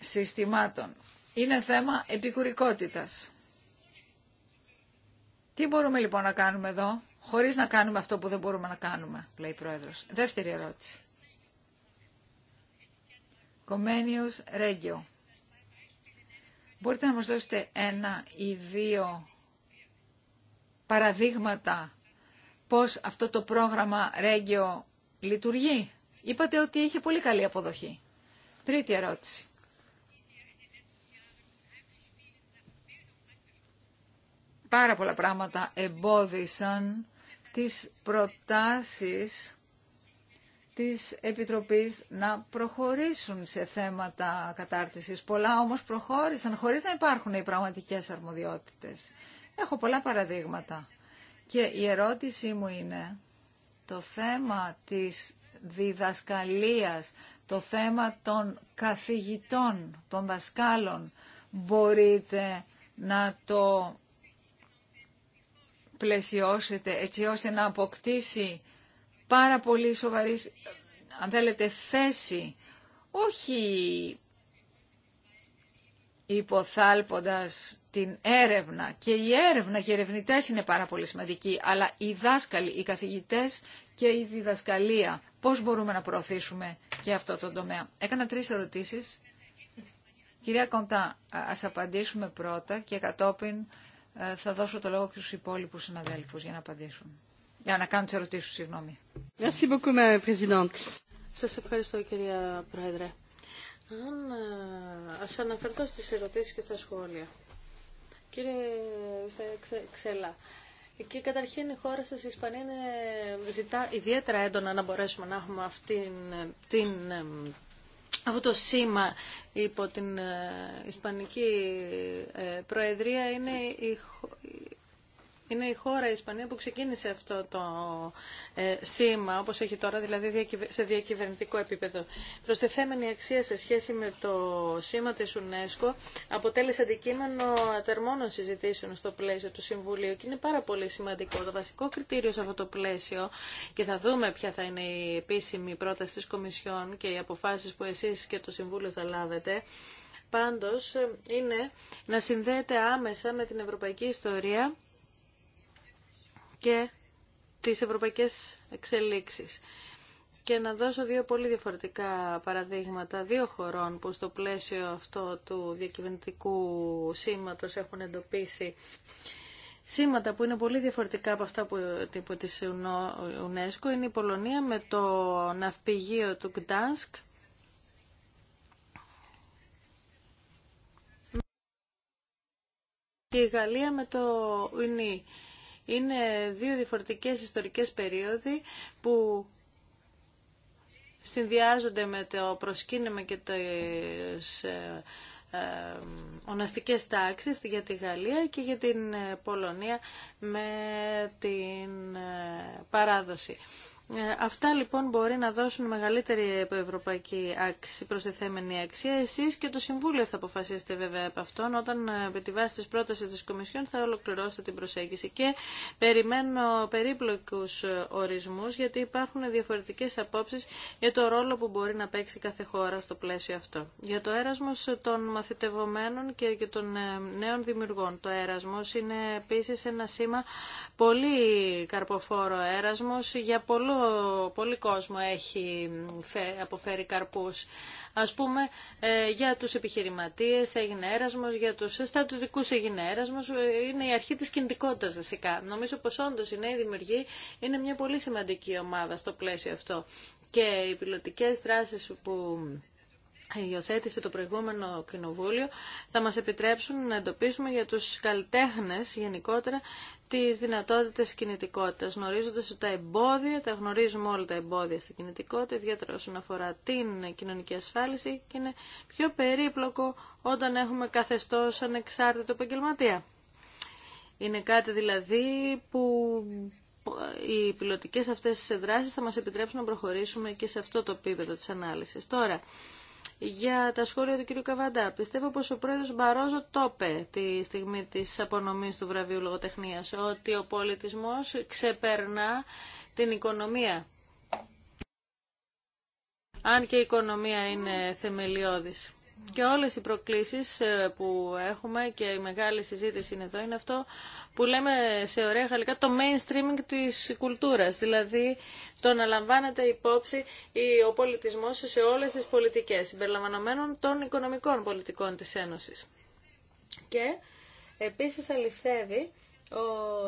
συστημάτων. Είναι θέμα επικουρικότητας. Τι μπορούμε λοιπόν να κάνουμε εδώ χωρίς να κάνουμε αυτό που δεν μπορούμε να κάνουμε, λέει η Πρόεδρος. Δεύτερη ερώτηση. Κομμένιου Ρέγγιο. Μπορείτε να μας δώσετε ένα ή δύο παραδείγματα πώς αυτό το πρόγραμμα Ρέγγιο λειτουργεί. Είπατε ότι είχε πολύ καλή αποδοχή. Τρίτη ερώτηση. Πάρα πολλά πράγματα εμπόδισαν τις προτάσεις της Επιτροπής να προχωρήσουν σε θέματα κατάρτισης. Πολλά όμως προχώρησαν χωρίς να υπάρχουν οι πραγματικές αρμοδιότητες. Έχω πολλά παραδείγματα. Και η ερώτησή μου είναι το θέμα της διδασκαλίας, το θέμα των καθηγητών, των δασκάλων, μπορείτε να το πλαισιώσετε έτσι ώστε να αποκτήσει πάρα πολύ σοβαρή, αν θέλετε, θέση, όχι υποθάλποντας την έρευνα. Και η έρευνα και οι ερευνητέ είναι πάρα πολύ σημαντικοί, αλλά οι δάσκαλοι, οι καθηγητές και η διδασκαλία. Πώς μπορούμε να προωθήσουμε και αυτό το τομέα. Έκανα τρεις ερωτήσεις. Κυρία Κοντά, ας απαντήσουμε πρώτα και κατόπιν ε, θα δώσω το λόγο και στους υπόλοιπους συναδέλφους για να απαντήσουν. Για να κάνουν τις ερωτήσεις, συγγνώμη. Σας ευχαριστώ κυρία Πρόεδρε. Αν, ε, ας αναφερθώ στις ερωτήσεις και στα σχόλια. Κύριε Ξέλα, και καταρχήν η χώρα σας, η Ισπανία, είναι, ε, ζητά ιδιαίτερα έντονα να μπορέσουμε να έχουμε αυτήν την αυτό το σήμα υπό την ε, Ισπανική ε, Προεδρία είναι η είναι η χώρα η Ισπανία που ξεκίνησε αυτό το ε, σήμα, όπως έχει τώρα, δηλαδή σε διακυβερνητικό επίπεδο. Προστιθέμενη αξία σε σχέση με το σήμα της UNESCO αποτέλεσε αντικείμενο ατερμόνων συζητήσεων στο πλαίσιο του Συμβουλίου και είναι πάρα πολύ σημαντικό. Το βασικό κριτήριο σε αυτό το πλαίσιο και θα δούμε ποια θα είναι η επίσημη πρόταση της Κομισιόν και οι αποφάσεις που εσείς και το Συμβούλιο θα λάβετε, πάντως ε, είναι να συνδέεται άμεσα με την ευρωπαϊκή ιστορία και τις ευρωπαϊκές εξελίξεις. Και να δώσω δύο πολύ διαφορετικά παραδείγματα δύο χωρών που στο πλαίσιο αυτό του διακυβερνητικού σήματος έχουν εντοπίσει σήματα που είναι πολύ διαφορετικά από αυτά που, τύπου της UNESCO είναι η Πολωνία με το ναυπηγείο του Γκτάνσκ και η Γαλλία με το UNI. Είναι δύο διαφορετικές ιστορικές περίοδοι που συνδυάζονται με το προσκύνημα και το ε, ε, οναστικές τάξεις για τη Γαλλία και για την ε, Πολωνία με την παράδοση. Ε, αυτά λοιπόν μπορεί να δώσουν μεγαλύτερη ευρωπαϊκή αξι, προστιθέμενη αξία. Εσεί και το Συμβούλιο θα αποφασίσετε βέβαια από αυτόν όταν ε, με τη βάση της πρόταση τη Κομισιόν θα ολοκληρώσετε την προσέγγιση. Και περιμένω περίπλοκου ε, ορισμού, γιατί υπάρχουν διαφορετικέ απόψει για το ρόλο που μπορεί να παίξει κάθε χώρα στο πλαίσιο αυτό. Για το έρασμο των μαθητευομένων και, των νέων δημιουργών. Το έρασμο είναι επίση ένα σήμα πολύ καρποφόρο έρασμο για πολλούς πολύ κόσμο έχει αποφέρει καρπούς. Ας πούμε, ε, για τους επιχειρηματίες έγινε έρασμος, για τους στατιωτικούς έγινε έρασμος. Ε, είναι η αρχή της κινητικότητας βασικά. Νομίζω πως όντως οι νέοι δημιουργοί είναι μια πολύ σημαντική ομάδα στο πλαίσιο αυτό. Και οι πιλωτικές δράσεις που υιοθέτησε το προηγούμενο κοινοβούλιο θα μας επιτρέψουν να εντοπίσουμε για τους καλλιτέχνες γενικότερα τις δυνατότητες κινητικότητας, γνωρίζοντας τα εμπόδια, τα γνωρίζουμε όλα τα εμπόδια στην κινητικότητα, ιδιαίτερα όσον αφορά την κοινωνική ασφάλιση και είναι πιο περίπλοκο όταν έχουμε καθεστώς ανεξάρτητο επαγγελματία. Είναι κάτι δηλαδή που οι πιλωτικές αυτές δράσεις θα μας επιτρέψουν να προχωρήσουμε και σε αυτό το επίπεδο της ανάλυσης. Τώρα, για τα σχόλια του κ. Καβαντά. Πιστεύω πως ο πρόεδρος Μπαρόζο τόπε τη στιγμή της απονομής του βραβείου λογοτεχνίας, ότι ο πολιτισμός ξεπερνά την οικονομία. Αν και η οικονομία είναι θεμελιώδης και όλες οι προκλήσεις ε, που έχουμε και η μεγάλη συζήτηση είναι εδώ είναι αυτό που λέμε σε ωραία γαλλικά το mainstreaming της κουλτούρας, δηλαδή το να λαμβάνεται υπόψη ο πολιτισμός σε όλες τις πολιτικές, συμπεριλαμβανομένων των οικονομικών πολιτικών της Ένωσης. Και επίσης αληθεύει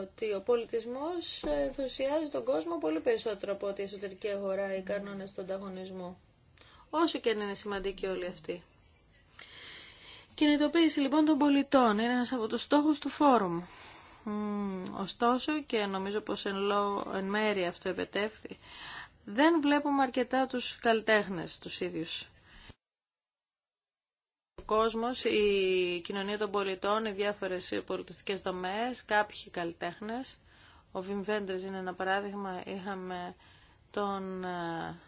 ότι ο πολιτισμός ενθουσιάζει τον κόσμο πολύ περισσότερο από ότι η εσωτερική αγορά ή οι κανόνες του ανταγωνισμού. Όσο και αν είναι σημαντική όλη αυτή. Κινητοποίηση λοιπόν των πολιτών είναι ένας από τους στόχους του φόρουμ. Ωστόσο, και νομίζω πως εν, λό, εν μέρη αυτό επετεύχθη, δεν βλέπουμε αρκετά τους καλλιτέχνες τους ίδιους. Ο κόσμος, η κοινωνία των πολιτών, οι διάφορες πολιτιστικές δομές, κάποιοι καλλιτέχνες. Ο Βιμβέντρες είναι ένα παράδειγμα. Είχαμε τον ε,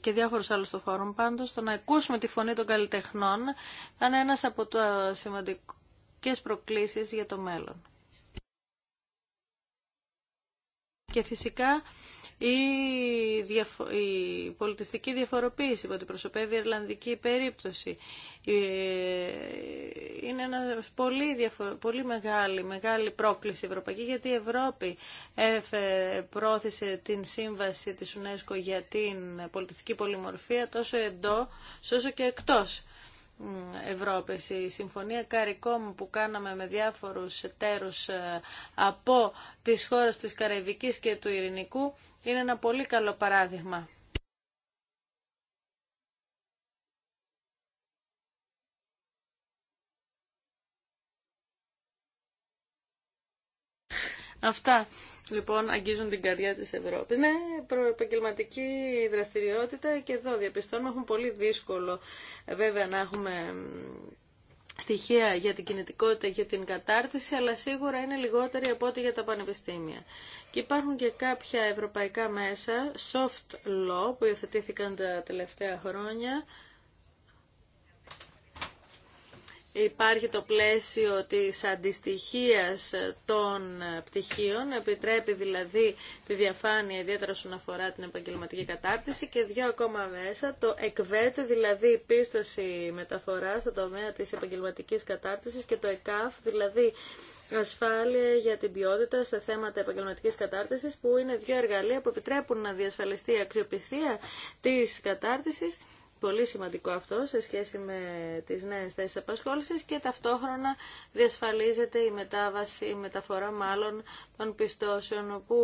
και διάφορους άλλους στο φόρουμ πάντως, το να ακούσουμε τη φωνή των καλλιτεχνών είναι ένας από τα σημαντικές προκλήσεις για το μέλλον. Και φυσικά η πολιτιστική διαφοροποίηση που αντιπροσωπεύει η Ιρλανδική περίπτωση. Ε, είναι ένα πολύ, πολύ μεγάλη, μεγάλη πρόκληση ευρωπαϊκή γιατί η Ευρώπη έφερε, πρόθεσε την σύμβαση της UNESCO για την πολιτιστική πολυμορφία τόσο εντό όσο και εκτός. Ευρώπης. Η συμφωνία Καρικόμ που κάναμε με διάφορους εταίρους ε, από τις χώρες της Καραϊβικής και του Ειρηνικού είναι ένα πολύ καλό παράδειγμα. Αυτά λοιπόν αγγίζουν την καρδιά της Ευρώπης. Ναι, προεπαγγελματική δραστηριότητα και εδώ διαπιστώνουμε έχουν πολύ δύσκολο βέβαια να έχουμε στοιχεία για την κινητικότητα, για την κατάρτιση, αλλά σίγουρα είναι λιγότεροι από ό,τι για τα πανεπιστήμια. Και υπάρχουν και κάποια ευρωπαϊκά μέσα, soft law, που υιοθετήθηκαν τα τελευταία χρόνια, υπάρχει το πλαίσιο της αντιστοιχίας των πτυχίων, επιτρέπει δηλαδή τη διαφάνεια ιδιαίτερα όσον αφορά την επαγγελματική κατάρτιση και δύο ακόμα μέσα, το ΕΚΒΕΤ, δηλαδή η πίστοση μεταφορά στο τομέα της επαγγελματικής κατάρτισης και το ΕΚΑΦ, δηλαδή ασφάλεια για την ποιότητα σε θέματα επαγγελματική κατάρτιση, που είναι δύο εργαλεία που επιτρέπουν να διασφαλιστεί η αξιοπιστία τη κατάρτιση πολύ σημαντικό αυτό σε σχέση με τις νέες θέσεις απασχόλησης και ταυτόχρονα διασφαλίζεται η μετάβαση, η μεταφορά μάλλον των πιστώσεων που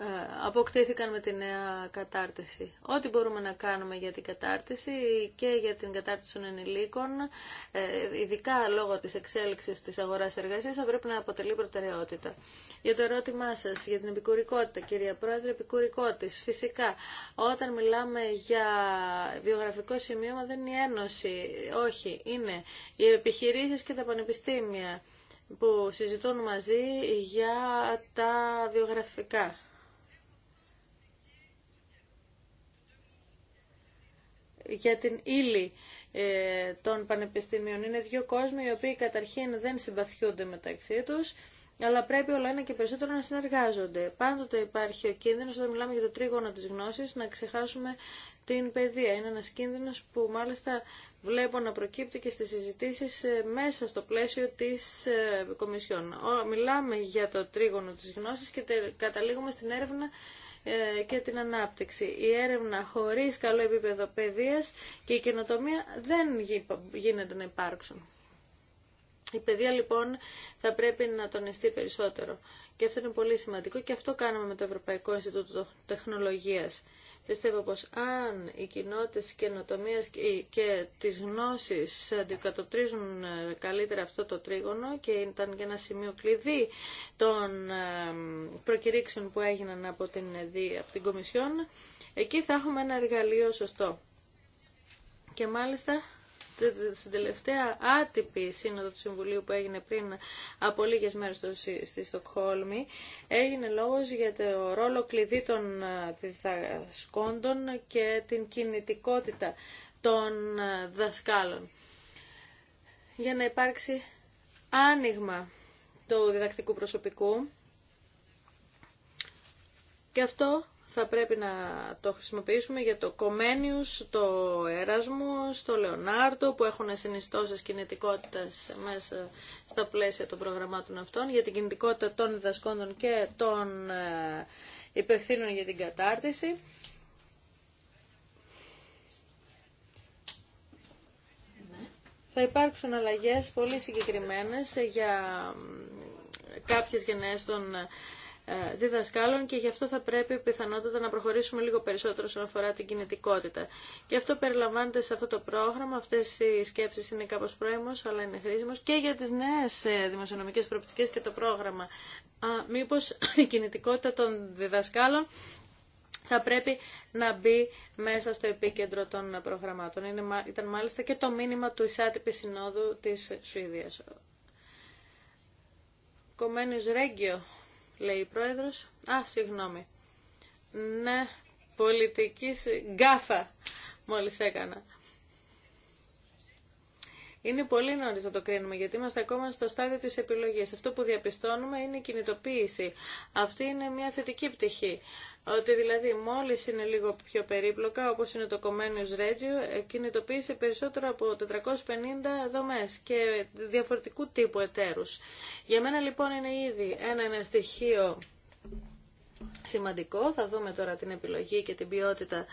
Ε, αποκτήθηκαν με τη νέα κατάρτιση. Ό,τι μπορούμε να κάνουμε για την κατάρτιση και για την κατάρτιση των ενηλίκων, ε, ειδικά λόγω της εξέλιξης της αγοράς εργασίας, θα πρέπει να αποτελεί προτεραιότητα. Για το ερώτημά σας, για την επικουρικότητα, κυρία Πρόεδρε, επικουρικότης. Φυσικά, όταν μιλάμε για βιογραφικό σημείο, δεν είναι η Ένωση, όχι, είναι οι επιχειρήσεις και τα πανεπιστήμια που συζητούν μαζί για τα βιογραφικά. για την ύλη ε, των πανεπιστήμιων. Είναι δύο κόσμοι οι οποίοι καταρχήν δεν συμπαθιούνται μεταξύ τους, αλλά πρέπει όλα ένα και περισσότερο να συνεργάζονται. Πάντοτε υπάρχει ο κίνδυνος, όταν μιλάμε για το τρίγωνο της γνώσης, να ξεχάσουμε την παιδεία. Είναι ένας κίνδυνος που μάλιστα βλέπω να προκύπτει και στις συζητήσεις ε, μέσα στο πλαίσιο της ε, Κομισιόν. Μιλάμε για το τρίγωνο της γνώσης και καταλήγουμε στην έρευνα ε, και την ανάπτυξη. Η έρευνα χωρίς καλό επίπεδο παιδείας και η καινοτομία δεν γίνεται να υπάρξουν. Η παιδεία λοιπόν θα πρέπει να τονιστεί περισσότερο. Και αυτό είναι πολύ σημαντικό και αυτό κάναμε με το Ευρωπαϊκό Ινστιτούτο Τεχνολογίας. Πιστεύω πως αν οι κοινότητες καινοτομία και της γνώσης αντικατοπτρίζουν ε, καλύτερα αυτό το τρίγωνο και ήταν και ένα σημείο κλειδί των ε, προκηρύξεων που έγιναν από την, ε, από την Κομισιόν, εκεί θα έχουμε ένα εργαλείο σωστό. Και μάλιστα στην τελευταία άτυπη σύνοδο του Συμβουλίου που έγινε πριν από λίγες μέρες στη Στοκχόλμη, έγινε λόγος για το ρόλο κλειδί των ε, διδασκόντων και την κινητικότητα των ε, δασκάλων για να υπάρξει άνοιγμα του διδακτικού προσωπικού και αυτό θα πρέπει να το χρησιμοποιήσουμε για το Κομένιους, το έρασμος, το Λεωνάρτο που έχουν συνιστώσεις κινητικότητας μέσα στα πλαίσια των προγραμμάτων αυτών για την κινητικότητα των διδασκόντων και των ε, υπευθύνων για την κατάρτιση. Θα υπάρξουν αλλαγές πολύ συγκεκριμένες για κάποιες γενναίες των ε, διδασκάλων και γι' αυτό θα πρέπει πιθανότατα να προχωρήσουμε λίγο περισσότερο σχετικά αφορά την κινητικότητα. Και αυτό περιλαμβάνεται σε αυτό το πρόγραμμα. Αυτέ οι σκέψει είναι κάπω πρόημος, αλλά είναι χρήσιμο και για τι νέε δημοσιονομικέ προοπτικέ και το πρόγραμμα. Μήπω η κινητικότητα των διδασκάλων θα πρέπει να μπει μέσα στο επίκεντρο των προγραμμάτων. Είναι, ήταν μάλιστα και το μήνυμα του Ισάτυπη Συνόδου της Σουηδίας. Κομμένης λέει η πρόεδρος. Α, συγγνώμη. Ναι, πολιτική γκάφα μόλις έκανα. Είναι πολύ νωρί να το κρίνουμε, γιατί είμαστε ακόμα στο στάδιο τη επιλογής. Αυτό που διαπιστώνουμε είναι η κινητοποίηση. Αυτή είναι μια θετική πτυχή ότι δηλαδή μόλις είναι λίγο πιο περίπλοκα, όπως είναι το Comenius Regio, ε, κινητοποίησε περισσότερο από 450 δομές και διαφορετικού τύπου εταίρους. Για μένα λοιπόν είναι ήδη ένα, ένα στοιχείο σημαντικό. Θα δούμε τώρα την επιλογή και την ποιότητα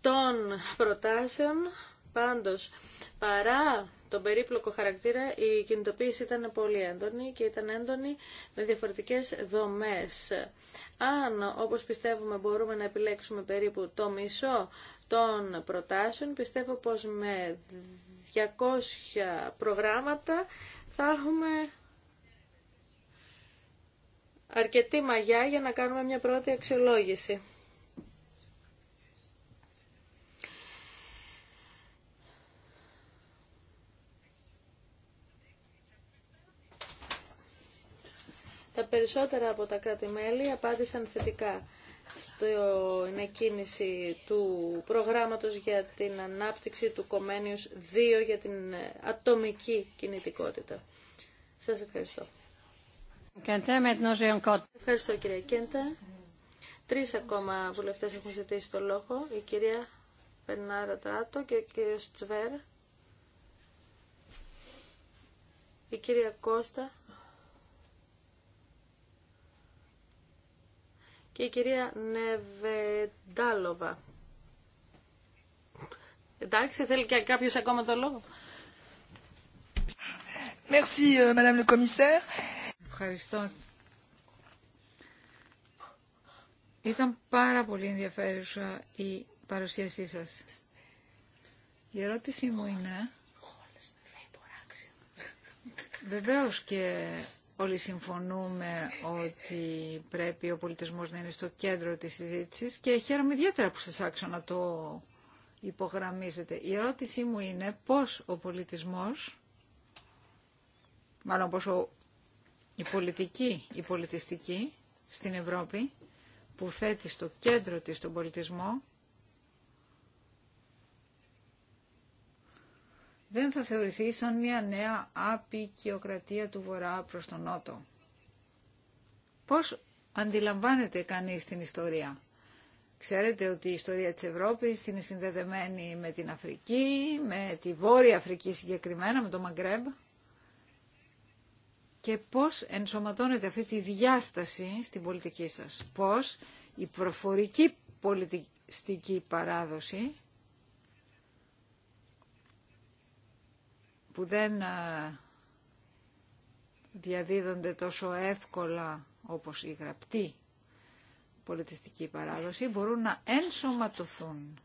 των προτάσεων. Πάντως, παρά τον περίπλοκο χαρακτήρα η κινητοποίηση ήταν πολύ έντονη και ήταν έντονη με διαφορετικές δομές. Αν, όπως πιστεύουμε, μπορούμε να επιλέξουμε περίπου το μισό των προτάσεων, πιστεύω πως με 200 προγράμματα θα έχουμε αρκετή μαγιά για να κάνουμε μια πρώτη αξιολόγηση. Τα περισσότερα από τα κράτη-μέλη απάντησαν θετικά στην εκκίνηση του προγράμματος για την ανάπτυξη του Κομένιους 2 για την ε, ατομική κινητικότητα. Σας ευχαριστώ. Ευχαριστώ κυρία Κέντα. Τρεις ακόμα βουλευτές έχουν ζητήσει το λόγο. Η κυρία Περνάρα Τράτο και ο κύριος Τσβέρ. Η κυρία Κώστα και η κυρία Νεβεντάλοβα. Εντάξει, θέλει και κάποιος ακόμα το λόγο. Merci, euh, Madame le Commissaire. Ευχαριστώ. Ήταν πάρα πολύ ενδιαφέρουσα η παρουσίασή σας. Η ερώτησή μου είναι... Βεβαίως και Όλοι συμφωνούμε ότι πρέπει ο πολιτισμός να είναι στο κέντρο της συζήτησης και χαίρομαι ιδιαίτερα που σας άξω να το υπογραμμίζετε. Η ερώτησή μου είναι πώς ο πολιτισμός, μάλλον πώς ο, η πολιτική, η πολιτιστική στην Ευρώπη, που θέτει στο κέντρο της τον πολιτισμό, δεν θα θεωρηθεί σαν μια νέα απεικιοκρατία του Βορρά προς τον Νότο. Πώς αντιλαμβάνεται κανείς την ιστορία. Ξέρετε ότι η ιστορία της Ευρώπης είναι συνδεδεμένη με την Αφρική, με τη Βόρεια Αφρική συγκεκριμένα, με το Μαγκρέμπ. Και πώς ενσωματώνεται αυτή τη διάσταση στην πολιτική σας. Πώς η προφορική πολιτιστική παράδοση που δεν διαδίδονται τόσο εύκολα όπως η γραπτή πολιτιστική παράδοση μπορούν να ενσωματωθούν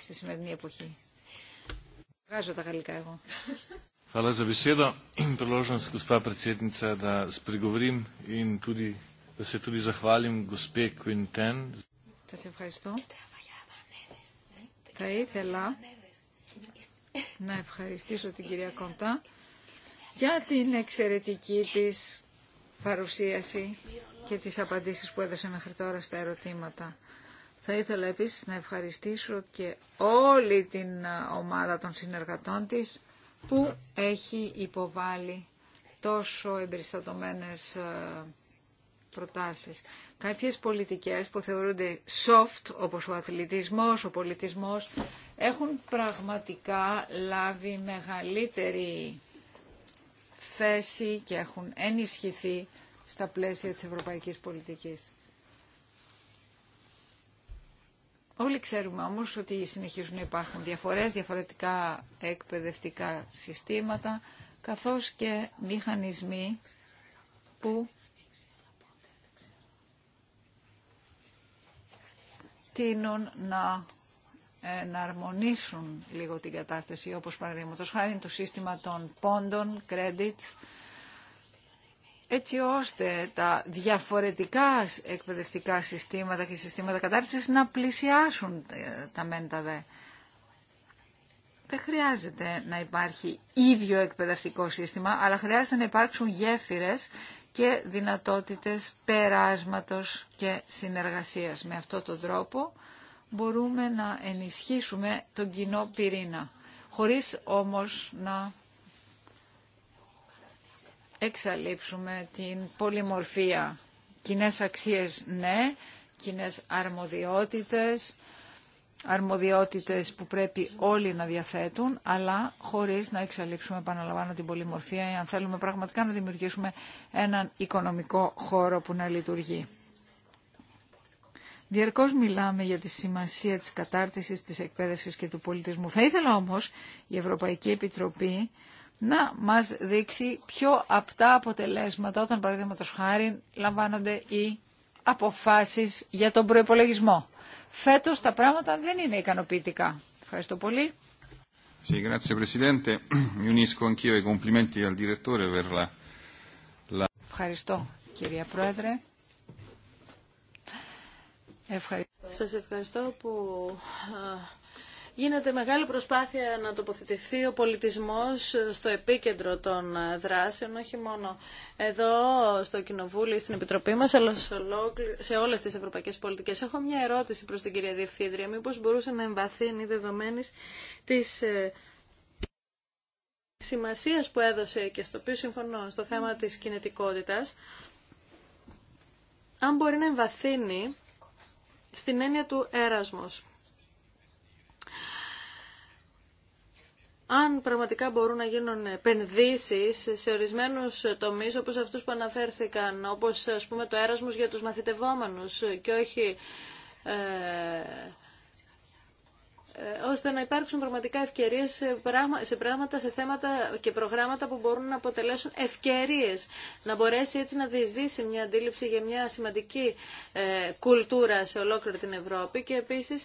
στη σημερινή εποχή. Βγάζω τα γαλλικά εγώ. Hvala za besedo in priložnost, gospa predsednica, da spregovorim in tudi, da se tudi zahvalim gospe Quinten. Da Da se je vela να ευχαριστήσω την κυρία Κοντά για την εξαιρετική της παρουσίαση και τις απαντήσεις που έδωσε μέχρι τώρα στα ερωτήματα. Θα ήθελα επίσης να ευχαριστήσω και όλη την ομάδα των συνεργατών της που έχει υποβάλει τόσο εμπεριστατωμένες ε, προτάσεις. Κάποιες πολιτικές που θεωρούνται soft, όπως ο αθλητισμός, ο πολιτισμός, έχουν πραγματικά λάβει μεγαλύτερη θέση και έχουν ενισχυθεί στα πλαίσια της ευρωπαϊκής πολιτικής. Όλοι ξέρουμε όμως ότι συνεχίζουν να υπάρχουν διαφορές, διαφορετικά εκπαιδευτικά συστήματα, καθώς και μηχανισμοί που τείνουν να ε, να αρμονίσουν λίγο την κατάσταση, όπως παραδείγματος χάρη το σύστημα των πόντων, credits, έτσι ώστε τα διαφορετικά εκπαιδευτικά συστήματα και συστήματα κατάρτισης να πλησιάσουν ε, τα ΜΕΝΤΑΔΕ. δε. Δεν χρειάζεται να υπάρχει ίδιο εκπαιδευτικό σύστημα, αλλά χρειάζεται να υπάρξουν γέφυρες και δυνατότητες περάσματος και συνεργασίας. Με αυτό τον τρόπο μπορούμε να ενισχύσουμε τον κοινό πυρήνα, χωρίς όμως να εξαλείψουμε την πολυμορφία. Κοινέ αξίες ναι, κοινέ αρμοδιότητες, αρμοδιότητες που πρέπει όλοι να διαθέτουν, αλλά χωρίς να εξαλείψουμε, επαναλαμβάνω, την πολυμορφία, αν θέλουμε πραγματικά να δημιουργήσουμε έναν οικονομικό χώρο που να λειτουργεί. Διαρκώς μιλάμε για τη σημασία της κατάρτισης, της εκπαίδευσης και του πολιτισμού. Θα ήθελα όμως η Ευρωπαϊκή Επιτροπή να μας δείξει πιο απτά αποτελέσματα όταν παραδείγματος χάρη λαμβάνονται οι αποφάσεις για τον προϋπολογισμό. Φέτος τα πράγματα δεν είναι ικανοποιητικά. Ευχαριστώ πολύ. Sì, grazie Presidente. Mi unisco anch'io ai complimenti al direttore per la... Ευχαριστώ κυρία Πρόεδρε. Ευχαριστώ. Σας ευχαριστώ που γίνεται μεγάλη προσπάθεια να τοποθετηθεί ο πολιτισμός στο επίκεντρο των δράσεων, όχι μόνο εδώ στο Κοινοβούλιο ή στην Επιτροπή μας, αλλά σε όλες τις ευρωπαϊκές πολιτικές. Έχω μια ερώτηση προς την κυρία Διευθύντρια, μήπως μπορούσε να εμβαθύνει δεδομένης της ε, σημασίας που έδωσε και στο οποίο συμφωνώ στο θέμα της κινητικότητας, αν μπορεί να εμβαθύνει στην έννοια του έρασμος. αν πραγματικά μπορούν να γίνουν επενδύσει σε ορισμένου τομεί, όπω αυτούς που αναφέρθηκαν, όπως ας πούμε το έρασμος για του μαθητευόμενους και όχι ε, ε, ώστε να υπάρξουν πραγματικά ευκαιρίες σε πράγματα, σε θέματα και προγράμματα που μπορούν να αποτελέσουν ευκαιρίες. Να μπορέσει έτσι να διεισδύσει μια αντίληψη για μια σημαντική ε, κουλτούρα σε ολόκληρη την Ευρώπη και επίσης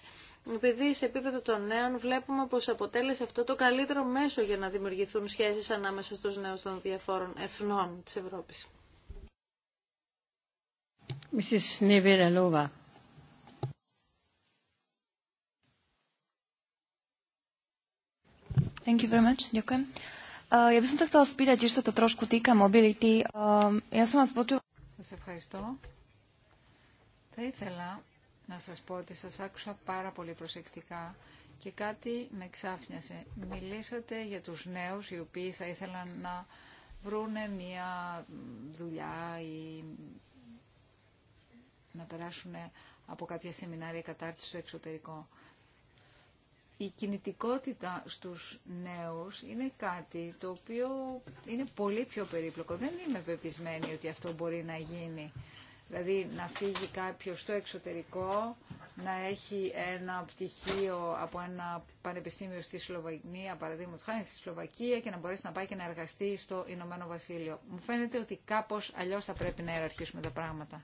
επειδή σε επίπεδο των νέων βλέπουμε πως αποτέλεσε αυτό το καλύτερο μέσο για να δημιουργηθούν σχέσεις ανάμεσα στους νέους των διαφόρων εθνών της Ευρώπης. Mrs. Thank you Σας ευχαριστώ. Θα ήθελα να σας πω ότι σας άκουσα πάρα πολύ προσεκτικά και κάτι με ξάφνιασε. Μιλήσατε για τους νέους οι οποίοι θα ήθελαν να βρούνε μια δουλειά ή να περάσουν από κάποια σεμινάρια κατάρτιση στο εξωτερικό η κινητικότητα στους νέους είναι κάτι το οποίο είναι πολύ πιο περίπλοκο. Δεν είμαι πεπισμένη ότι αυτό μπορεί να γίνει. Δηλαδή να φύγει κάποιο στο εξωτερικό, να έχει ένα πτυχίο από ένα πανεπιστήμιο στη Σλοβακία, παραδείγματος χάρη στη Σλοβακία και να μπορέσει να πάει και να εργαστεί στο Ηνωμένο Βασίλειο. Μου φαίνεται ότι κάπως αλλιώς θα πρέπει να ιεραρχήσουμε τα πράγματα.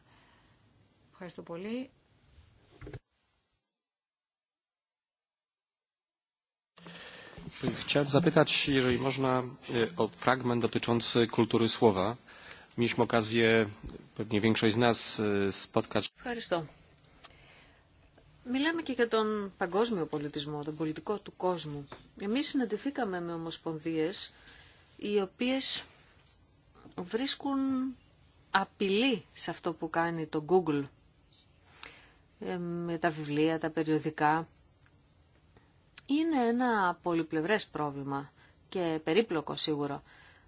Ευχαριστώ πολύ. Chciałem zapytać, jeżeli można, e, o fragment dotyczący kultury słowa. Mieliśmy okazję, pewnie większość z nas, e, spotkać... Ευχαριστώ. Μιλάμε και για τον παγκόσμιο πολιτισμό, τον πολιτικό του κόσμου. Εμείς συναντηθήκαμε με ομοσπονδίες οι οποίες βρίσκουν απειλή σε αυτό που κάνει το Google ε, με τα βιβλία, τα περιοδικά είναι ένα πολυπλευρές πρόβλημα και περίπλοκο σίγουρο.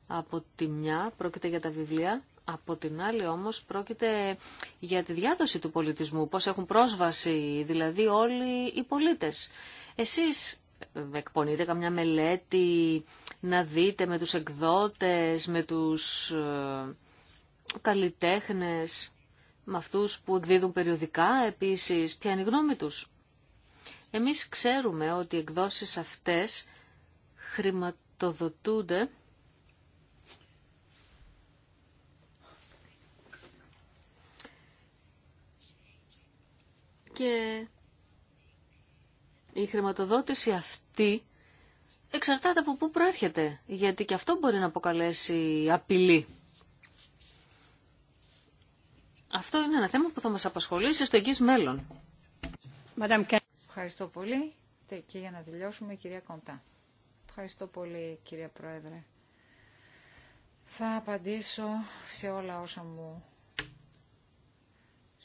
Από τη μια πρόκειται για τα βιβλία, από την άλλη όμως πρόκειται για τη διάδοση του πολιτισμού, πώς έχουν πρόσβαση δηλαδή όλοι οι πολίτες. Εσείς εκπονείτε καμιά μελέτη, να δείτε με τους εκδότες, με τους ε, καλλιτέχνες, με αυτούς που εκδίδουν περιοδικά επίσης, ποια είναι η γνώμη τους. Εμείς ξέρουμε ότι οι εκδόσεις αυτές χρηματοδοτούνται και η χρηματοδότηση αυτή εξαρτάται από πού προέρχεται, γιατί και αυτό μπορεί να αποκαλέσει απειλή. Αυτό είναι ένα θέμα που θα μας απασχολήσει στο εγγύς μέλλον. Ευχαριστώ πολύ. Και για να τελειώσουμε, η κυρία Κοντά. Ευχαριστώ πολύ, κυρία Πρόεδρε. Θα απαντήσω σε όλα όσα μου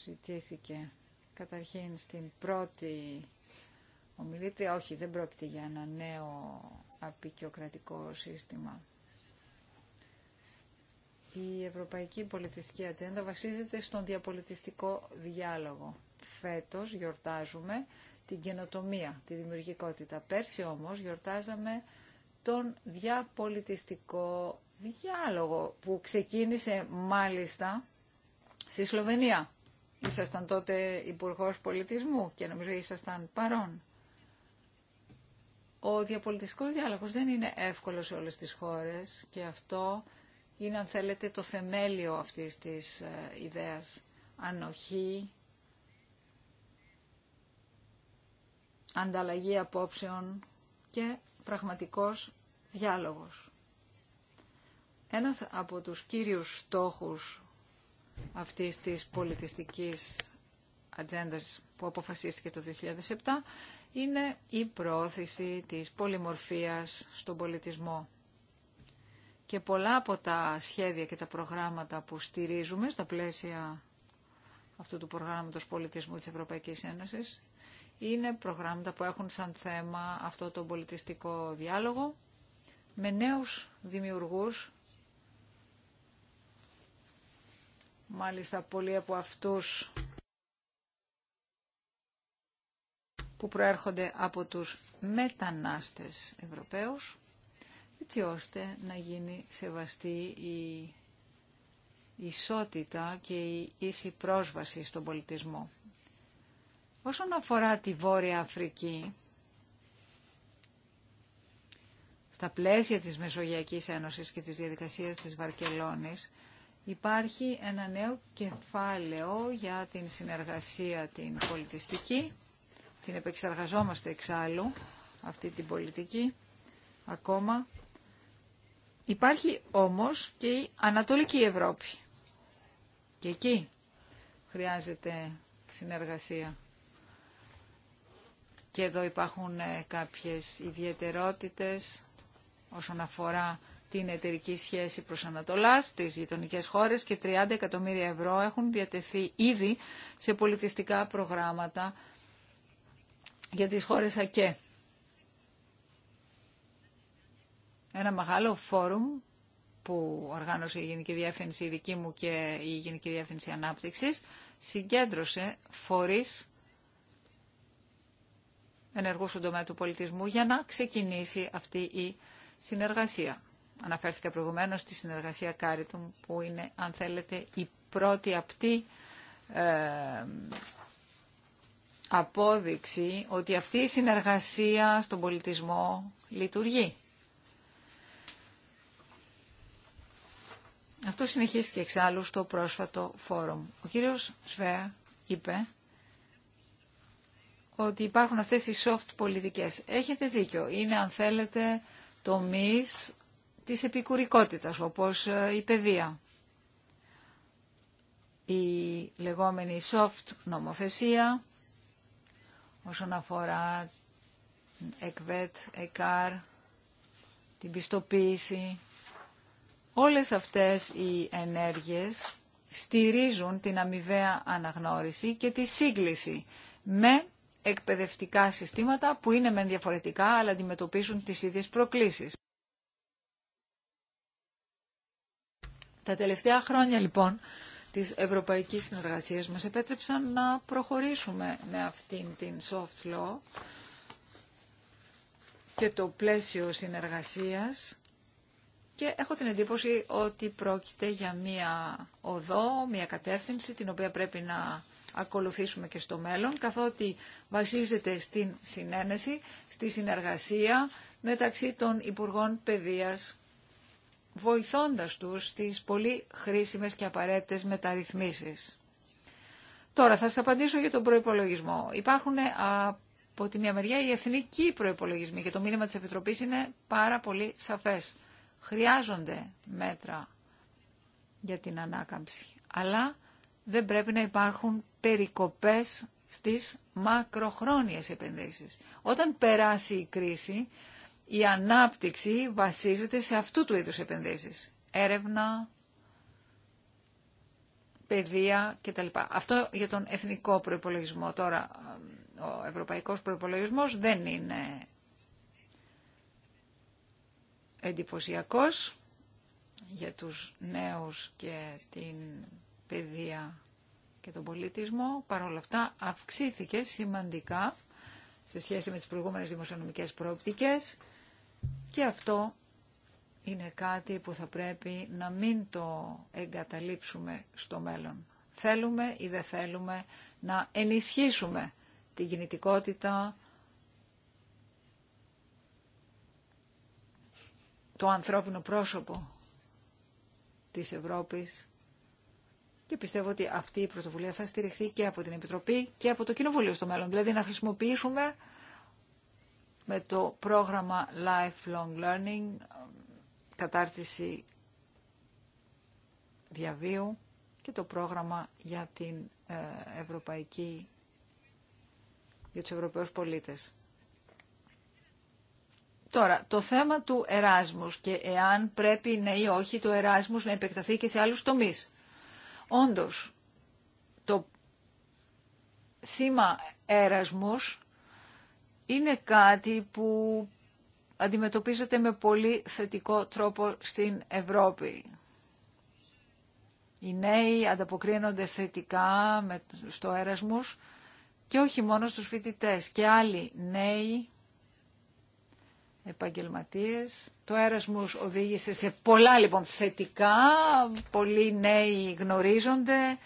ζητήθηκε. Καταρχήν στην πρώτη ομιλήτρια, όχι δεν πρόκειται για ένα νέο απεικιοκρατικό σύστημα. Η Ευρωπαϊκή Πολιτιστική Ατζέντα βασίζεται στον διαπολιτιστικό διάλογο. Φέτος γιορτάζουμε την καινοτομία, τη δημιουργικότητα. Πέρσι όμως γιορτάζαμε τον διαπολιτιστικό διάλογο που ξεκίνησε μάλιστα στη Σλοβενία. Ήσασταν τότε υπουργό Πολιτισμού και νομίζω ήσασταν παρόν. Ο διαπολιτιστικός διάλογος δεν είναι εύκολος σε όλες τις χώρες και αυτό είναι αν θέλετε το θεμέλιο αυτής της ε, ιδέας. Ανοχή, ανταλλαγή απόψεων και πραγματικός διάλογος. Ένας από τους κύριους στόχους αυτής της πολιτιστικής ατζέντα που αποφασίστηκε το 2007 είναι η πρόθεση της πολυμορφίας στον πολιτισμό. Και πολλά από τα σχέδια και τα προγράμματα που στηρίζουμε στα πλαίσια αυτού του προγράμματος πολιτισμού της Ευρωπαϊκής Ένωσης είναι προγράμματα που έχουν σαν θέμα αυτό το πολιτιστικό διάλογο με νέους δημιουργούς. Μάλιστα πολλοί από αυτούς που προέρχονται από τους μετανάστες Ευρωπαίους, έτσι ώστε να γίνει σεβαστή η ισότητα και η ίση πρόσβαση στον πολιτισμό. Όσον αφορά τη Βόρεια Αφρική, στα πλαίσια της Μεσογειακής Ένωσης και της διαδικασίας της Βαρκελόνης, υπάρχει ένα νέο κεφάλαιο για την συνεργασία την πολιτιστική. Την επεξεργαζόμαστε εξάλλου, αυτή την πολιτική, ακόμα. Υπάρχει όμως και η Ανατολική Ευρώπη. Και εκεί χρειάζεται συνεργασία. Και εδώ υπάρχουν ε, κάποιες ιδιαιτερότητες όσον αφορά την εταιρική σχέση προς Ανατολάς, στις γειτονικέ χώρες και 30 εκατομμύρια ευρώ έχουν διατεθεί ήδη σε πολιτιστικά προγράμματα για τις χώρες ΑΚΕ. Ένα μεγάλο φόρουμ που οργάνωσε η Γενική Διεύθυνση η δική μου και η Γενική Διεύθυνση Ανάπτυξης συγκέντρωσε φορείς ενεργού στον τομέα του πολιτισμού για να ξεκινήσει αυτή η συνεργασία. Αναφέρθηκα προηγουμένω στη συνεργασία Κάριτουμ που είναι, αν θέλετε, η πρώτη απτή ε, απόδειξη ότι αυτή η συνεργασία στον πολιτισμό λειτουργεί. Αυτό συνεχίστηκε εξάλλου στο πρόσφατο φόρουμ. Ο κύριος Σβέα είπε ότι υπάρχουν αυτές οι soft πολιτικές. Έχετε δίκιο. Είναι, αν θέλετε, τομείς της επικουρικότητας, όπως ε, η παιδεία. Η λεγόμενη soft νομοθεσία, όσον αφορά ΕΚΒΕΤ, ΕΚΑΡ, την πιστοποίηση. Όλες αυτές οι ενέργειες στηρίζουν την αμοιβαία αναγνώριση και τη σύγκληση με εκπαιδευτικά συστήματα που είναι μεν διαφορετικά αλλά αντιμετωπίζουν τις ίδιες προκλήσεις. Τα τελευταία χρόνια λοιπόν της ευρωπαϊκής συνεργασίας μας επέτρεψαν να προχωρήσουμε με αυτήν την soft law και το πλαίσιο συνεργασίας και έχω την εντύπωση ότι πρόκειται για μία οδό, μία κατεύθυνση την οποία πρέπει να ακολουθήσουμε και στο μέλλον, καθότι βασίζεται στην συνένεση, στη συνεργασία μεταξύ των Υπουργών Παιδείας, βοηθώντας τους στις πολύ χρήσιμες και απαραίτητες μεταρρυθμίσεις. Τώρα θα σας απαντήσω για τον προϋπολογισμό. Υπάρχουν ε, από τη μια μεριά οι εθνικοί προϋπολογισμοί και το μήνυμα της Επιτροπής είναι πάρα πολύ σαφές. Χρειάζονται μέτρα για την ανάκαμψη, αλλά δεν πρέπει να υπάρχουν περικοπές στις μακροχρόνιες επενδύσεις. Όταν περάσει η κρίση, η ανάπτυξη βασίζεται σε αυτού του είδους επενδύσεις. Έρευνα, παιδεία κτλ. Αυτό για τον εθνικό προϋπολογισμό. Τώρα ο ευρωπαϊκός προϋπολογισμός δεν είναι εντυπωσιακός για τους νέους και την παιδεία και τον πολιτισμό, παρόλα αυτά αυξήθηκε σημαντικά σε σχέση με τις προηγούμενες δημοσιονομικές πρόπτικες και αυτό είναι κάτι που θα πρέπει να μην το εγκαταλείψουμε στο μέλλον. Θέλουμε ή δεν θέλουμε να ενισχύσουμε την κινητικότητα, το ανθρώπινο πρόσωπο της Ευρώπης και πιστεύω ότι αυτή η πρωτοβουλία θα στηριχθεί και από την Επιτροπή και από το Κοινοβούλιο στο μέλλον. Δηλαδή να χρησιμοποιήσουμε με το πρόγραμμα Lifelong Learning, κατάρτιση διαβίου και το πρόγραμμα για, την ε, ευρωπαϊκή, για τους Ευρωπαίους πολίτες. Τώρα, το θέμα του Εράσμους και εάν πρέπει ναι ή όχι το Εράσμους να επεκταθεί και σε άλλους τομείς. Όντως, το σήμα έρασμος είναι κάτι που αντιμετωπίζεται με πολύ θετικό τρόπο στην Ευρώπη. Οι νέοι ανταποκρίνονται θετικά στο έρασμος και όχι μόνο στους φοιτητές και άλλοι νέοι επαγγελματίες. Το έρασμος οδήγησε σε πολλά λοιπόν θετικά, πολλοί νέοι γνωρίζονται,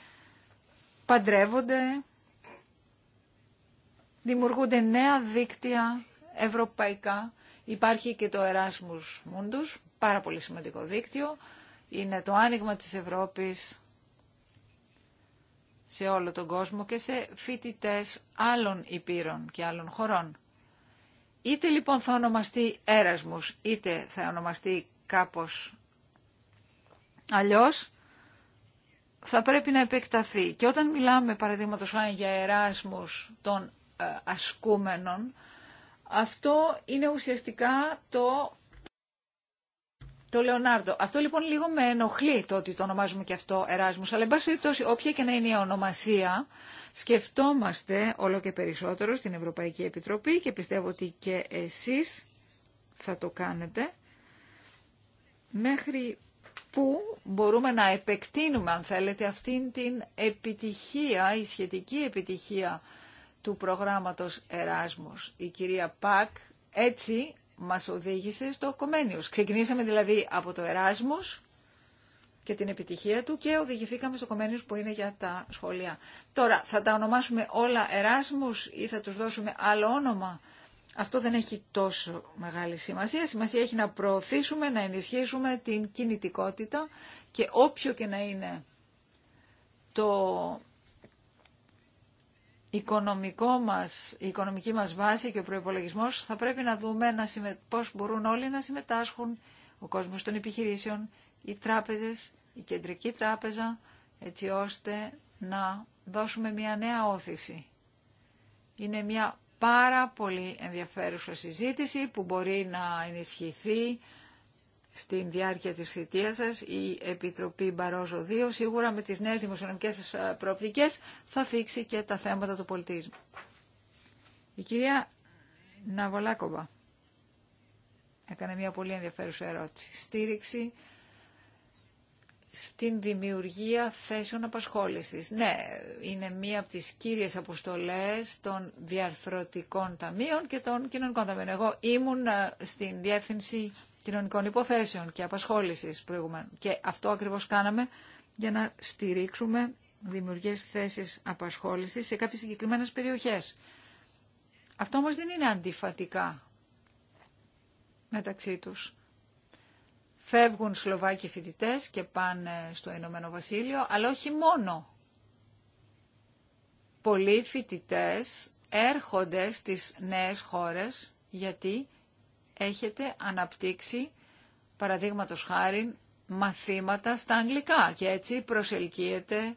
παντρεύονται, δημιουργούνται νέα δίκτυα ευρωπαϊκά. Υπάρχει και το εράσμους Mundus, πάρα πολύ σημαντικό δίκτυο. Είναι το άνοιγμα της Ευρώπης σε όλο τον κόσμο και σε φοιτητές άλλων υπήρων και άλλων χωρών. Είτε λοιπόν θα ονομαστεί έρασμος, είτε θα ονομαστεί κάπως αλλιώς, θα πρέπει να επεκταθεί. Και όταν μιλάμε παραδείγματος χάρη για εράσμους των ε, ασκούμενων, αυτό είναι ουσιαστικά το το Λεωνάρντο. Αυτό λοιπόν λίγο με ενοχλεί το ότι το ονομάζουμε και αυτό Εράσμους, αλλά εν πάση περιπτώσει όποια και να είναι η ονομασία, σκεφτόμαστε όλο και περισσότερο στην Ευρωπαϊκή Επιτροπή και πιστεύω ότι και εσεί θα το κάνετε, μέχρι που μπορούμε να επεκτείνουμε, αν θέλετε, αυτήν την επιτυχία, η σχετική επιτυχία του προγράμματος Εράσμος. Η κυρία Πακ έτσι μας οδήγησε στο Κομένιους. Ξεκινήσαμε δηλαδή από το Εράσμους και την επιτυχία του και οδηγηθήκαμε στο Κομένιους που είναι για τα σχολεία. Τώρα, θα τα ονομάσουμε όλα Εράσμους ή θα τους δώσουμε άλλο όνομα. Αυτό δεν έχει τόσο μεγάλη σημασία. Σημασία έχει να προωθήσουμε, να ενισχύσουμε την κινητικότητα και όποιο και να είναι το οικονομικό μας, η οικονομική μας βάση και ο προϋπολογισμός θα πρέπει να δούμε να συμμε... πώς μπορούν όλοι να συμμετάσχουν ο κόσμος των επιχειρήσεων, οι τράπεζες, η κεντρική τράπεζα, έτσι ώστε να δώσουμε μια νέα όθηση. Είναι μια πάρα πολύ ενδιαφέρουσα συζήτηση που μπορεί να ενισχυθεί στην διάρκεια της θητείας σας η Επιτροπή Μπαρόζο 2 σίγουρα με τις νέες δημοσιονομικές σας προοπτικές θα θίξει και τα θέματα του πολιτισμού. Η κυρία Ναβολάκοβα έκανε μια πολύ ενδιαφέρουσα ερώτηση. Στήριξη στην δημιουργία θέσεων απασχόλησης. Ναι, είναι μία από τις κύριες αποστολές των διαρθρωτικών ταμείων και των κοινωνικών ταμείων. Εγώ ήμουν ε, στην Διεύθυνση Κοινωνικών Υποθέσεων και Απασχόλησης προηγουμένου και αυτό ακριβώς κάναμε για να στηρίξουμε δημιουργίες θέσεις απασχόλησης σε κάποιες συγκεκριμένες περιοχές. Αυτό όμως δεν είναι αντιφατικά μεταξύ τους. Φεύγουν Σλοβάκοι φοιτητέ και πάνε στο Ηνωμένο Βασίλειο, αλλά όχι μόνο. Πολλοί φοιτητέ έρχονται στις νέες χώρες γιατί έχετε αναπτύξει, παραδείγματος χάρη, μαθήματα στα αγγλικά και έτσι προσελκύεται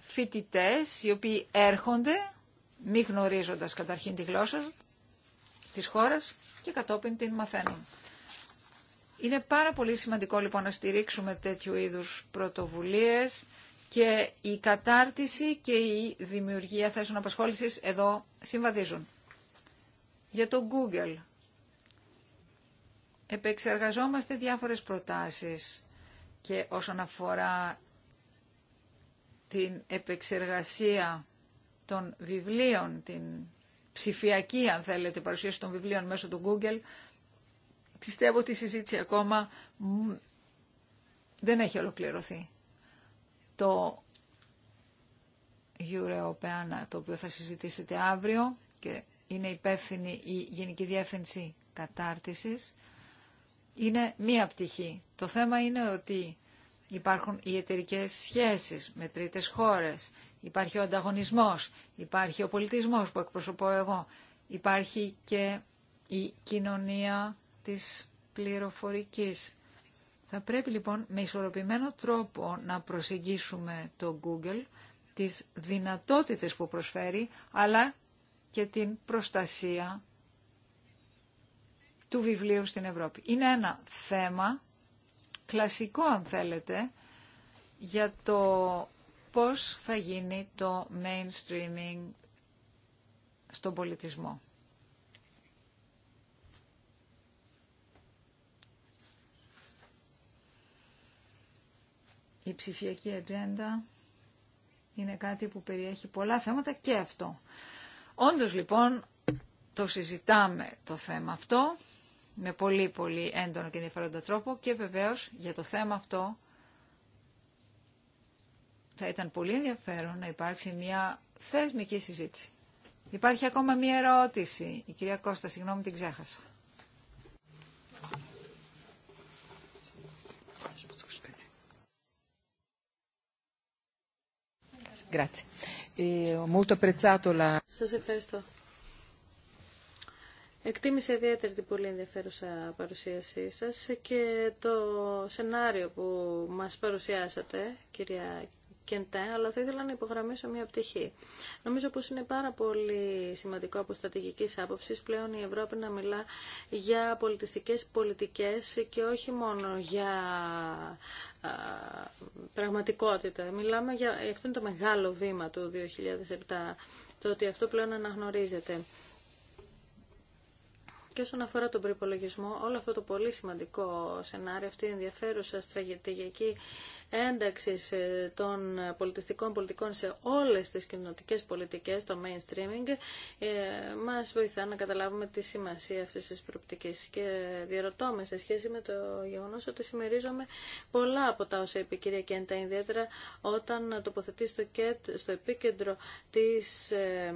φοιτητέ οι οποίοι έρχονται μη γνωρίζοντας καταρχήν τη γλώσσα της χώρας και κατόπιν την μαθαίνουν. Είναι πάρα πολύ σημαντικό λοιπόν να στηρίξουμε τέτοιου είδους πρωτοβουλίες και η κατάρτιση και η δημιουργία θέσεων απασχόλησης εδώ συμβαδίζουν. Για το Google. Επεξεργαζόμαστε διάφορες προτάσεις και όσον αφορά την επεξεργασία των βιβλίων, την ψηφιακή αν θέλετε παρουσίαση των βιβλίων μέσω του Google, πιστεύω ότι η συζήτηση ακόμα δεν έχει ολοκληρωθεί. Το Europeana, το οποίο θα συζητήσετε αύριο και είναι υπεύθυνη η Γενική Διεύθυνση Κατάρτισης, είναι μία πτυχή. Το θέμα είναι ότι υπάρχουν οι εταιρικέ σχέσεις με τρίτες χώρες, υπάρχει ο ανταγωνισμός, υπάρχει ο πολιτισμός που εκπροσωπώ εγώ, υπάρχει και η κοινωνία της πληροφορικής. Θα πρέπει λοιπόν με ισορροπημένο τρόπο να προσεγγίσουμε το Google, τις δυνατότητες που προσφέρει, αλλά και την προστασία του βιβλίου στην Ευρώπη. Είναι ένα θέμα κλασικό, αν θέλετε, για το πώς θα γίνει το mainstreaming στον πολιτισμό. Η ψηφιακή ατζέντα είναι κάτι που περιέχει πολλά θέματα και αυτό. Όντως λοιπόν το συζητάμε το θέμα αυτό με πολύ πολύ έντονο και ενδιαφέροντα τρόπο και βεβαίως για το θέμα αυτό θα ήταν πολύ ενδιαφέρον να υπάρξει μια θεσμική συζήτηση. Υπάρχει ακόμα μια ερώτηση. Η κυρία Κώστα, συγγνώμη την ξέχασα. Grazie. E σας ευχαριστώ. Εκτίμησε ιδιαίτερη την πολύ ενδιαφέρουσα παρουσίασή σας και το σενάριο που μας παρουσιάσατε, κυρία αλλά θα ήθελα να υπογραμμίσω μια πτυχή. Νομίζω πως είναι πάρα πολύ σημαντικό από στρατηγικής άποψης πλέον η Ευρώπη να μιλά για πολιτιστικές πολιτικές και όχι μόνο για πραγματικότητα. Μιλάμε για, αυτό είναι το μεγάλο βήμα του 2007, το ότι αυτό πλέον αναγνωρίζεται. Και όσον αφορά τον προπολογισμό, όλο αυτό το πολύ σημαντικό σενάριο, αυτή η ενδιαφέρουσα στρατηγική ένταξη των πολιτιστικών πολιτικών σε όλες τις κοινωνικές πολιτικές, το mainstreaming, ε, μα βοηθά να καταλάβουμε τη σημασία αυτή τη προπτικής. Και διαρωτώ σε σχέση με το γεγονό ότι συμμερίζομαι πολλά από τα όσα είπε η κυρία Κέντα, ιδιαίτερα όταν τοποθετεί στο, επίκεντρο της ε,